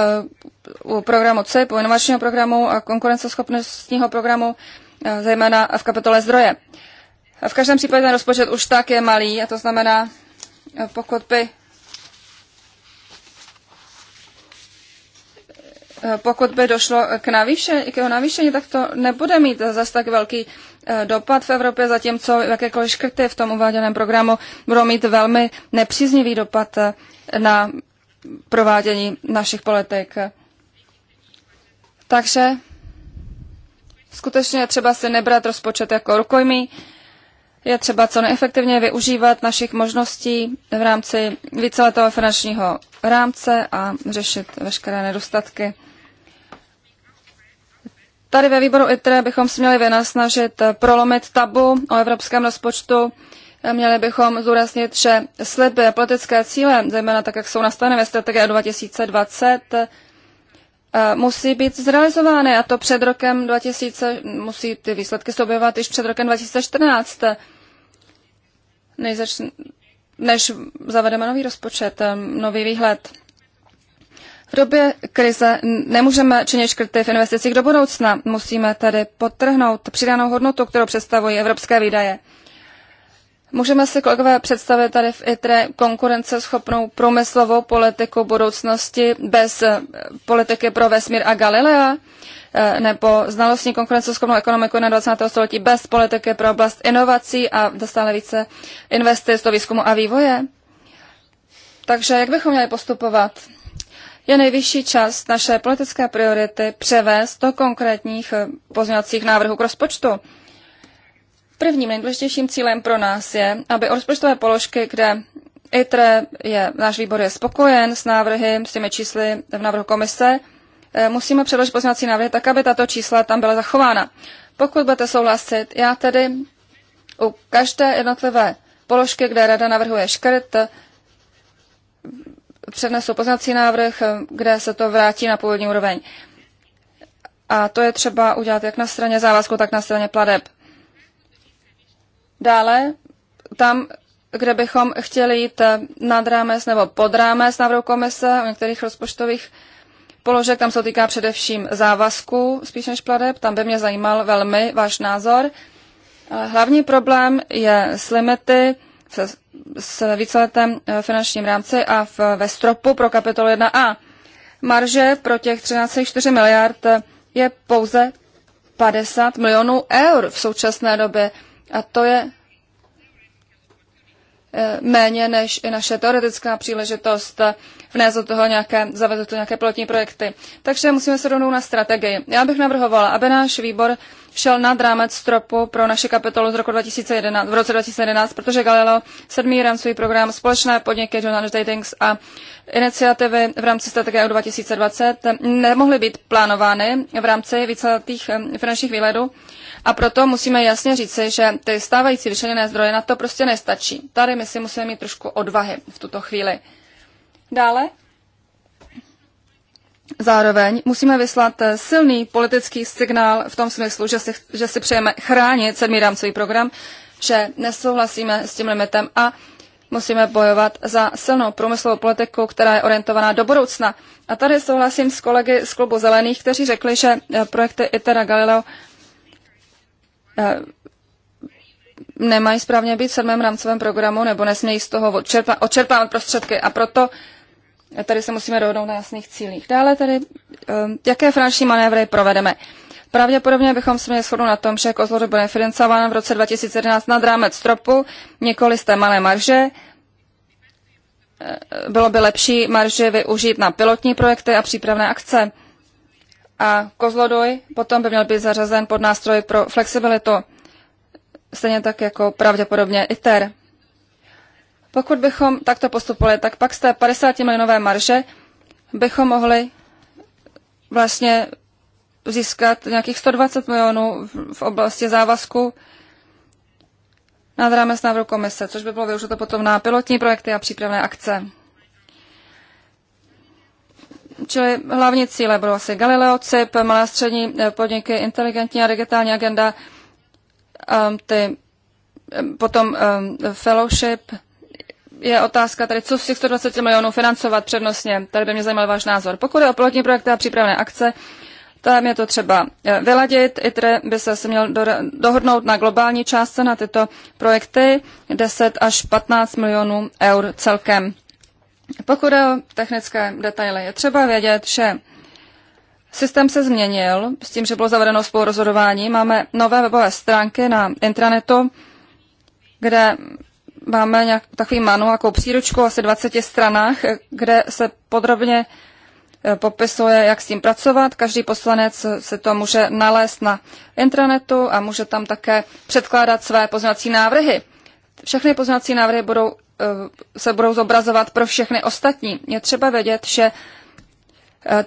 u programu CIP, u inovačního programu a konkurenceschopnostního programu, eh, zejména v kapitole zdroje. V každém případě ten rozpočet už tak je malý a to znamená, pokud by Eh, pokud by došlo k, navýšení, k jeho navýšení, tak to nebude mít zase tak velký eh, dopad v Evropě, zatímco jakékoliv škrty v tom uváděném programu budou mít velmi nepříznivý dopad eh, na provádění našich politik. Takže skutečně třeba si nebrat rozpočet jako rukojmí, je třeba co neefektivně využívat našich možností v rámci víceletého finančního rámce a řešit veškeré nedostatky. Tady ve výboru ITRE bychom se měli vynasnažit prolomit tabu o evropském rozpočtu. Měli bychom zúraznit, že sliby a politické cíle, zejména tak, jak jsou nastaveny ve strategii 2020, eh, musí být zrealizovány a to před rokem 2000, musí ty výsledky se objevovat již před rokem 2014 než, zač, než zavedeme nový rozpočet, nový výhled. V době krize nemůžeme činit škrty v investicích do budoucna. Musíme tedy potrhnout přidanou hodnotu, kterou představují evropské výdaje. Můžeme si, kolegové, představit tady v ITRE konkurenceschopnou průmyslovou politiku budoucnosti bez eh, politiky pro vesmír a Galilea? Eh, nebo znalostní konkurenceschopnou ekonomiku na 20. století bez politiky pro oblast inovací a dostále více investic do výzkumu a vývoje? Takže jak bychom měli postupovat? Je nejvyšší čas naše politické priority převést do konkrétních eh, pozměňovacích návrhů k rozpočtu. Prvním nejdůležitějším cílem pro nás je, aby o rozpočtové položky, kde ITRE je, náš výbor je spokojen s návrhy, s těmi čísly v návrhu komise, eh, musíme předložit poznací návrhy tak, aby tato čísla tam byla zachována. Pokud budete souhlasit, já tedy u každé jednotlivé položky, kde rada navrhuje škrt, přednesu poznací návrh, eh, kde se to vrátí na původní úroveň. A to je třeba udělat jak na straně závazku, tak na straně pladeb. Dále tam, kde bychom chtěli jít nad rámec nebo pod rámec návrhu komise o některých rozpočtových položek, tam se týká především závazků spíš než pladeb, tam by mě zajímal velmi váš názor. Hlavní problém je s limity se, s víceletem eh, finančním rámci a v, ve stropu pro kapitolu 1a. Marže pro těch 13,4 miliard je pouze 50 milionů eur v současné době. A to je eh, méně než i naše teoretická příležitost eh, vnést do toho nějaké, zavést do toho nějaké pilotní projekty. Takže musíme se rovnou na strategii. Já bych navrhovala, aby náš výbor šel nad rámec stropu pro naši kapitolu z roku 2011, v roce 2011, protože Galileo sedmý ran svůj program Společné podniky Journal Datings a iniciativy v rámci strategie EU 2020 nemohly být plánovány v rámci víceletých eh, finančních výhledů a proto musíme jasně říci, že ty stávající vyčleněné zdroje na to prostě nestačí. Tady my si musíme mít trošku odvahy v tuto chvíli. Dále Zároveň musíme vyslat eh, silný politický signál v tom smyslu, že si, že si přejeme chránit sedmý rámcový program, že nesouhlasíme s tím limitem a musíme bojovat za silnou průmyslovou politiku, která je orientovaná do budoucna. A tady souhlasím s kolegy z klubu Zelených, kteří řekli, že eh, projekty ITER a Galileo eh, nemají správně být v sedmém rámcovém programu nebo nesmějí z toho odčerpávat prostředky. A proto Tady se musíme dohodnout na jasných cílích. Dále tady, ehm, jaké finanční manévry provedeme. Pravděpodobně bychom se měli shodnout na tom, že Kozlo bude financován v roce 2011 nad rámec stropu, nikoli z té malé marže. Eh, bylo by lepší marže využít na pilotní projekty a přípravné akce. A Kozlodoj potom by měl být zařazen pod nástroj pro flexibilitu, stejně tak jako pravděpodobně ITER. Pokud bychom takto postupovali, tak pak z té 50 milionové marže bychom mohli vlastně získat nějakých 120 milionů v oblasti závazku nad rámec návrhu komise, což by bylo využito potom na pilotní projekty a přípravné akce. Čili hlavní cíle bylo asi Galileo, CIP, malé střední eh, podniky, inteligentní a digitální agenda, ehm, ty ehm, potom ehm, fellowship, je otázka tady, co z těch 120 milionů financovat přednostně. Tady by mě zajímal váš názor. Pokud je o pilotní projekty a přípravné akce, tam je to třeba eh, vyladit. ITR by se, se měl do, dohodnout na globální částce na tyto projekty 10 až 15 milionů eur celkem. Pokud je o technické detaily, je třeba vědět, že systém se změnil s tím, že bylo zavedeno spolurozhodování. Máme nové webové stránky na intranetu, kde máme nějak, takový manuál, jako příručku asi 20 stranách, kde se podrobně e, popisuje, jak s tím pracovat. Každý poslanec se to může nalézt na intranetu a může tam také předkládat své poznací návrhy. Všechny poznací návrhy budou, e, se budou zobrazovat pro všechny ostatní. Je třeba vědět, že e,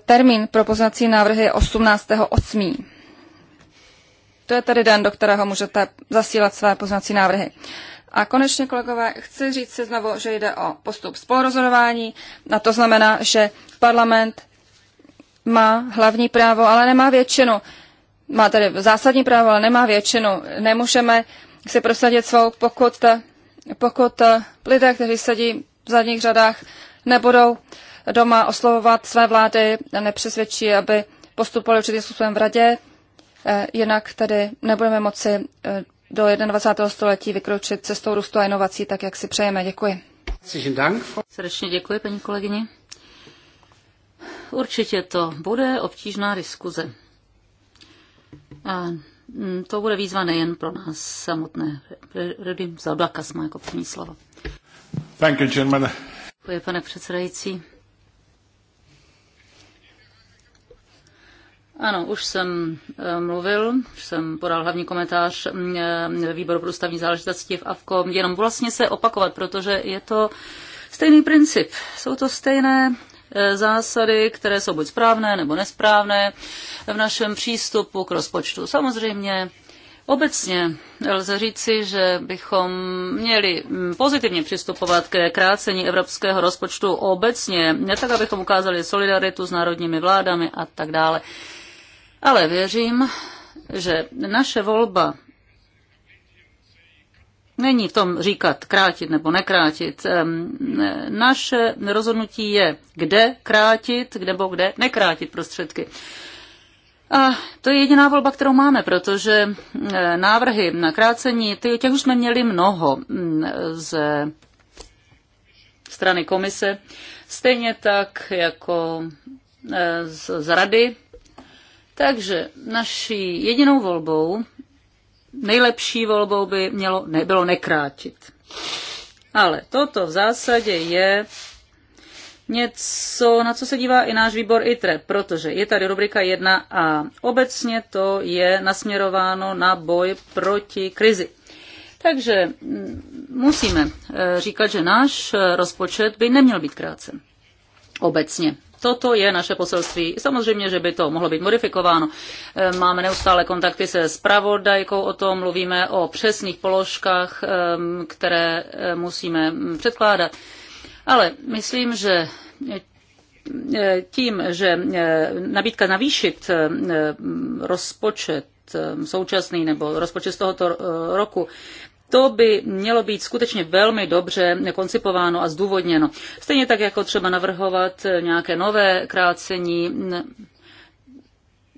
termín pro poznací návrhy je 18.8. To je tedy den, do kterého můžete zasílat své poznací návrhy. A konečně, kolegové, chci říct si znovu, že jde o postup spolurozhodování. A to znamená, že parlament má hlavní právo, ale nemá většinu. Má tedy zásadní právo, ale nemá většinu. Nemůžeme si prosadit svou, pokud, pokud lidé, kteří sedí v zadních řadách, nebudou doma oslovovat své vlády, nepřesvědčí, aby postupovali určitým způsobem v radě, eh, jinak tedy nebudeme moci eh, do 21. století vykročit cestou růstu a inovací, tak jak si přejeme. Děkuji. Srdečně děkuji, paní kolegyně. Určitě to bude obtížná diskuze. A mm, to bude výzva nejen pro nás samotné. Rodím za má jako první slovo. Thank you, Děkuji, pane předsedající. Ano, už jsem eh, mluvil, už jsem podal hlavní komentář ve mm, eh, výboru pro ústavní záležitosti v AVKO, jenom vlastně se opakovat, protože je to stejný princip. Jsou to stejné eh, zásady, které jsou buď správné nebo nesprávné v našem přístupu k rozpočtu. Samozřejmě Obecně lze říci, že bychom měli mm, pozitivně přistupovat ke krácení evropského rozpočtu obecně, ne tak, abychom ukázali solidaritu s národními vládami a tak dále ale věřím, že naše volba není v tom říkat krátit nebo nekrátit. Naše rozhodnutí je, kde krátit, nebo kde nekrátit prostředky. A to je jediná volba, kterou máme, protože návrhy na krácení, těch už jsme měli mnoho z strany komise, stejně tak jako eh, z rady takže naší jedinou volbou, nejlepší volbou by mělo nebylo nekrátit. Ale toto v zásadě je něco, na co se dívá i náš výbor ITRE, protože je tady rubrika 1 a obecně to je nasměrováno na boj proti krizi. Takže mm, musíme eh, říkat, že náš eh, rozpočet by neměl být krácen. Obecně Toto je naše poselství. Samozřejmě, že by to mohlo být modifikováno. Eh, máme neustále kontakty se spravodajkou o tom, mluvíme o přesných položkách, ehm, které eh, musíme mm, předkládat. Ale myslím, že eh, tím, že nabídka navýšit mm, rozpočet ehm, současný nebo rozpočet z tohoto roku to by mělo být skutečně velmi dobře koncipováno a zdůvodněno. Stejně tak jako třeba navrhovat nějaké nové krácení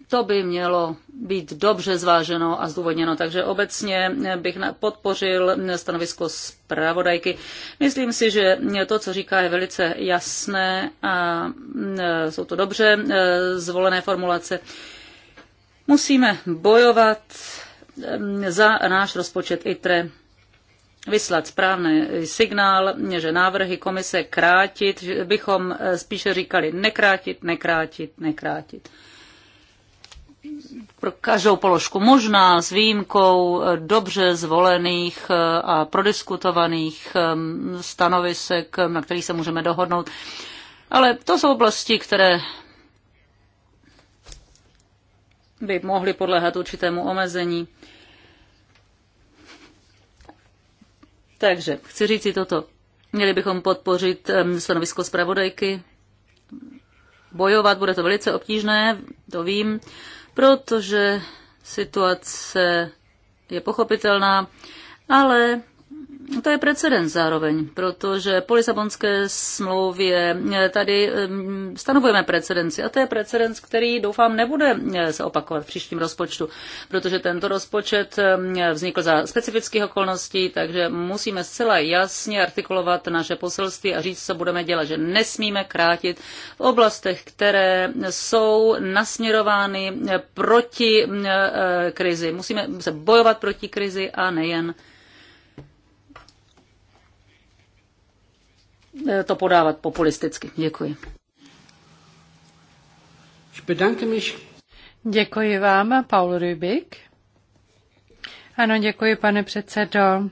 to by mělo být dobře zváženo a zdůvodněno. Takže obecně bych podpořil stanovisko zpravodajky. Myslím si, že to, co říká, je velice jasné a jsou to dobře e, zvolené formulace. Musíme bojovat za náš rozpočet ITRE vyslat správný signál, že návrhy komise krátit, bychom eh, spíše říkali nekrátit, nekrátit, nekrátit. Pro každou položku možná s výjimkou eh, dobře zvolených eh, a prodiskutovaných ehm, stanovisek, na kterých se můžeme dohodnout. Ale to jsou oblasti, které by mohly podléhat určitému omezení. Takže chci říct si toto. Měli bychom podpořit stanovisko zpravodajky. Bojovat bude to velice obtížné, to vím, protože situace je pochopitelná, ale to je precedens zároveň, protože po Lisabonské smlouvě eh, tady ehm, stanovujeme precedenci a to je precedens, který doufám nebude eh, se opakovat v příštím rozpočtu, protože tento rozpočet ehm, vznikl za specifických okolností, takže musíme zcela jasně artikulovat naše poselství a říct, co budeme dělat, že nesmíme krátit v oblastech, které jsou nasměrovány eh, proti krizi. Musíme se bojovat proti krizi a nejen Eh, to podávat populisticky. Děkuji. Děkuji vám, Paul Rybik. Ano, děkuji, pane předsedo.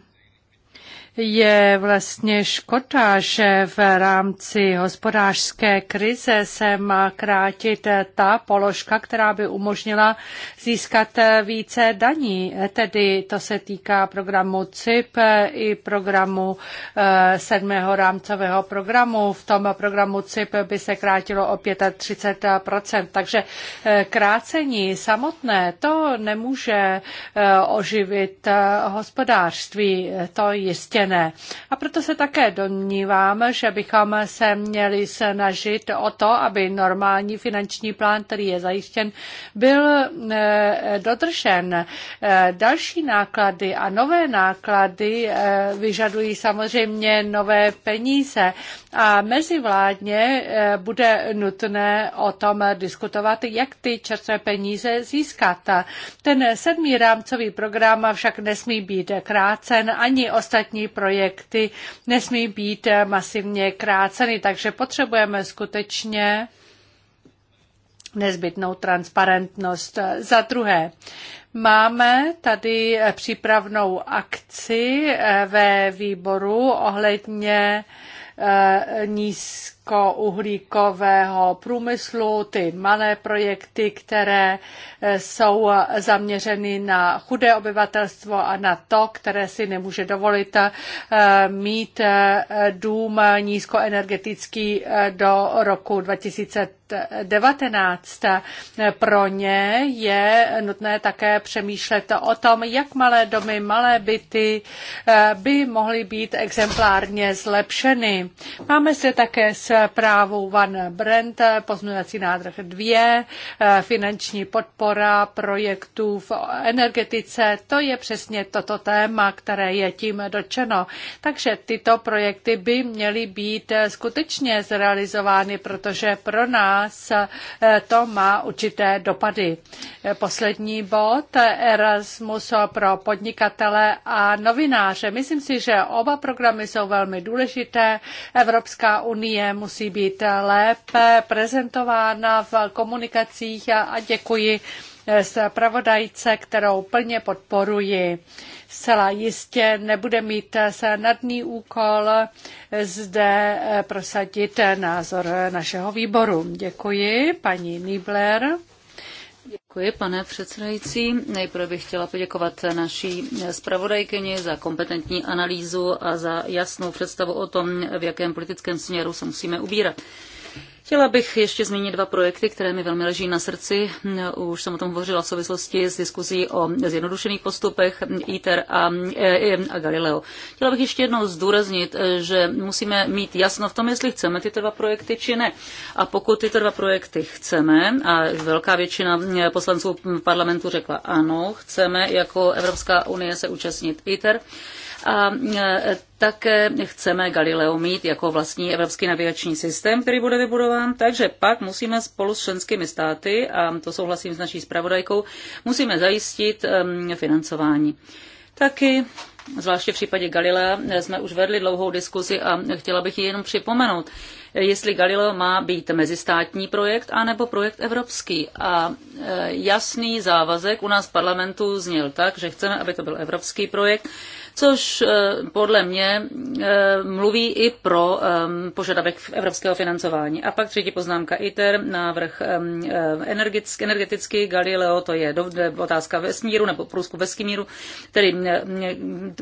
Je vlastně škoda, že v rámci hospodářské krize se má krátit ta položka, která by umožnila získat více daní. Tedy to se týká programu CIP i programu eh, sedmého rámcového programu. V tom programu CIP by se krátilo o 35 Takže eh, krácení samotné to nemůže eh, oživit hospodářství. To jistě zajištěné. A proto se také domnívám, že bychom se měli snažit o to, aby normální finanční plán, který je zajištěn, byl eh, dodržen. Eh, další náklady a nové náklady eh, vyžadují samozřejmě nové peníze a mezivládně bude nutné o tom diskutovat, jak ty čerstvé peníze získat. Ten sedmý rámcový program však nesmí být krácen, ani ostatní projekty nesmí být masivně kráceny, takže potřebujeme skutečně nezbytnou transparentnost. Za druhé, Máme tady přípravnou akci ve výboru ohledně eh, nízké nízkouhlíkového průmyslu, ty malé projekty, které eh, jsou zaměřeny na chudé obyvatelstvo a na to, které si nemůže dovolit eh, mít eh, dům nízkoenergetický do roku 2019. Pro ně je nutné také přemýšlet o tom, jak malé domy, malé byty by mohly být exemplárně zlepšeny. Máme se také s právu Van Brent, pozměňovací nádrh 2, eh, finanční podpora projektů v energetice. To je přesně toto téma, které je tím dočeno. Takže tyto projekty by měly být skutečně zrealizovány, protože pro nás eh, to má určité dopady. Eh, poslední bod, Erasmus pro podnikatele a novináře. Myslím si, že oba programy jsou velmi důležité. Evropská unie musí musí být lépe prezentována v komunikacích a děkuji eh, zpravodajce, kterou plně podporuji. Zcela jistě nebude mít eh, snadný úkol eh, zde prosadit názor našeho výboru. Děkuji, paní Nibler. Děkuji, pane předsedající. Nejprve bych chtěla poděkovat naší zpravodajkyni za kompetentní analýzu a za jasnou představu o tom, v jakém politickém směru se musíme ubírat. Chtěla bych ještě zmínit dva projekty, které mi velmi leží na srdci. Už jsem o tom hovořila v souvislosti s diskuzí o zjednodušených postupech ITER a, e, a Galileo. Chtěla bych ještě jednou zdůraznit, že musíme mít jasno v tom, jestli chceme tyto dva projekty či ne. A pokud tyto dva projekty chceme, a velká většina poslanců parlamentu řekla ano, chceme jako Evropská unie se účastnit ITER, a e, také chceme Galileo mít jako vlastní evropský navigační systém, který bude vybudován, takže pak musíme spolu s členskými státy, a to souhlasím s naší zpravodajkou, musíme zajistit financování. Taky Zvláště v případě Galilea jsme už vedli dlouhou diskusi a chtěla bych ji jenom připomenout, jestli Galileo má být mezistátní projekt anebo projekt evropský. A e, jasný závazek u nás v parlamentu zněl tak, že chceme, aby to byl evropský projekt což eh, podle mě eh, mluví i pro ehm, požadavek evropského financování. A pak třetí poznámka ITER, návrh ehm, eh, energetický, energetický Galileo, to je otázka vesmíru nebo průzkum vesmíru, tedy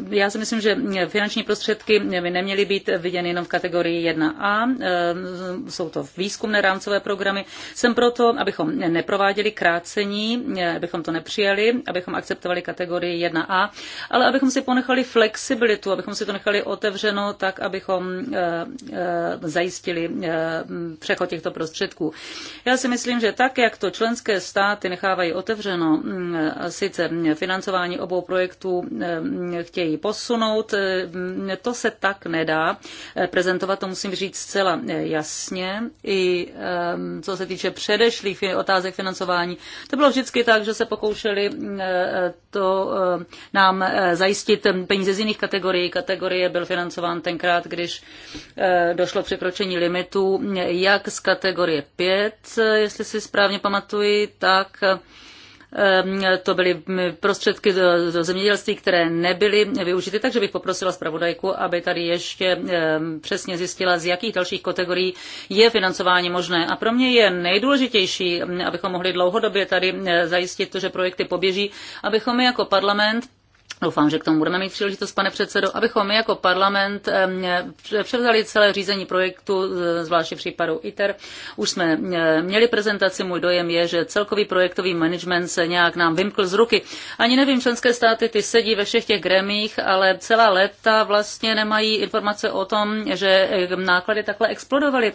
já si myslím, že finanční prostředky by neměly být viděny jenom v kategorii 1A, ehm, jsou to výzkumné rámcové programy. Jsem proto, abychom neprováděli krácení, abychom to nepřijali, abychom akceptovali kategorii 1A, ale abychom si ponechali flexibilitu, abychom si to nechali otevřeno, tak abychom eh, eh, zajistili eh, přechod těchto prostředků. Já si myslím, že tak, jak to členské státy nechávají otevřeno, mm, sice financování obou projektů chtějí posunout, to se tak nedá prezentovat, to musím říct zcela jasně. I co se týče předešlých otázek financování, to bylo vždycky tak, že se pokoušeli to nám zajistit peníze peníze z jiných kategorií. Kategorie byl financován tenkrát, když eh, došlo překročení limitu, jak z kategorie 5, eh, jestli si správně pamatuji, tak eh, to byly mm, prostředky do, do zemědělství, které nebyly využity, takže bych poprosila zpravodajku, aby tady ještě přesně zjistila, z jakých dalších kategorií je financování možné. A pro mě je nejdůležitější, mm, abychom mohli dlouhodobě tady zajistit to, že projekty poběží, abychom my jako parlament Doufám, že k tomu budeme mít příležitost, pane předsedo, abychom my jako parlament eh, převzali celé řízení projektu, eh, zvláště v případu ITER. Už jsme eh, měli prezentaci, můj dojem je, že celkový projektový management se nějak nám vymkl z ruky. Ani nevím, členské státy ty sedí ve všech těch gremích, ale celá léta vlastně nemají informace o tom, že náklady takhle explodovaly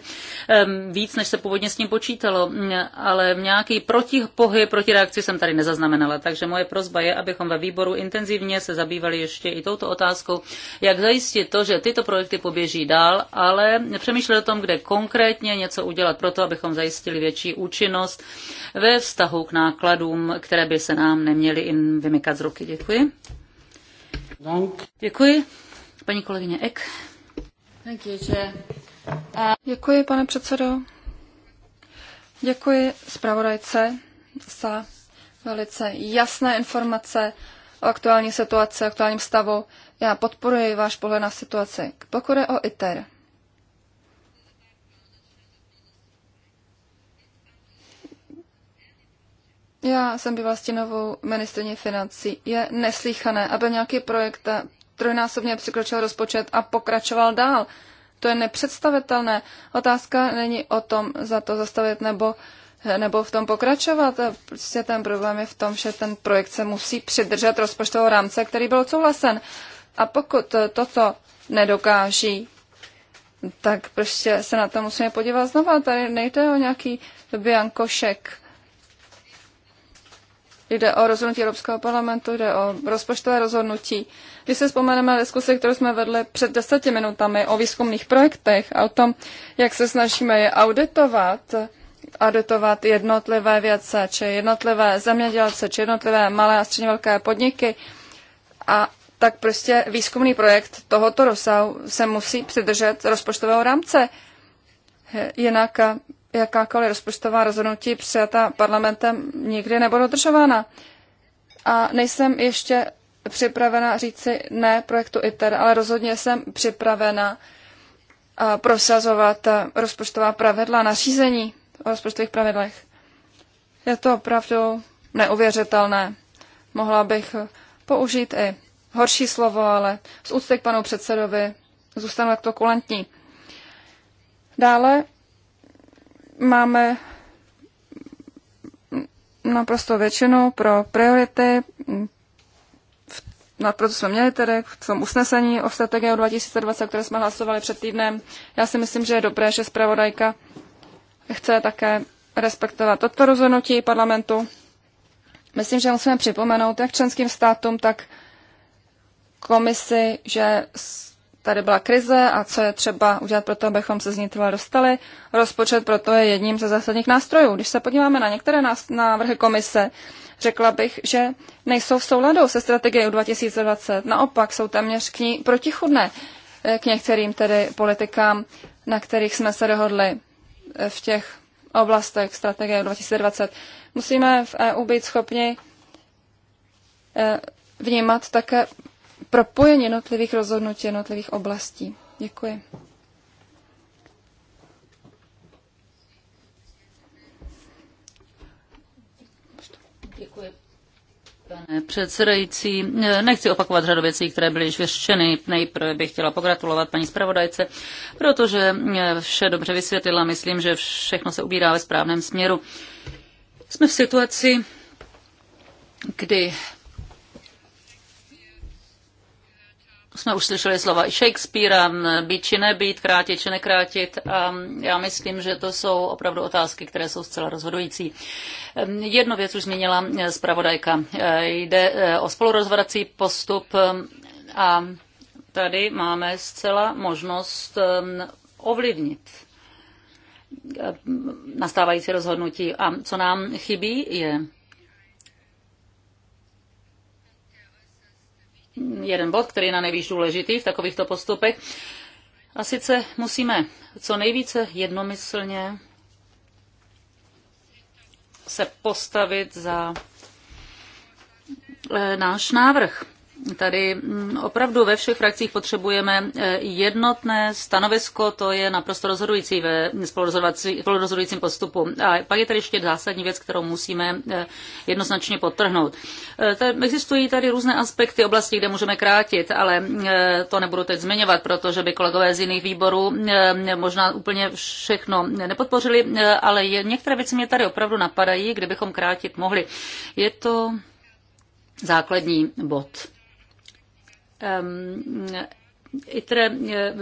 víc, než se původně s ním počítalo, ale nějaký protipohy, proti reakci jsem tady nezaznamenala. Takže moje prozba je, abychom ve výboru intenzivně země se zabývali ještě i touto otázkou, jak zajistit to, že tyto projekty poběží dál, ale přemýšleli o tom, kde konkrétně něco udělat pro to, abychom zajistili větší účinnost ve vztahu k nákladům, které by se nám neměly vymykat z ruky. Děkuji. Děkuji. Paní kolegyně Ek. Uh, Děkuji, pane předsedo. Děkuji zpravodajce za velice jasné informace o aktuální situaci, aktuálním stavu. Já podporuji váš pohled na situaci. Pokud je o ITER, Já jsem byla novou ministrní financí. Je neslíchané, aby nějaký projekt trojnásobně překročil rozpočet a pokračoval dál. To je nepředstavitelné. Otázka není o tom za to zastavit nebo nebo v tom pokračovat. Prostě ten problém je v tom, že ten projekt se musí přidržet rozpočtového rámce, který byl souhlasen. A pokud toto nedokáží, tak prostě se na to musíme podívat znova. Tady nejde o nějaký biankošek. Jde o rozhodnutí Evropského parlamentu, jde o rozpočtové rozhodnutí. Když se vzpomeneme na diskusi, kterou jsme vedli před deseti minutami o výzkumných projektech a o tom, jak se snažíme je auditovat, auditovat jednotlivé věce, či jednotlivé zemědělce, či jednotlivé malé a středně velké podniky. A tak prostě výzkumný projekt tohoto rozsahu se musí přidržet rozpočtového rámce. Jinak jakákoliv rozpočtová rozhodnutí přijata parlamentem nikdy nebudou dodržována. A nejsem ještě připravena říci ne projektu ITER, ale rozhodně jsem připravena prosazovat rozpočtová pravidla nařízení o rozpočtových pravidlech. Je to opravdu neuvěřitelné. Mohla bych použít i horší slovo, ale z úcty k panu předsedovi zůstanu takto kulantní. Dále máme naprosto většinu pro priority, na proto jsme měli tedy v tom usnesení o strategii 2020, které jsme hlasovali před týdnem. Já si myslím, že je dobré, že zpravodajka chce také respektovat toto rozhodnutí parlamentu. Myslím, že musíme připomenout jak členským státům, tak komisi, že tady byla krize a co je třeba udělat pro to, abychom se z ní trvale dostali. Rozpočet proto je jedním ze zásadních nástrojů. Když se podíváme na některé návrhy komise, řekla bych, že nejsou v souladu se strategií 2020. Naopak jsou téměř k ní protichudné eh, k některým tedy politikám, na kterých jsme se dohodli v těch oblastech strategie 2020. Musíme v EU být schopni eh, vnímat také propojení jednotlivých rozhodnutí, jednotlivých oblastí. Děkuji. Pane předsedající, nechci opakovat řadu věcí, které byly již vyřčeny. Nejprve bych chtěla pogratulovat paní zpravodajce, protože vše dobře vysvětlila. Myslím, že všechno se ubírá ve správném směru. Jsme v situaci, kdy jsme už slyšeli slova Shakespeare, být či nebýt, krátit či nekrátit. A já myslím, že to jsou opravdu otázky, které jsou zcela rozhodující. Jednu věc už zmínila eh, zpravodajka. Eh, jde eh, o spolurozvrací postup a tady máme zcela možnost ovlivnit nastávající rozhodnutí. A co nám chybí, je jeden bod, který je na nejvíc důležitý v takovýchto postupech. A sice musíme co nejvíce jednomyslně se postavit za eh, náš návrh tady mm, opravdu ve všech frakcích potřebujeme eh, jednotné stanovisko, to je naprosto rozhodující ve spolurozhodujícím postupu. A pak je tady ještě zásadní věc, kterou musíme eh, jednoznačně podtrhnout. Eh, existují tady různé aspekty oblasti, kde můžeme krátit, ale to nebudu teď zmiňovat, protože by kolegové z jiných výborů možná úplně všechno nepodpořili, ale některé věci mě tady opravdu napadají, kde bychom krátit mohli. Je to základní bod Ehm, ITRE eh,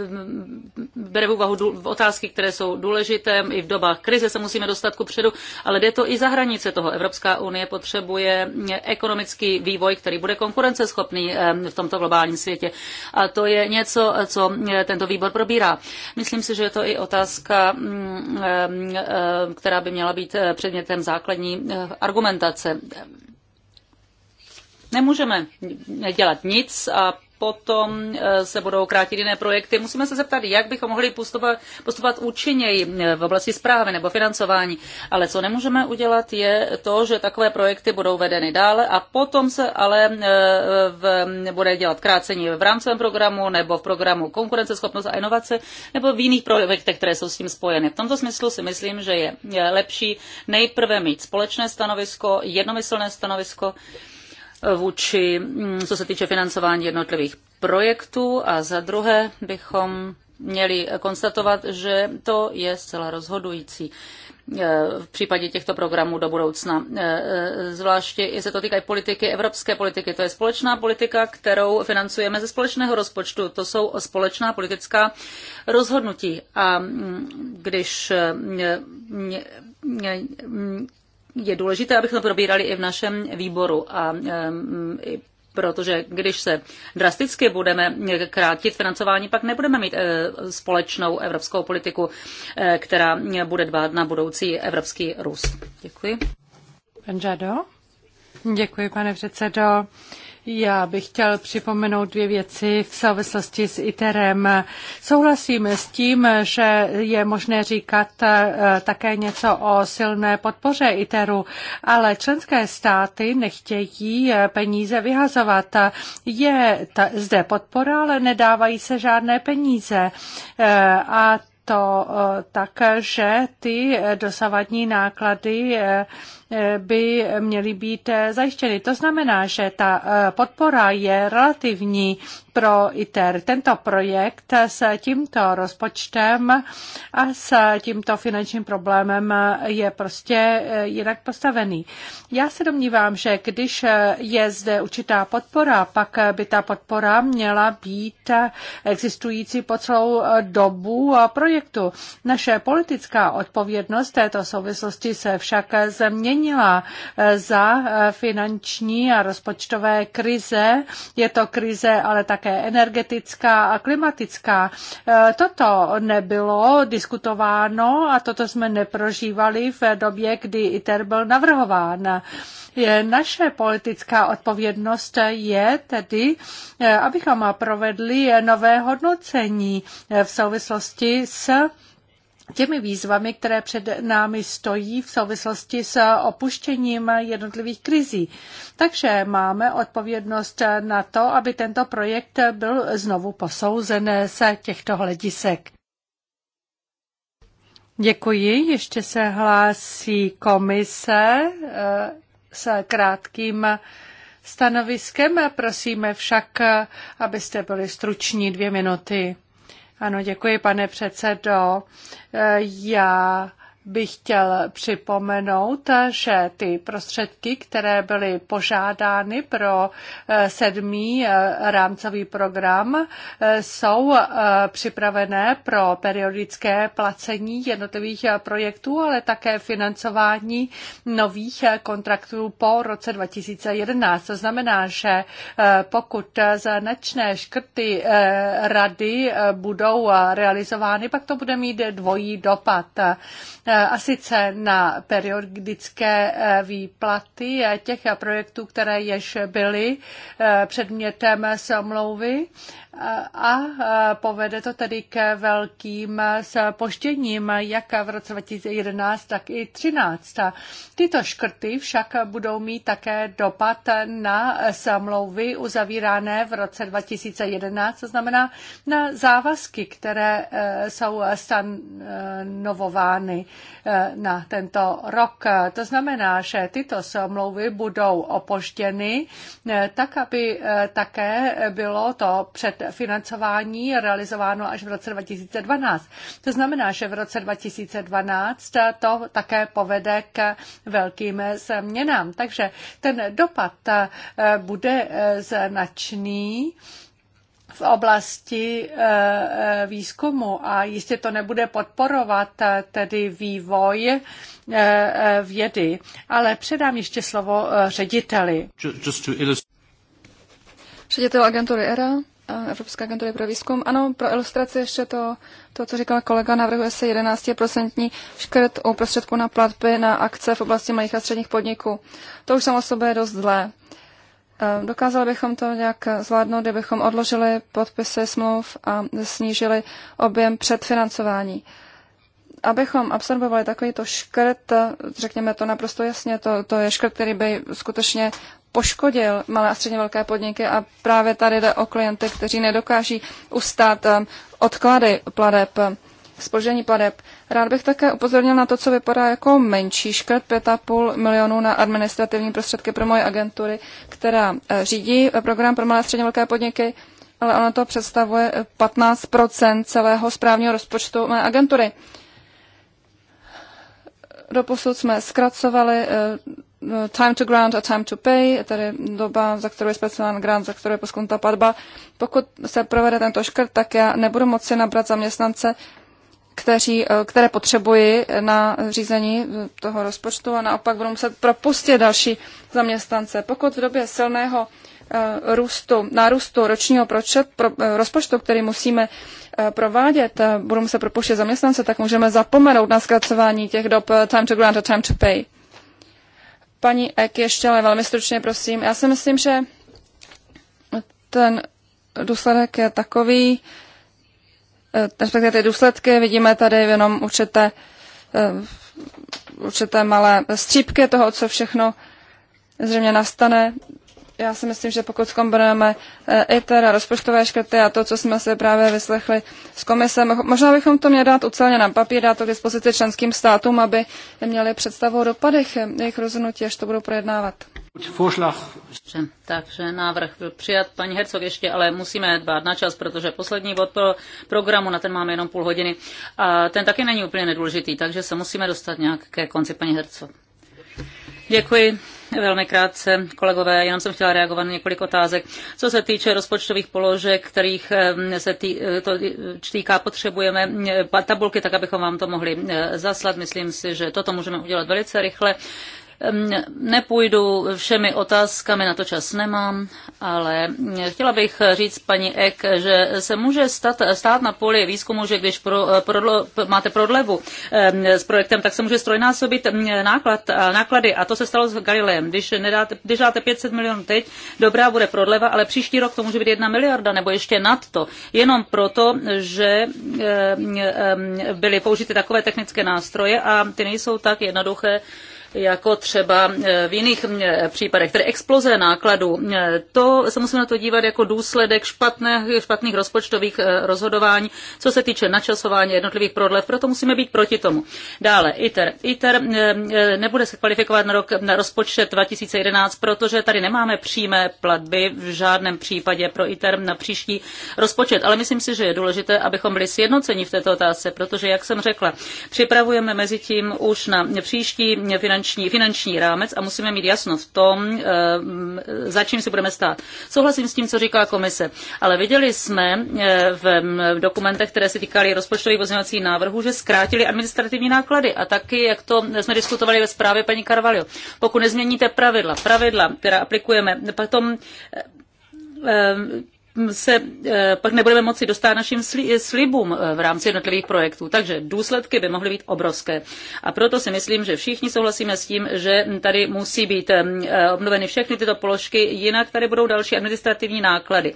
bere v úvahu otázky, které jsou důležité. I v dobách krize se musíme dostat ku předu, ale jde to i za hranice toho. Evropská unie potřebuje eh, ekonomický vývoj, který bude konkurenceschopný ehm, v tomto globálním světě. A to je něco, eh, co tento výbor probírá. Myslím si, že je to i otázka, mm, ehm, která by měla být předmětem základní argumentace nemůžeme dělat nic a potom eh, se budou krátit jiné projekty. Musíme se zeptat, jak bychom mohli postupovat, postupovat účinněji eh, v oblasti zprávy nebo financování. Ale co nemůžeme udělat, je to, že takové projekty budou vedeny dále a potom se ale eh, v, bude dělat krácení v rámcovém programu nebo v programu konkurenceschopnost a inovace nebo v jiných projektech, které jsou s tím spojeny. V tomto smyslu si myslím, že je lepší nejprve mít společné stanovisko, jednomyslné stanovisko, vůči, mm, co se týče financování jednotlivých projektů a za druhé bychom měli konstatovat, že to je zcela rozhodující eh, v případě těchto programů do budoucna. Eh, eh, zvláště i se to týká politiky, evropské politiky. To je společná politika, kterou financujeme ze společného rozpočtu. To jsou společná politická rozhodnutí. A mm, když je důležité, abychom probírali i v našem výboru. A protože když se drasticky budeme krátit financování, pak nebudeme mít e, společnou evropskou politiku, e, která bude dbát na budoucí evropský růst. Děkuji. Pan Žado. Děkuji, pane předsedo. Já bych chtěl připomenout dvě věci v souvislosti s ITERem. Souhlasím s tím, že je možné říkat eh, také něco o silné podpoře ITERu, ale členské státy nechtějí eh, peníze vyhazovat. Je zde podpora, ale nedávají se žádné peníze. Eh, a to tak, že ty dosavadní náklady by měly být eh, zajištěny. To znamená, že ta eh, podpora je relativní, pro ITER. Tento projekt s tímto rozpočtem a s tímto finančním problémem je prostě eh, jinak postavený. Já se domnívám, že když je zde určitá podpora, pak by ta podpora měla být existující po celou dobu projektu. Naše politická odpovědnost této souvislosti se však změnila za finanční a rozpočtové krize. Je to krize ale také také energetická a klimatická. E, toto nebylo diskutováno a toto jsme neprožívali v době, kdy ITER byl navrhován. Naše politická odpovědnost je tedy, e, abychom provedli nové hodnocení e, v souvislosti s těmi výzvami, které před námi stojí v souvislosti s opuštěním jednotlivých krizí. Takže máme odpovědnost na to, aby tento projekt byl znovu posouzen se těchto hledisek. Děkuji. Ještě se hlásí komise eh, s krátkým stanoviskem. Prosíme však, abyste byli struční dvě minuty. Ano, děkuji, pane předsedo. Já bych chtěl připomenout, že ty prostředky, které byly požádány pro eh, sedmý eh, rámcový program, eh, jsou připravené pro periodické placení jednotlivých projektů, ale také financování nových kontraktů po roce 2011. To znamená, že pokud značné škrty rady budou realizovány, pak to bude mít dvojí dopad E, a sice na periodické e, výplaty e, těch projektů, které jež byly předmětem smlouvy a povede to tedy k velkým spožděním, jak v roce 2011, tak i 2013. Tyto škrty však budou mít také dopad na smlouvy uzavírané v roce 2011, to znamená na závazky, které jsou stanovovány. Eh, na tento rok. To znamená, že tyto smlouvy budou opožděny, eh, tak aby eh, také bylo to předfinancování realizováno až v roce 2012. To znamená, že v roce 2012 to také povede k velkým změnám. Takže ten dopad bude značný v oblasti eh, eh, výzkumu a jistě to nebude podporovat eh, tedy vývoj vědy. Ale předám ještě slovo řediteli. Ředitel agentury ERA, Evropské agentury pro výzkum. Ano, pro ilustraci ještě to, to co říkal kolega, navrhuje se 11% škrt u prostředku na platby na akce v oblasti malých a středních podniků. To už samo sobě je dost zlé. Eh, dokázali bychom to nějak zvládnout, kdybychom odložili podpisy smluv a snížili objem předfinancování. Abychom absorbovali takovýto škrt, řekněme to naprosto jasně, to, to je škrt, který by skutečně poškodil malé a středně velké podniky a právě tady jde o klienty, kteří nedokáží ustát eh, odklady pladeb spoždění pladeb. Rád bych také upozornil na to, co vypadá jako menší škrt 5,5 milionů na administrativní prostředky pro moje agentury, která eh, řídí eh, program pro malé a středně velké podniky, ale ono to představuje 15 eh, celého správního rozpočtu mé agentury. Doposud jsme zkracovali time to grant a time to pay, tedy doba, za kterou je speciální grant, za kterou je poskytnuta platba. Pokud se provede tento škrt, tak já nebudu moci nabrat zaměstnance kteří, eh, které potřebuji na řízení toho rozpočtu a naopak budu muset propustit další zaměstnance. Pokud v době silného eh, růstu, nárůstu ročního pročet, pro, eh, rozpočtu, který musíme provádět, budu muset propustit zaměstnance, tak můžeme zapomenout na zkracování těch dob time to grant a time to pay. Paní Ek, ještě ale velmi stručně, prosím. Já si myslím, že ten důsledek je takový, respektive eh, ty důsledky, vidíme tady jenom určité, eh, určité malé střípky toho, co všechno zřejmě nastane já si myslím, že pokud zkombinujeme eh, i teda rozpočtové škrty a to, co jsme se právě vyslechli s komisem, možná bychom to měli dát uceleně na papír, dát to k dispozici členským státům, aby měli představu o dopadech jejich rozhodnutí, až to budou projednávat. Takže návrh byl přijat. Paní Hercog, ještě ale musíme dbát na čas, protože poslední bod pro programu, na ten máme jenom půl hodiny, a ten taky není úplně nedůležitý, takže se musíme dostat nějak ke konci, paní Hercog. Děkuji. Velmi krátce, kolegové, já jsem chtěla reagovat na několik otázek. Co se týče rozpočtových položek, kterých eh, se tý, eh, to týká, potřebujeme eh, tabulky, tak abychom vám to mohli zaslat. Myslím si, že toto můžeme udělat velice rychle. Nepůjdu všemi otázkami, na to čas nemám, ale chtěla bych říct paní Ek, že se může stát, stát na poli výzkumu, že když pro, prodlo, máte prodlevu s projektem, tak se může strojnásobit náklad, náklady a to se stalo s Galileem. Když, nedáte, když dáte 500 milionů teď, dobrá bude prodleva, ale příští rok to může být jedna miliarda nebo ještě nad to, jenom proto, že byly použity takové technické nástroje a ty nejsou tak jednoduché jako třeba eh, v jiných eh, případech, tedy exploze nákladů. Eh, to se musíme na to dívat jako důsledek špatných, špatných rozpočtových rozhodování, co se týče načasování jednotlivých prodlev, proto musíme být proti tomu. Dále ITER. ITER nebude se kvalifikovat na, rok, na rozpočet 2011, protože tady nemáme přímé platby v žádném případě pro ITER na příští rozpočet, ale myslím si, že je důležité, abychom byli sjednoceni v této otázce, protože, jak jsem řekla, připravujeme mezi tím už na příští finanční finanční, finanční rámec a musíme mít jasno v tom, eh, za čím si budeme stát. Souhlasím s tím, co říká komise, ale viděli jsme eh, v dokumentech, které se týkaly rozpočtových pozměňovacích návrhů, že zkrátili administrativní náklady a taky, jak to jsme diskutovali ve zprávě paní Karvalio, Pokud nezměníte pravidla, pravidla, která aplikujeme, potom eh, se eh, pak nebudeme moci dostat našim slibům eh, v rámci jednotlivých projektů. Takže důsledky by mohly být obrovské. A proto si myslím, že všichni souhlasíme s tím, že tady musí být eh, obnoveny všechny tyto položky, jinak tady budou další administrativní náklady.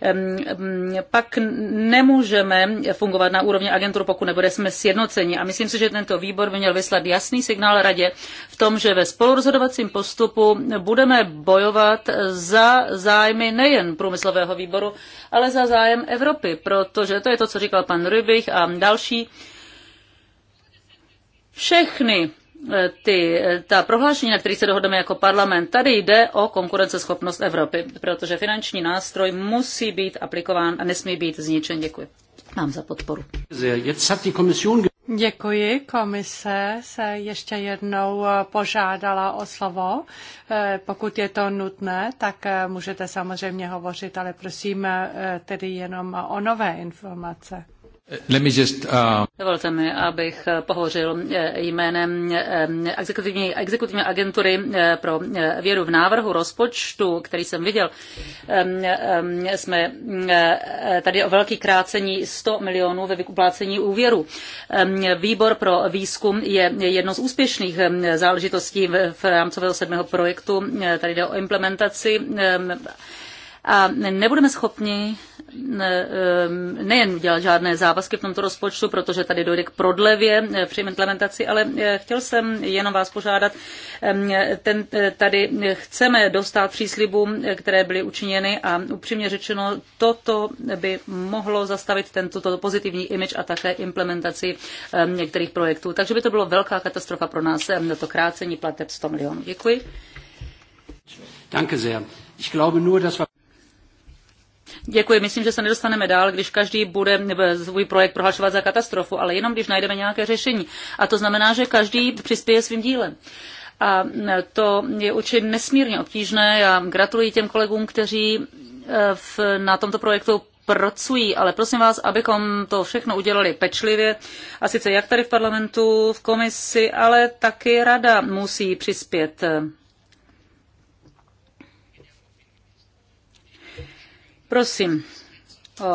Ehm, ehm, pak nemůžeme fungovat na úrovni agentur, pokud nebude jsme sjednoceni. A myslím si, že tento výbor by měl vyslat jasný signál radě v tom, že ve spolurozhodovacím postupu budeme bojovat za zájmy nejen průmyslového výboru, výboru, ale za zájem Evropy, protože to je to, co říkal pan Rybich a další. Všechny eh, ty, eh, ta prohlášení, na kterých se dohodneme jako parlament, tady jde o konkurenceschopnost Evropy, protože finanční nástroj musí být aplikován a nesmí být zničen. Děkuji. Mám za podporu. Děkuji. Komise se ještě jednou eh, požádala o slovo. Eh, pokud je to nutné, tak eh, můžete samozřejmě hovořit, ale prosím tedy jenom o nové informace. Uh, Dovolte mi, abych pohořil eh, jménem eh, exekutivní, exekutivní agentury eh, pro vědu v návrhu rozpočtu, který jsem viděl. Jsme tady o velký krácení 100 milionů ve vykuplácení úvěru. Výbor pro výzkum je jedno z úspěšných záležitostí v rámcového sedmého projektu. Tady jde o implementaci a nebudeme schopni Eh, nejen udělat žádné závazky v tomto rozpočtu, protože tady dojde k prodlevě eh, při implementaci, ale eh, chtěl jsem jenom vás požádat, ehm, ten, tady chceme dostat příslibům, které byly učiněny a upřímně řečeno, toto by mohlo zastavit tento toto pozitivní image a také implementaci ehm, některých projektů. Takže by to bylo velká katastrofa pro nás, ehm, to krácení plateb 100 milionů. Děkuji. Danke sehr. Ich glaube nur, dass wir Děkuji. Myslím, že se nedostaneme dál, když každý bude svůj projekt prohlašovat za katastrofu, ale jenom když najdeme nějaké řešení. A to znamená, že každý přispěje svým dílem. A to je určitě nesmírně obtížné. Já gratuluji těm kolegům, kteří eh, v, na tomto projektu pracují, ale prosím vás, abychom to všechno udělali pečlivě. A sice jak tady v parlamentu, v komisi, ale taky rada musí přispět eh, Prosím,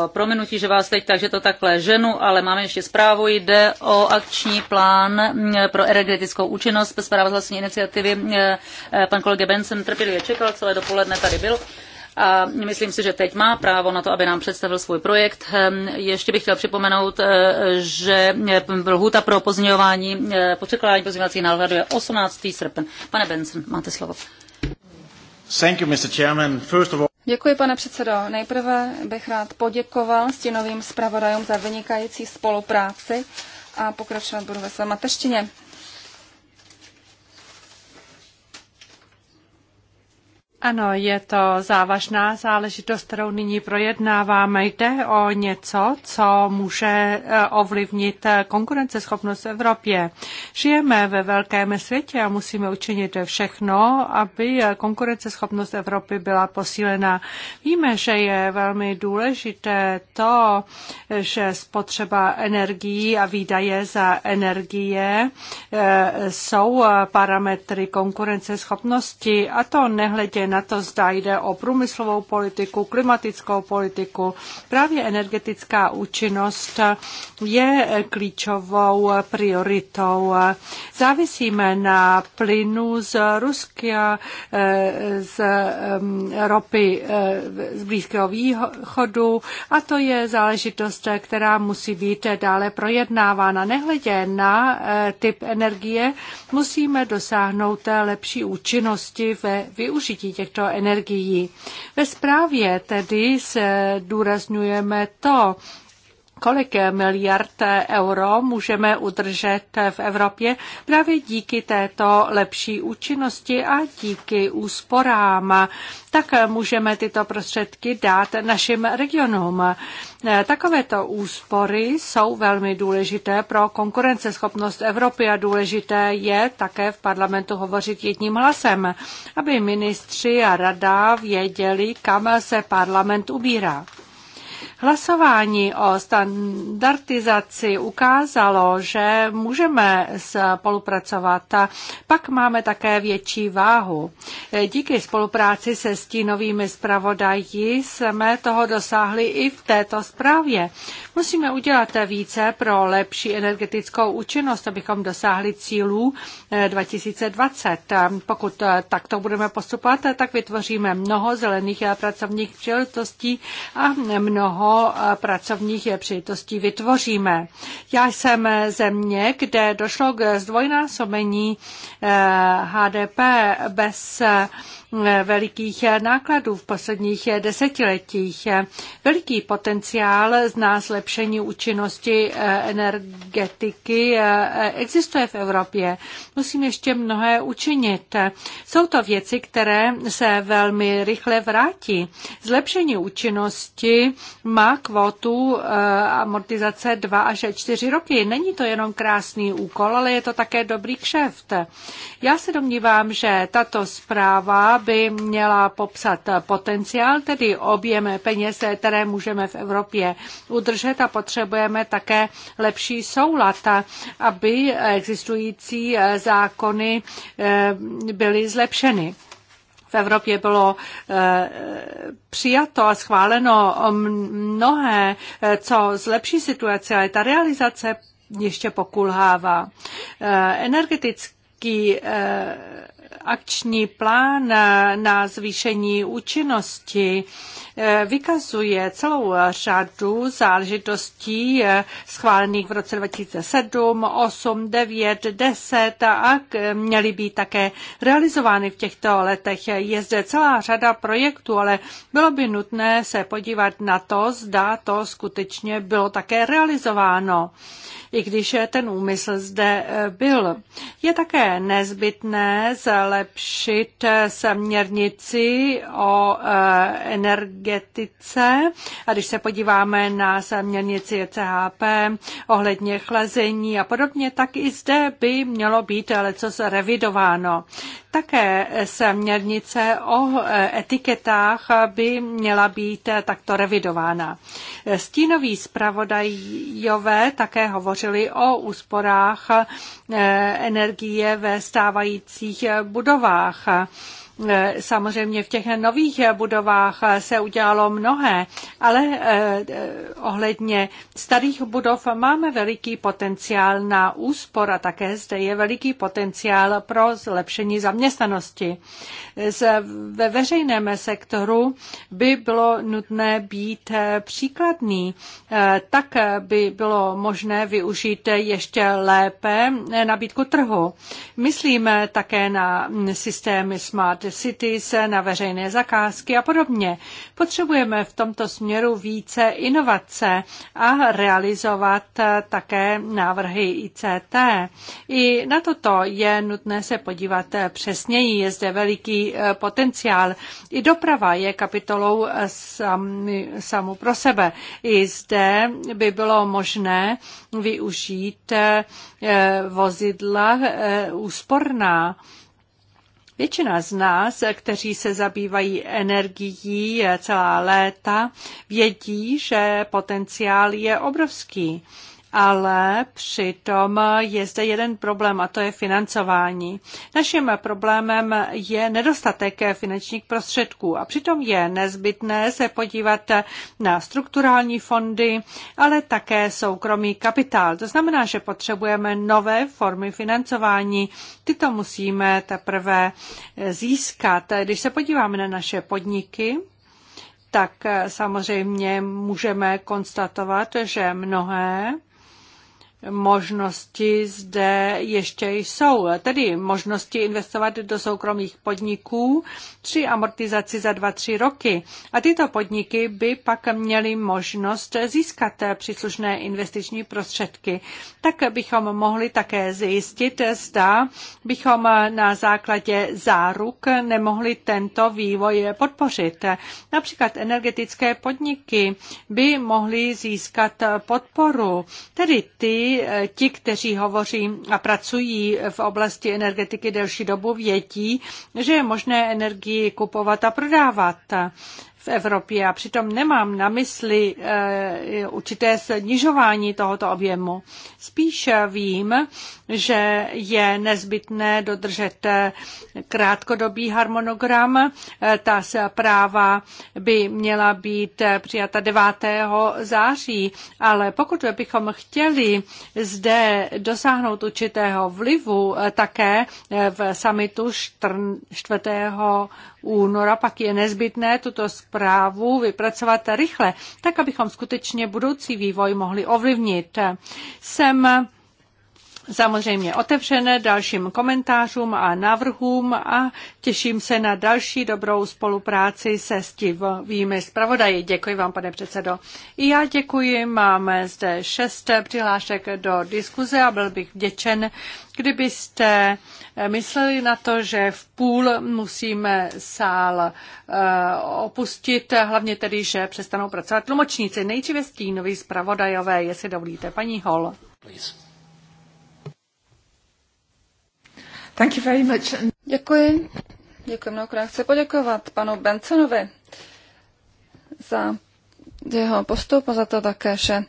prominutí, že vás teď takže to takhle ženu, ale máme ještě zprávu. Jde o akční plán eh, pro energetickou účinnost, zpráva z vlastní iniciativy. Eh, eh, pan kolega Benson trpělivě čekal, celé dopoledne tady byl. A myslím si, že teď má právo na to, aby nám představil svůj projekt. Ehm, ještě bych chtěl připomenout, že lhůta pro pozměňování, počekání pozměňovacích návrhů je 18. srpen. Pane Benson, máte slovo. Thank you, Mr. Chairman. First of all... Děkuji, pane předsedo. Nejprve bych rád poděkoval stínovým zpravodajům za vynikající spolupráci a pokračovat budu ve své mateřštině. Ano, je to závažná záležitost, kterou nyní projednáváme. Jde o něco, co může eh, ovlivnit eh, konkurenceschopnost v Evropě. Žijeme ve velkém světě a musíme učinit všechno, aby eh, konkurenceschopnost Evropy byla posílena. Víme, že je velmi důležité to, že spotřeba energií a výdaje za energie jsou parametry konkurenceschopnosti a to nehledě na to, zda jde o průmyslovou politiku, klimatickou politiku. Právě energetická účinnost je klíčovou prioritou. Závisíme na plynu z Ruska, eh, z ropy eh, z Blízkého východu a to je záležitost, která musí být dále projednávána. Nehledě na eh, typ energie, musíme dosáhnout lepší účinnosti ve využití těchto energií. Ve zprávě tedy se důrazňujeme to, kolik miliard euro můžeme udržet v Evropě právě díky této lepší účinnosti a díky úsporám. Tak můžeme tyto prostředky dát našim regionům. Takovéto úspory jsou velmi důležité pro konkurenceschopnost Evropy a důležité je také v parlamentu hovořit jedním hlasem, aby ministři a rada věděli, kam se parlament ubírá. Hlasování o standardizaci ukázalo, že můžeme spolupracovat. Pak máme také větší váhu. Díky spolupráci se stínovými zpravodaji jsme toho dosáhli i v této zprávě. Musíme udělat více pro lepší energetickou účinnost, abychom dosáhli cílů 2020. Eh, pokud eh, takto budeme postupovat, eh, tak vytvoříme mnoho zelených a pracovních příležitostí a mnoho pracovních přijetostí vytvoříme. Já jsem země, kde došlo k zdvojnásobení HDP eh, bez velikých nákladů v posledních desetiletích. Veliký potenciál zná zlepšení účinnosti energetiky eh, existuje v Evropě. Musím ještě mnohé učinit. Jsou to věci, které se velmi rychle vrátí. Zlepšení účinnosti má kvotu eh, amortizace 2 až 4 roky. Není to jenom krásný úkol, ale je to také dobrý kšeft. Já se domnívám, že tato zpráva by měla popsat potenciál, tedy objem peněz, které můžeme v Evropě udržet a potřebujeme také lepší soulad, aby existující zákony eh, byly zlepšeny v Evropě bylo eh, přijato a schváleno mnohé, eh, co zlepší situaci, ale ta realizace ještě pokulhává. Energetický akční plán na zvýšení účinnosti eh, vykazuje celou řadu záležitostí eh, schválených v roce 2007, 8, 9, 10 a eh, měly být také realizovány v těchto letech. Je zde celá řada projektů, ale bylo by nutné se podívat na to, zda to skutečně bylo také realizováno i když ten úmysl zde eh, byl. Je také nezbytné zlepšit eh, směrnici o eh, energetice a když se podíváme na směrnici CHP ohledně chlazení a podobně, tak i zde by mělo být ale co zrevidováno. Také směrnice o etiketách by měla být takto revidována. Stínový zpravodajové také hovoří hovořili o úsporách eh, energie ve stávajících eh, budovách. Eh, samozřejmě v těch nových budovách eh, se udělalo mnohé, ale eh, ohledně starých budov máme veliký potenciál na úspor a také zde je veliký potenciál pro zlepšení zaměstnanosti. Ve veřejném sektoru by bylo nutné být příkladný. Tak by bylo možné využít ještě lépe nabídku trhu. Myslíme také na systémy smart cities na veřejné zakázky a podobně. Potřebujeme v tomto směru více inovace a realizovat eh, také návrhy ICT. I na toto je nutné se podívat eh, přesněji. Je zde veliký eh, potenciál. I doprava je kapitolou sam, samu pro sebe. I zde by bylo možné využít vozidla úsporná Většina z nás, kteří se zabývají energií celá léta, vědí, že potenciál je obrovský ale přitom je zde jeden problém a to je financování. Naším problémem je nedostatek finančních prostředků a přitom je nezbytné se podívat na strukturální fondy, ale také soukromý kapitál. To znamená, že potřebujeme nové formy financování. Tyto musíme teprve získat. Když se podíváme na naše podniky, tak samozřejmě můžeme konstatovat, že mnohé možnosti zde ještě jsou, tedy možnosti investovat do soukromých podniků při amortizaci za 2-3 roky. A tyto podniky by pak měly možnost získat příslušné investiční prostředky. Tak bychom mohli také zjistit, zda bychom na základě záruk nemohli tento vývoj podpořit. Například energetické podniky by mohly získat podporu, tedy ty, Eh, ti, kteří hovoří a pracují v oblasti energetiky delší dobu, vědí, že je možné energii kupovat a prodávat v Evropě. A přitom nemám na mysli eh, určité snižování tohoto objemu. Spíš vím, že je nezbytné dodržet krátkodobý harmonogram. Ta práva by měla být přijata 9. září, ale pokud bychom chtěli zde dosáhnout určitého vlivu také v samitu 4. února, pak je nezbytné tuto zprávu vypracovat rychle, tak abychom skutečně budoucí vývoj mohli ovlivnit. Jsem samozřejmě otevřené dalším komentářům a návrhům a těším se na další dobrou spolupráci se stivými zpravodaji. Děkuji vám, pane předsedo. I já děkuji. Máme zde šest přihlášek do diskuze a byl bych vděčen, kdybyste mysleli na to, že v půl musíme sál eh, opustit, hlavně tedy, že přestanou pracovat tlumočníci. Nejdříve stínoví zpravodajové, jestli dovolíte. Paní Hol. Please. Thank you very much. Děkuji. Děkuji mnohokrát. Chci poděkovat panu Bensonovi za jeho postup a za to také, že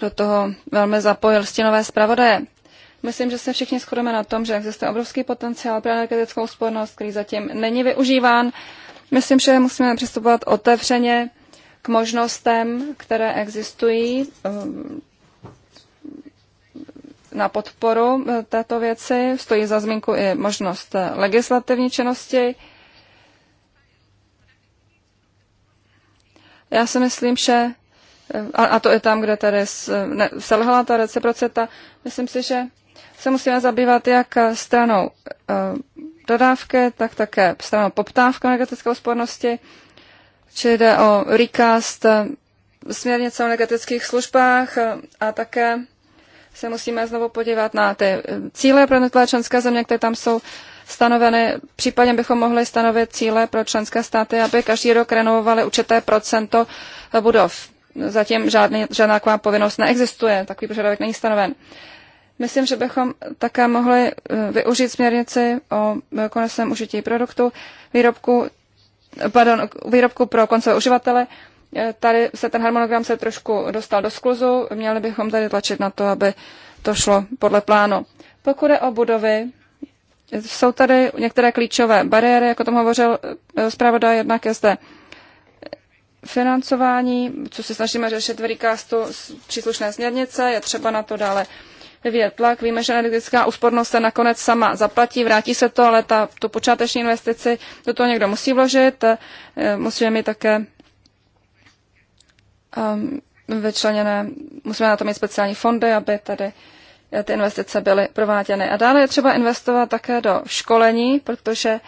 do toho velmi zapojil stínové zpravodaje. Myslím, že se všichni shodeme na tom, že existuje obrovský potenciál pro energetickou úspornost, který zatím není využíván. Myslím, že musíme přistupovat otevřeně k možnostem, které existují um, na podporu eh, této věci. Stojí za zmínku i možnost eh, legislativní činnosti. Já si myslím, že eh, a, to je tam, kde tady selhala ta reciprocita, myslím si, že se musíme zabývat jak stranou dodávky, tak také stranou poptávky energetické úspornosti, či jde o recast směrnice o energetických službách a také se musíme znovu podívat na ty eh, cíle pro jednotlivé členské země, které tam jsou stanoveny. Případně bychom mohli stanovit cíle pro členské státy, aby každý rok renovovali určité procento budov. Zatím žádný, žádná taková povinnost neexistuje, takový požadavek není stanoven. Myslím, že bychom také mohli eh, využít směrnici o konečném užití produktu, výrobku, pardon, výrobku pro koncové uživatele, Eh, tady se ten harmonogram se trošku dostal do skluzu, měli bychom tady tlačit na to, aby to šlo podle plánu. Pokud je o budovy, jsou tady některé klíčové bariéry, jako tom hovořil eh, zpravodaj, jednak je zde financování, co se snažíme řešit v recastu z příslušné směrnice, je třeba na to dále vyvíjet tlak. Víme, že energetická úspornost se nakonec sama zaplatí, vrátí se to, ale ta, tu počáteční investici do toho někdo musí vložit. Eh, musíme mít také Ehm, vyčleněné, musíme na to mít speciální fondy, aby tady eh, ty investice byly prováděny. A dále je třeba investovat také do školení, protože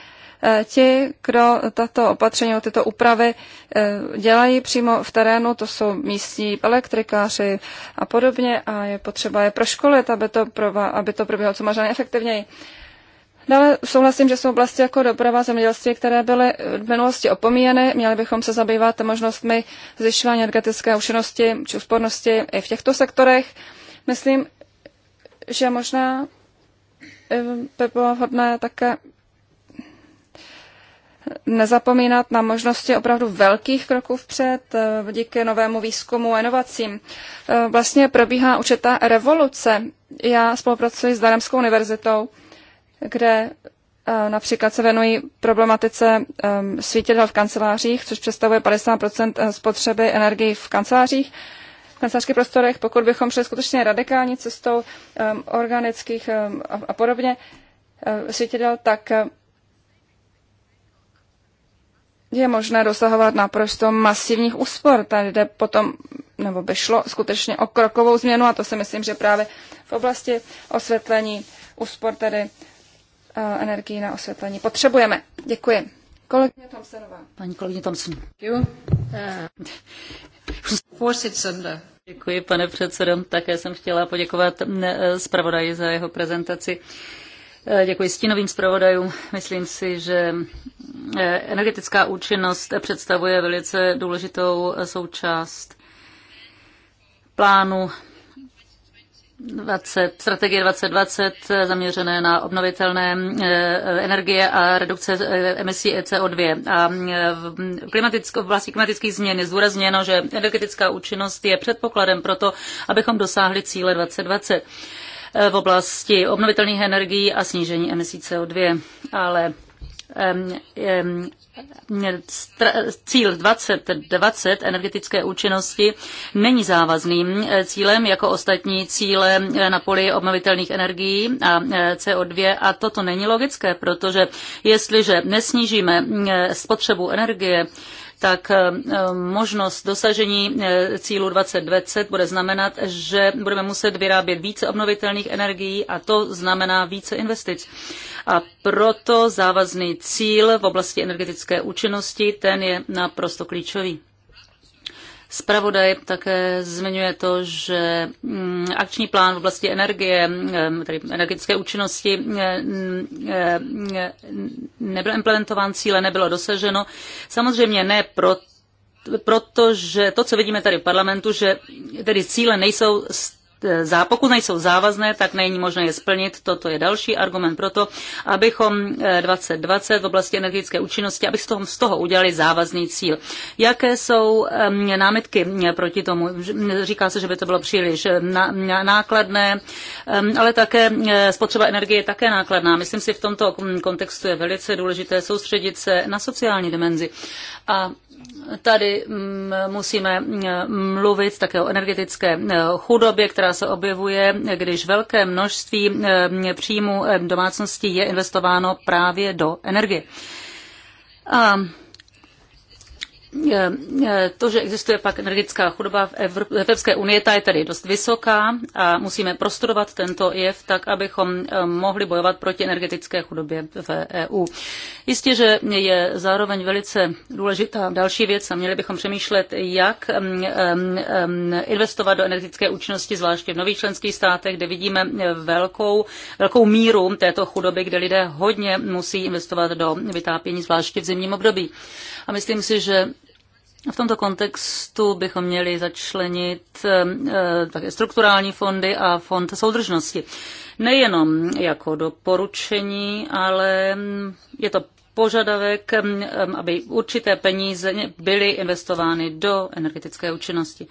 eh, ti, kdo tato opatření, tyto úpravy eh, dělají přímo v terénu, to jsou místní elektrikáři a podobně a je potřeba je proškolit, aby to, prova, aby to proběhlo co možná efektivněji. Dále souhlasím, že jsou oblasti jako doprava, zemědělství, které byly v minulosti opomíjeny. Měli bychom se zabývat možnostmi zvyšování energetické účinnosti či úspornosti i v těchto sektorech. Myslím, že možná eh, by bylo hodné také nezapomínat na možnosti opravdu velkých kroků vpřed eh, díky novému výzkumu a inovacím. Eh, vlastně probíhá určitá revoluce. Já spolupracuji s Daremskou univerzitou kde eh, například se věnují problematice ehm, svítidel v kancelářích, což představuje 50 eh, spotřeby energii v kancelářích kancelářských prostorech, pokud bychom šli skutečně radikální cestou um, organických um, a, a podobně um, tak je možné dosahovat naprosto masivních úspor. Tady jde potom, nebo by šlo skutečně o krokovou změnu a to si myslím, že právě v oblasti osvětlení úspor tedy Eh, energii na osvětlení potřebujeme. Děkuji. Kolegyně Tomsenová. Paní kolegyně Tomsen. Eh, děkuji, pane předsedo. Také jsem chtěla poděkovat mm, eh, zpravodaji za jeho prezentaci. Děkuji stínovým zpravodajům. Myslím si, že energetická účinnost představuje velice důležitou součást plánu 20, strategie 2020 eh, zaměřené na obnovitelné eh, energie a redukce eh, emisí e CO2. A v, klimaticko, v oblasti klimatických změn je zdůrazněno, že energetická účinnost je předpokladem pro to, abychom dosáhli cíle 2020 v oblasti obnovitelných energií a snížení emisí CO2. Ale cíl 2020 energetické účinnosti není závazným eh, cílem jako ostatní cíle eh, na poli obnovitelných energií a eh, CO2 a toto není logické, protože jestliže nesnížíme spotřebu energie, tak eh, možnost dosažení eh, cílu 2020 bude znamenat, že budeme muset vyrábět více obnovitelných energií a to znamená více investic. A proto závazný cíl v oblasti energetické účinnosti, ten je naprosto klíčový. Spravodaj také zmiňuje to, že mm, akční plán v oblasti energie, mm, tedy energetické účinnosti, mm, nebyl implementován, cíle nebylo dosaženo. Samozřejmě ne pro protože to, co vidíme tady v parlamentu, že tedy cíle nejsou pokud nejsou závazné, tak není možné je splnit. Toto je další argument pro to, abychom 2020 eh, v oblasti energetické účinnosti, abychom z toho udělali závazný cíl. Jaké jsou eh, námitky eh, proti tomu? Říká se, že by to bylo příliš nákladné, ale také spotřeba energie je také nákladná. Myslím si, v tomto hm, kontextu je velice důležité soustředit se na sociální dimenzi. A Tady mm, musíme mm, mluvit také o energetické mm, chudobě, která se objevuje, když velké množství příjmů domácností je investováno právě do energie. A Eh, eh, to, že existuje pak energetická chudoba v Evropské unii, ta je tedy dost vysoká a musíme prostudovat tento jev tak, abychom eh, mohli bojovat proti energetické chudobě v EU. Jistě, že je zároveň velice důležitá další věc a měli bychom přemýšlet, jak investovat do energetické účinnosti, zvláště v nových členských státech, kde vidíme velkou, velkou míru této chudoby, kde lidé hodně musí investovat do vytápění, zvláště v zimním období. A myslím si, že v tomto kontextu bychom měli začlenit eh, eh, také strukturální fondy a fond soudržnosti. Nejenom jako doporučení, ale je to požadavek, eh, aby určité peníze byly investovány do energetické účinnosti.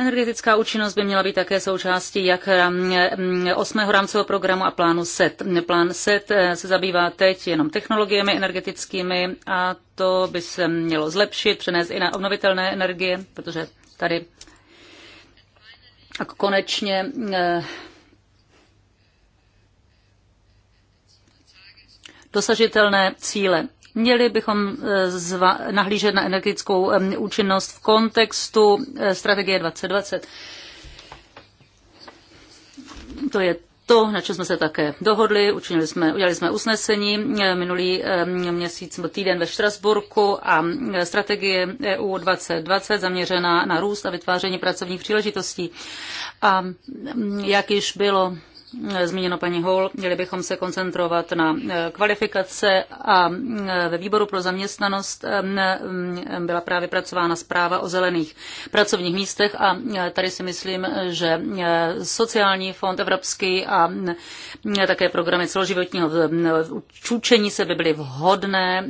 Energetická účinnost by měla být také součástí jak osmého rámcového programu a plánu SET. Plán SET eh, se zabývá teď jenom technologiemi energetickými a to by se mělo zlepšit, přenést i na obnovitelné energie, protože tady a konečně eh, dosažitelné cíle Měli bychom eh, nahlížet na energetickou účinnost v kontextu eh, strategie 2020. To je to, na čem jsme se také dohodli, učinili jsme, udělali jsme usnesení eh, minulý měsíc nebo týden ve Štrasburku a strategie EU 2020 zaměřená na růst a vytváření pracovních příležitostí. A mm, jak již bylo zmíněno paní Hol, měli bychom se koncentrovat na eh, kvalifikace a eh, ve výboru pro zaměstnanost eh, byla právě pracována zpráva o zelených pracovních místech a tady si myslím, že sociální fond evropský a také programy celoživotního učení se by byly vhodné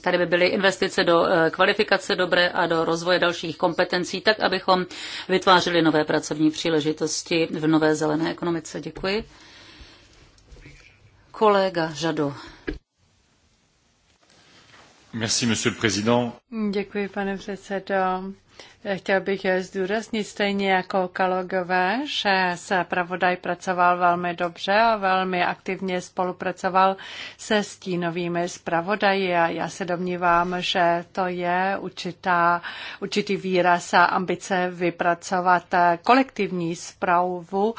Tady by byly investice do eh, kvalifikace dobré a do rozvoje dalších kompetencí, tak abychom vytvářeli nové pracovní příležitosti v nové zelené ekonomice. Děkuji. Kolega Žado. Merci, monsieur le président. Děkuji, pane předsedo. Chtěl bych zdůraznit stejně jako kalogové, že se pravodaj pracoval velmi dobře a velmi aktivně spolupracoval se stínovými zpravodaji a já se domnívám, že to je určitá, určitý výraz a ambice vypracovat kolektivní zprávu,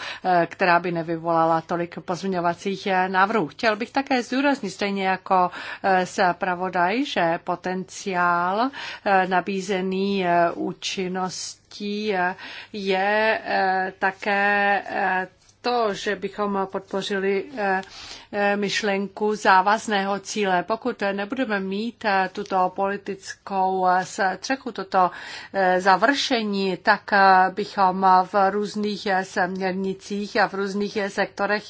která by nevyvolala tolik pozměňovacích návrhů. Chtěl bych také zdůraznit stejně jako se pravodaj, že potenciál nabízený účinný činností je eh, také eh, to, že bychom podpořili eh, Eh, myšlenku závazného cíle. Pokud nebudeme mít eh, tuto politickou eh, střechu, toto završení, tak bychom v různých směrnicích a v různých sektorech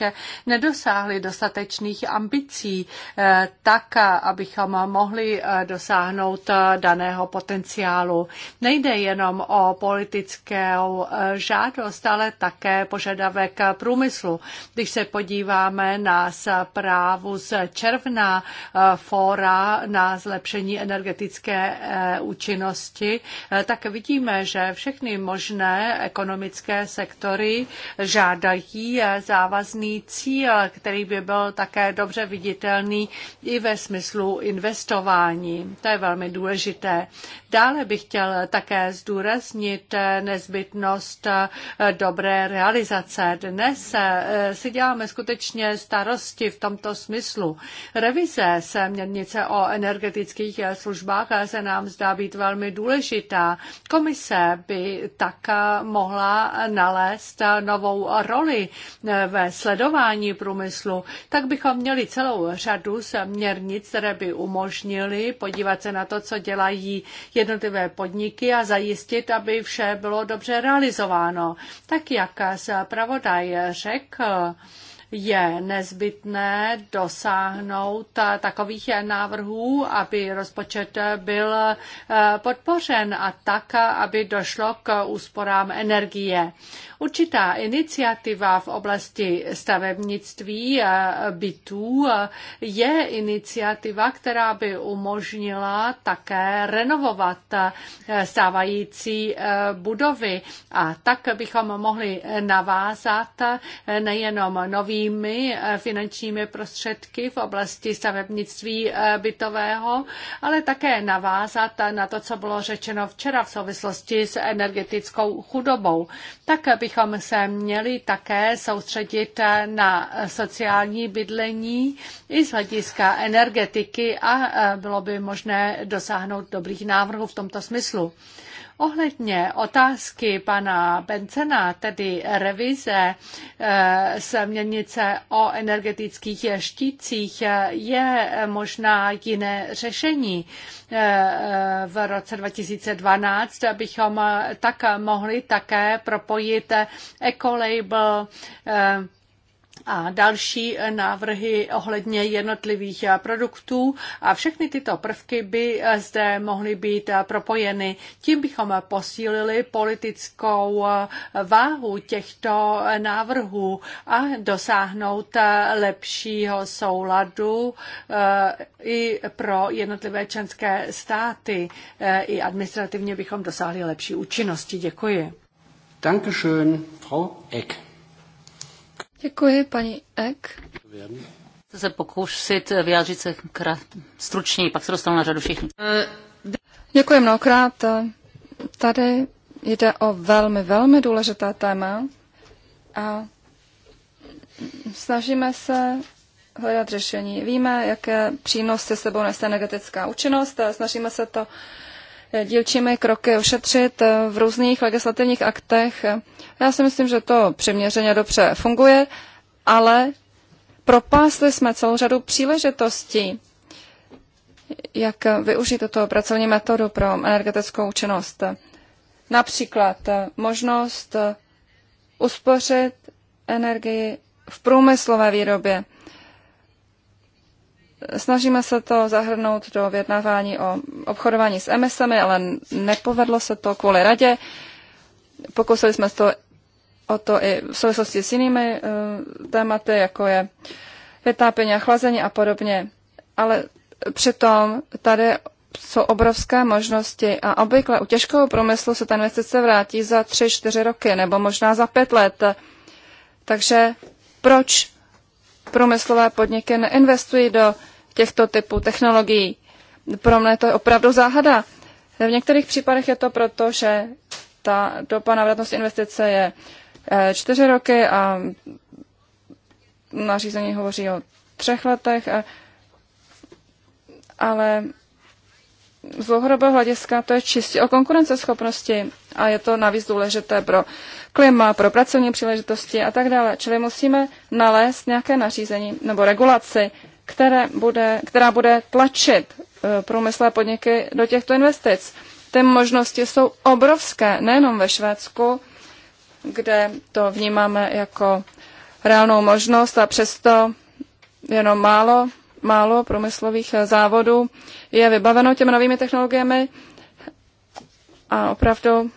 nedosáhli dostatečných ambicí, tak, abychom mohli dosáhnout daného potenciálu. Nejde jenom o politickou žádost, ale také požadavek průmyslu. Když se podíváme na zprávu z června eh, fóra na zlepšení energetické eh, účinnosti, eh, tak vidíme, že všechny možné ekonomické sektory žádají závazný cíl, který by byl také dobře viditelný i ve smyslu investování. To je velmi důležité. Dále bych chtěl také zdůraznit nezbytnost eh, dobré realizace. Dnes eh, si děláme skutečně starosti v tomto smyslu. Revize směrnice o energetických eh, službách se nám zdá být velmi důležitá. Komise by tak mohla nalézt novou roli ve sledování průmyslu. Tak bychom měli celou řadu směrnic, které by umožnily podívat se na to, co dělají jednotlivé podniky a zajistit, aby vše bylo dobře realizováno. Tak jak zpravodaj řekl, je nezbytné dosáhnout takových návrhů, aby rozpočet byl eh, podpořen a tak, aby došlo k úsporám energie. Určitá iniciativa v oblasti stavebnictví bytů je iniciativa, která by umožnila také renovovat stávající eh, budovy a tak bychom mohli navázat nejenom novými eh, finančními prostředky v oblasti stavebnictví eh, bytového, ale také navázat na to, co bylo řečeno včera v souvislosti s energetickou chudobou. Tak by bychom se měli také soustředit na sociální bydlení i z hlediska energetiky a bylo by možné dosáhnout dobrých návrhů v tomto smyslu. Ohledně otázky pana Bencena, tedy revize eh, směrnice o energetických štících, je možná jiné řešení. Eh, eh, v roce 2012 bychom tak mohli také propojit ecolabel a další eh, návrhy ohledně jednotlivých eh, produktů a všechny tyto prvky by eh, zde mohly být propojeny. Tím bychom posílili politickou váhu těchto návrhů a dosáhnout lepšího souladu i pro jednotlivé členské státy. I administrativně bychom dosáhli lepší účinnosti. Děkuji. Dankeschön, Frau Eck. Děkuji, paní Ek. Chci se pokusit vyjádřit se krát, stručněji, pak se dostanu na řadu všichni. Děkuji mnohokrát. Tady jde o velmi, velmi důležitá téma a snažíme se hledat řešení. Víme, jaké přínosy sebou nese energetická účinnost, a snažíme se to dílčími kroky ošetřit eh, v různých legislativních aktech. Já si myslím, že to přiměřeně dobře funguje, ale propásli jsme celou řadu příležitostí, jak využít tuto pracovní metodu pro energetickou účinnost. Například eh, možnost eh, uspořit energii v průmyslové výrobě Snažíme se to zahrnout do vyjednávání o obchodování s emisemi, ale nepovedlo se to kvůli radě. Pokusili jsme to o to i v souvislosti s jinými uh, tématy, jako je vytápění a chlazení a podobně. Ale přitom tady jsou obrovské možnosti a obvykle u těžkého průmyslu se ta investice vrátí za 3-4 roky nebo možná za 5 let. Takže proč průmyslové podniky neinvestují do těchto typů technologií. Pro mě to je opravdu záhada. V některých případech je to proto, že ta doba návratnosti investice je eh, čtyři roky a nařízení hovoří o třech letech, a, ale z dlouhodobého hlediska to je čistě o konkurenceschopnosti a je to navíc důležité pro klima, pro pracovní příležitosti a tak dále. Čili musíme nalézt nějaké nařízení nebo regulaci, které bude, která bude tlačit eh, průmyslové podniky do těchto investic. Ty možnosti jsou obrovské, nejenom ve Švédsku, kde to vnímáme jako reálnou možnost a přesto jenom málo, málo průmyslových eh, závodů je vybaveno těmi novými technologiemi a opravdu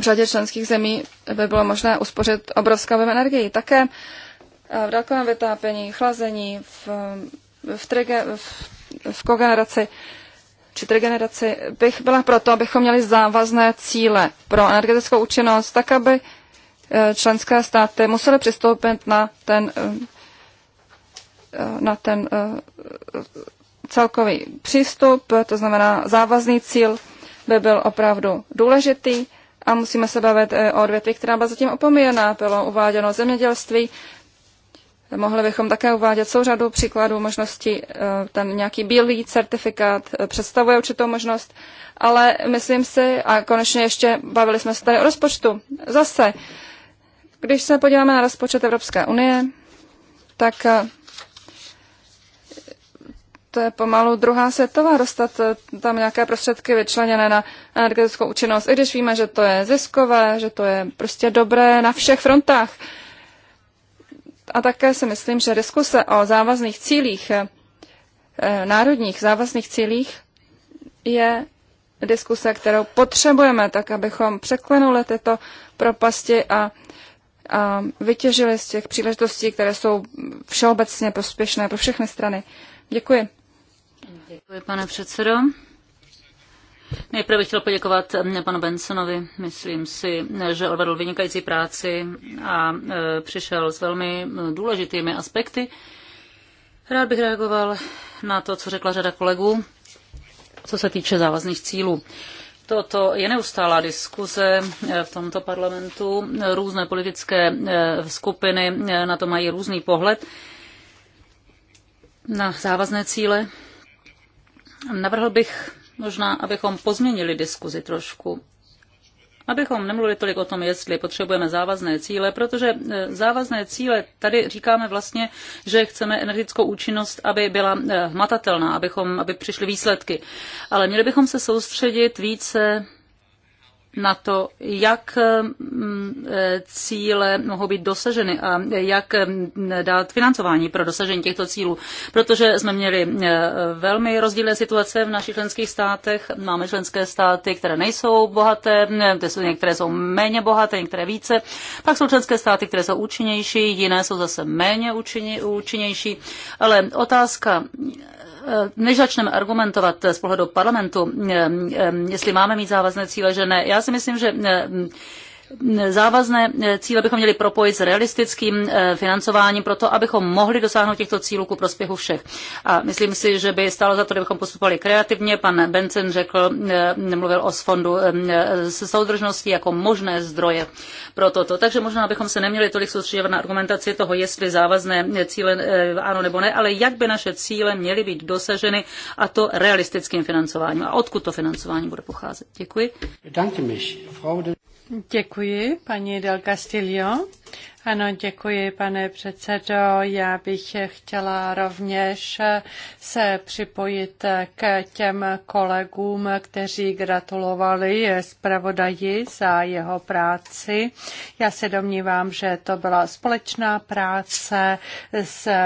v řadě členských zemí by bylo možné uspořit obrovská energii. Také v dálkovém vytápění, chlazení, v, v, trige, v, v kogeneraci či trigeneraci, bych byla proto, abychom měli závazné cíle pro energetickou účinnost, tak aby e, členské státy musely přistoupit na ten, e, e, na ten celkový přístup, to znamená závazný cíl by byl opravdu důležitý a musíme se bavit o odvětví, která byla zatím opomíjená. Bylo uváděno zemědělství, Mohli bychom také uvádět celou řadu příkladů možností. Eh, ten nějaký bílý certifikát eh, představuje určitou možnost, ale myslím si, a konečně ještě bavili jsme se tady o rozpočtu. Zase, když se podíváme na rozpočet Evropské unie, tak eh, to je pomalu druhá světová, dostat tam nějaké prostředky vyčleněné na energetickou účinnost, i když víme, že to je ziskové, že to je prostě dobré na všech frontách. A také si myslím, že diskuse o závazných cílích, eh, národních závazných cílích, je diskuse, kterou potřebujeme, tak abychom překlenuli tyto propasti a, a vytěžili z těch příležitostí, které jsou všeobecně prospěšné pro všechny strany. Děkuji. Děkuji, pane předsedo. Nejprve bych chtěl poděkovat eh, panu Bensonovi. Myslím si, že odvedl vynikající práci a eh, přišel s velmi eh, důležitými aspekty. Rád bych reagoval na to, co řekla řada kolegů, co se týče závazných cílů. Toto je neustálá diskuze v tomto parlamentu. Různé politické skupiny na to mají různý pohled na závazné cíle. Navrhl bych možná, abychom pozměnili diskuzi trošku. Abychom nemluvili tolik o tom, jestli potřebujeme závazné cíle, protože eh, závazné cíle, tady říkáme vlastně, že chceme energetickou účinnost, aby byla eh, hmatatelná, abychom, aby přišly výsledky. Ale měli bychom se soustředit více na to, jak mm, e, cíle mohou být dosaženy a jak mm, dát financování pro dosažení těchto cílů. Protože jsme měli e, velmi rozdílné situace v našich členských státech. Máme členské státy, které nejsou bohaté, e, jsou, některé jsou méně bohaté, některé více. Pak jsou členské státy, které jsou účinnější, jiné jsou zase méně účinnější. Ale otázka než začneme argumentovat z pohledu parlamentu, eh, eh, jestli máme mít závazné cíle, že ne, já si myslím, že eh, závazné eh, cíle bychom měli propojit s realistickým eh, financováním proto, abychom mohli dosáhnout těchto cílů ku prospěchu všech. A myslím si, že by stálo za to, kdybychom postupovali kreativně. Pan Benson řekl, eh, mluvil o fondu soudržnosti jako možné zdroje pro toto. Takže možná bychom se neměli tolik soustředit na argumentaci toho, jestli závazné cíle ano nebo ne, ale jak by naše cíle měly být dosaženy a to realistickým financováním. A odkud to financování bude pocházet? Děkuji. Děkuji. Děkuji, paní Del Castillo. Ano, děkuji, pane předsedo. Já bych chtěla rovněž se připojit k těm kolegům, kteří gratulovali zpravodaji za jeho práci. Já se domnívám, že to byla společná práce s e,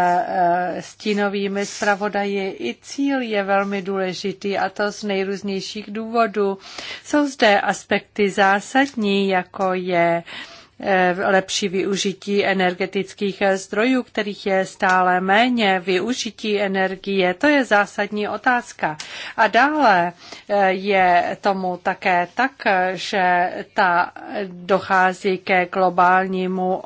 stínovými zpravodaji. I cíl je velmi důležitý a to z nejrůznějších důvodů. Jsou zde aspekty zásadní, jako je Eh, lepší využití energetických zdrojů, kterých je stále méně, využití energie, to je zásadní otázka. A dále eh, je tomu také tak, že ta dochází ke globálnímu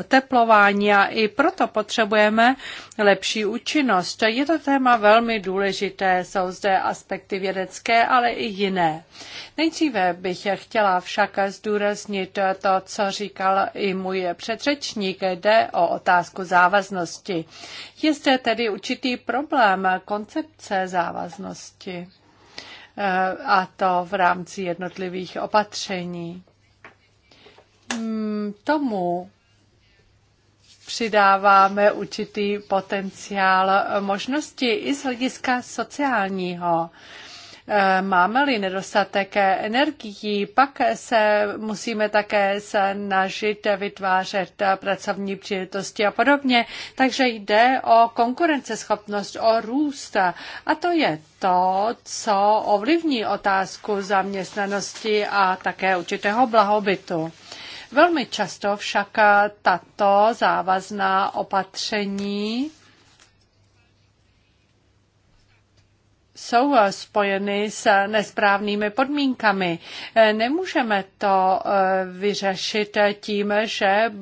oteplování a i proto potřebujeme lepší účinnost. Je to téma velmi důležité, jsou zde aspekty vědecké, ale i jiné. Nejdříve bych chtěla však zdůraznit to, co říkal i můj předřečník, jde o otázku závaznosti. Je zde tedy určitý problém koncepce závaznosti eh, a to v rámci jednotlivých opatření. Hmm, tomu přidáváme určitý potenciál možnosti i z hlediska sociálního. Eh, máme-li nedostatek energií, pak se musíme také snažit vytvářet pracovní příležitosti a podobně. Takže jde o konkurenceschopnost, o růst. A to je to, co ovlivní otázku zaměstnanosti a také určitého blahobytu. Velmi často však tato závazná opatření jsou spojeny s nesprávnými podmínkami. E, nemůžeme to e, vyřešit tím, že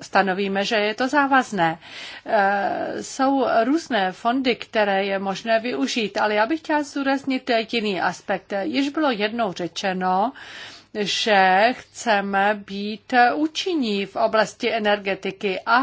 stanovíme, že je to závazné. E, jsou různé fondy, které je možné využít, ale já bych chtěla zúraznit jiný aspekt. Již bylo jednou řečeno, že chceme být účinní v oblasti energetiky a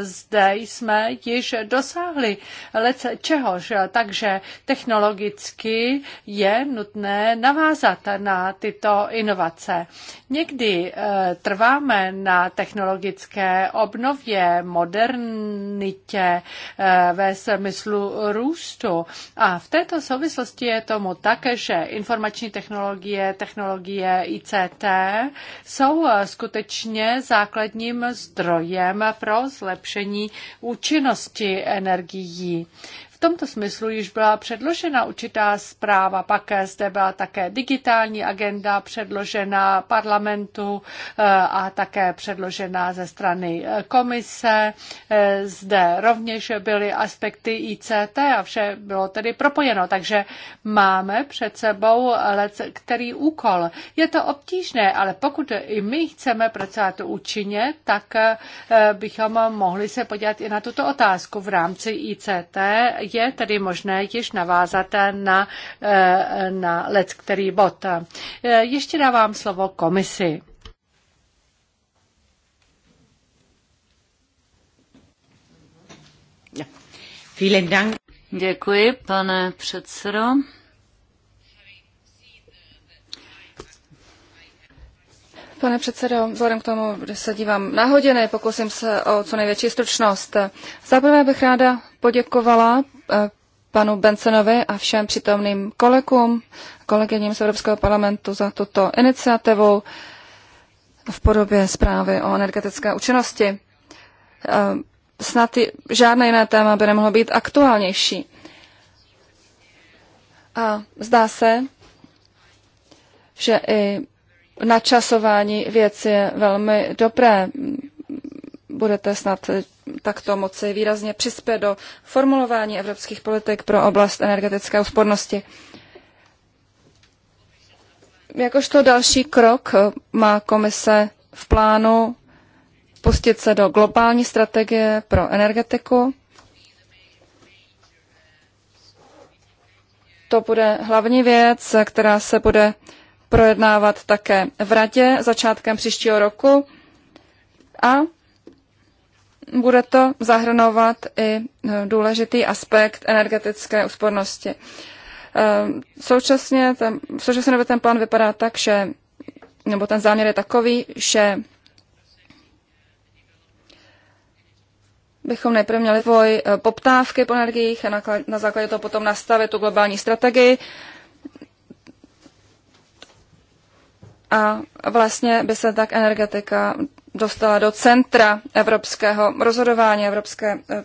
zde jsme již dosáhli lec čehož. Takže technologicky je nutné navázat na tyto inovace. Někdy eh, trváme na technologické obnově, modernitě eh, ve smyslu růstu a v této souvislosti je tomu tak, že informační technologie, technologie IT ICT jsou eh, skutečně základním zdrojem pro zlepšení účinnosti energií tomto smyslu již byla předložena určitá zpráva, pak zde byla také digitální agenda předložena parlamentu eh, a také předložena ze strany eh, komise. Eh, zde rovněž byly aspekty ICT a vše bylo tedy propojeno, takže máme před sebou lec, který úkol. Je to obtížné, ale pokud i my chceme pracovat účinně, tak bychom mohli se podívat i na tuto otázku v rámci ICT je tedy možné již navázat na, eh, na let, který bod. Eh, ještě dávám slovo komisi. Děkuji, pane předsedo. Pane předsedo, vzhledem k tomu, že se dívám na hodiny, pokusím se o co největší stručnost. Zaprvé bych ráda poděkovala Eh, panu Bensonovi a všem přítomným kolegům, kolegyním z Evropského parlamentu za tuto iniciativu v podobě zprávy o energetické účinnosti. Eh, snad žádné jiné téma by nemohlo být aktuálnější. A zdá se, že i načasování věci je velmi dobré budete snad eh, takto moci výrazně přispět do formulování evropských politik pro oblast energetické úspornosti. Jakožto další krok eh, má komise v plánu pustit se do globální strategie pro energetiku. To bude hlavní věc, eh, která se bude projednávat také v Radě začátkem příštího roku a bude to zahrnovat i e, důležitý aspekt energetické úspornosti. E, současně, ten, současně nebo ten plán vypadá tak, že, nebo ten záměr je takový, že bychom nejprve měli voj e, poptávky po energiích a na základě toho potom nastavit tu globální strategii. A vlastně by se tak energetika dostala do centra evropského rozhodování, evropské eh,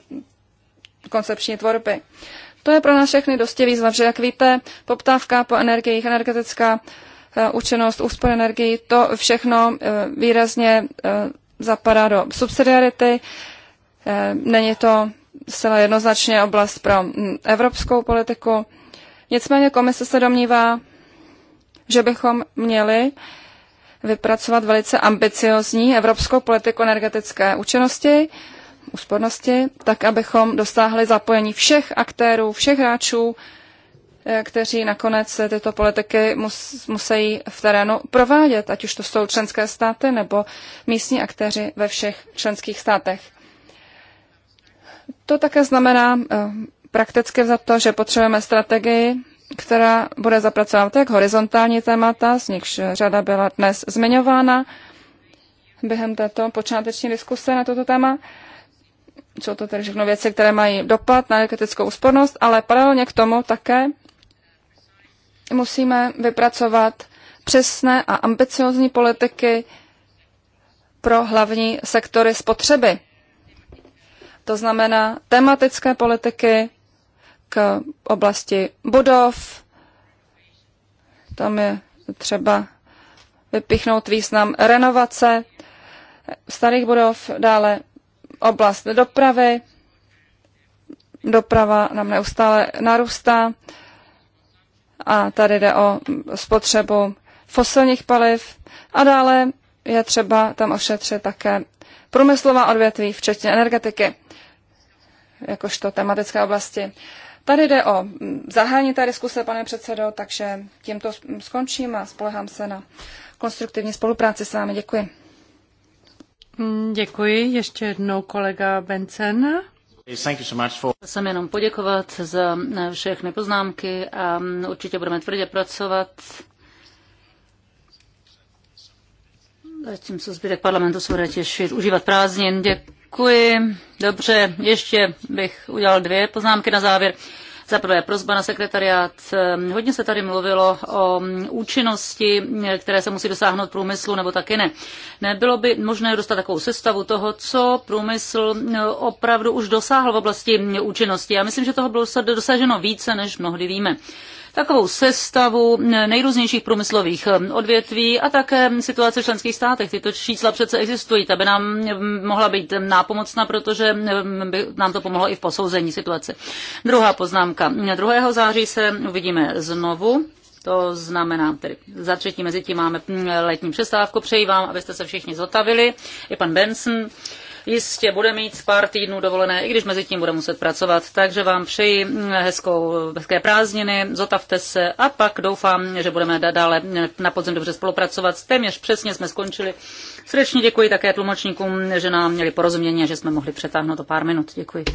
koncepční tvorby. To je pro nás všechny dosti výzva, že jak víte, poptávka po energiích, energetická eh, účinnost, úspor energií, to všechno eh, výrazně zapadá do subsidiarity. Není to zcela jednoznačně oblast pro hm, evropskou politiku. Nicméně komise se domnívá, že bychom měli vypracovat velice ambiciozní evropskou politiku energetické účinnosti, úspornosti, tak abychom dosáhli zapojení všech aktérů, všech hráčů, eh, kteří nakonec tyto politiky mus, musí v terénu provádět, ať už to jsou členské státy nebo místní aktéři ve všech členských státech. To také znamená eh, prakticky za to, že potřebujeme strategii která bude zapracovat jak horizontální témata, z nichž řada byla dnes zmiňována během této počáteční diskuse na toto téma. Jsou to tedy všechno věci, které mají dopad na energetickou úspornost, ale paralelně k tomu také musíme vypracovat přesné a ambiciozní politiky pro hlavní sektory spotřeby. To znamená tematické politiky, oblasti budov. Tam je třeba vypichnout význam renovace starých budov, dále oblast dopravy. Doprava nám neustále narůstá a tady jde o spotřebu fosilních paliv a dále je třeba tam ošetřit také průmyslová odvětví, včetně energetiky, jakožto tematické oblasti. Tady jde o zahájení té diskuse, pane předsedo, takže tímto skončím a spolehám se na konstruktivní spolupráci s vámi. Děkuji. Mm, děkuji. Ještě jednou kolega Bencen. Jsem jenom poděkovat za všechny poznámky a určitě budeme tvrdě pracovat zatímco zbytek parlamentu se bude těšit, užívat prázdnin. Děkuji. Dobře, ještě bych udělal dvě poznámky na závěr. Za prvé prozba na sekretariát. Ehm, hodně se tady mluvilo o mm, účinnosti, které se musí dosáhnout průmyslu, nebo taky ne. Nebylo by možné dostat takovou sestavu toho, co průmysl mm, opravdu už dosáhl v oblasti mm, účinnosti. Já myslím, že toho bylo dosaženo více, než mnohdy víme takovou sestavu nejrůznějších průmyslových eh, odvětví a také situace v členských státech. Tyto čísla přece existují, ta by nám mm, mohla být nápomocná, protože mm, by nám to pomohlo i v posouzení situace. Druhá poznámka. 2. září se uvidíme znovu. To znamená, tedy za třetí mezi tím máme mm, letní přestávku. Přeji vám, abyste se všichni zotavili. Je pan Benson jistě bude mít pár týdnů dovolené, i když mezi tím bude muset pracovat. Takže vám přeji mm, hezkou, hezké prázdniny, zotavte se a pak doufám, že budeme dále na podzem dobře spolupracovat. Téměř přesně jsme skončili. Srdečně děkuji také tlumočníkům, že nám měli porozumění a že jsme mohli přetáhnout o pár minut. Děkuji.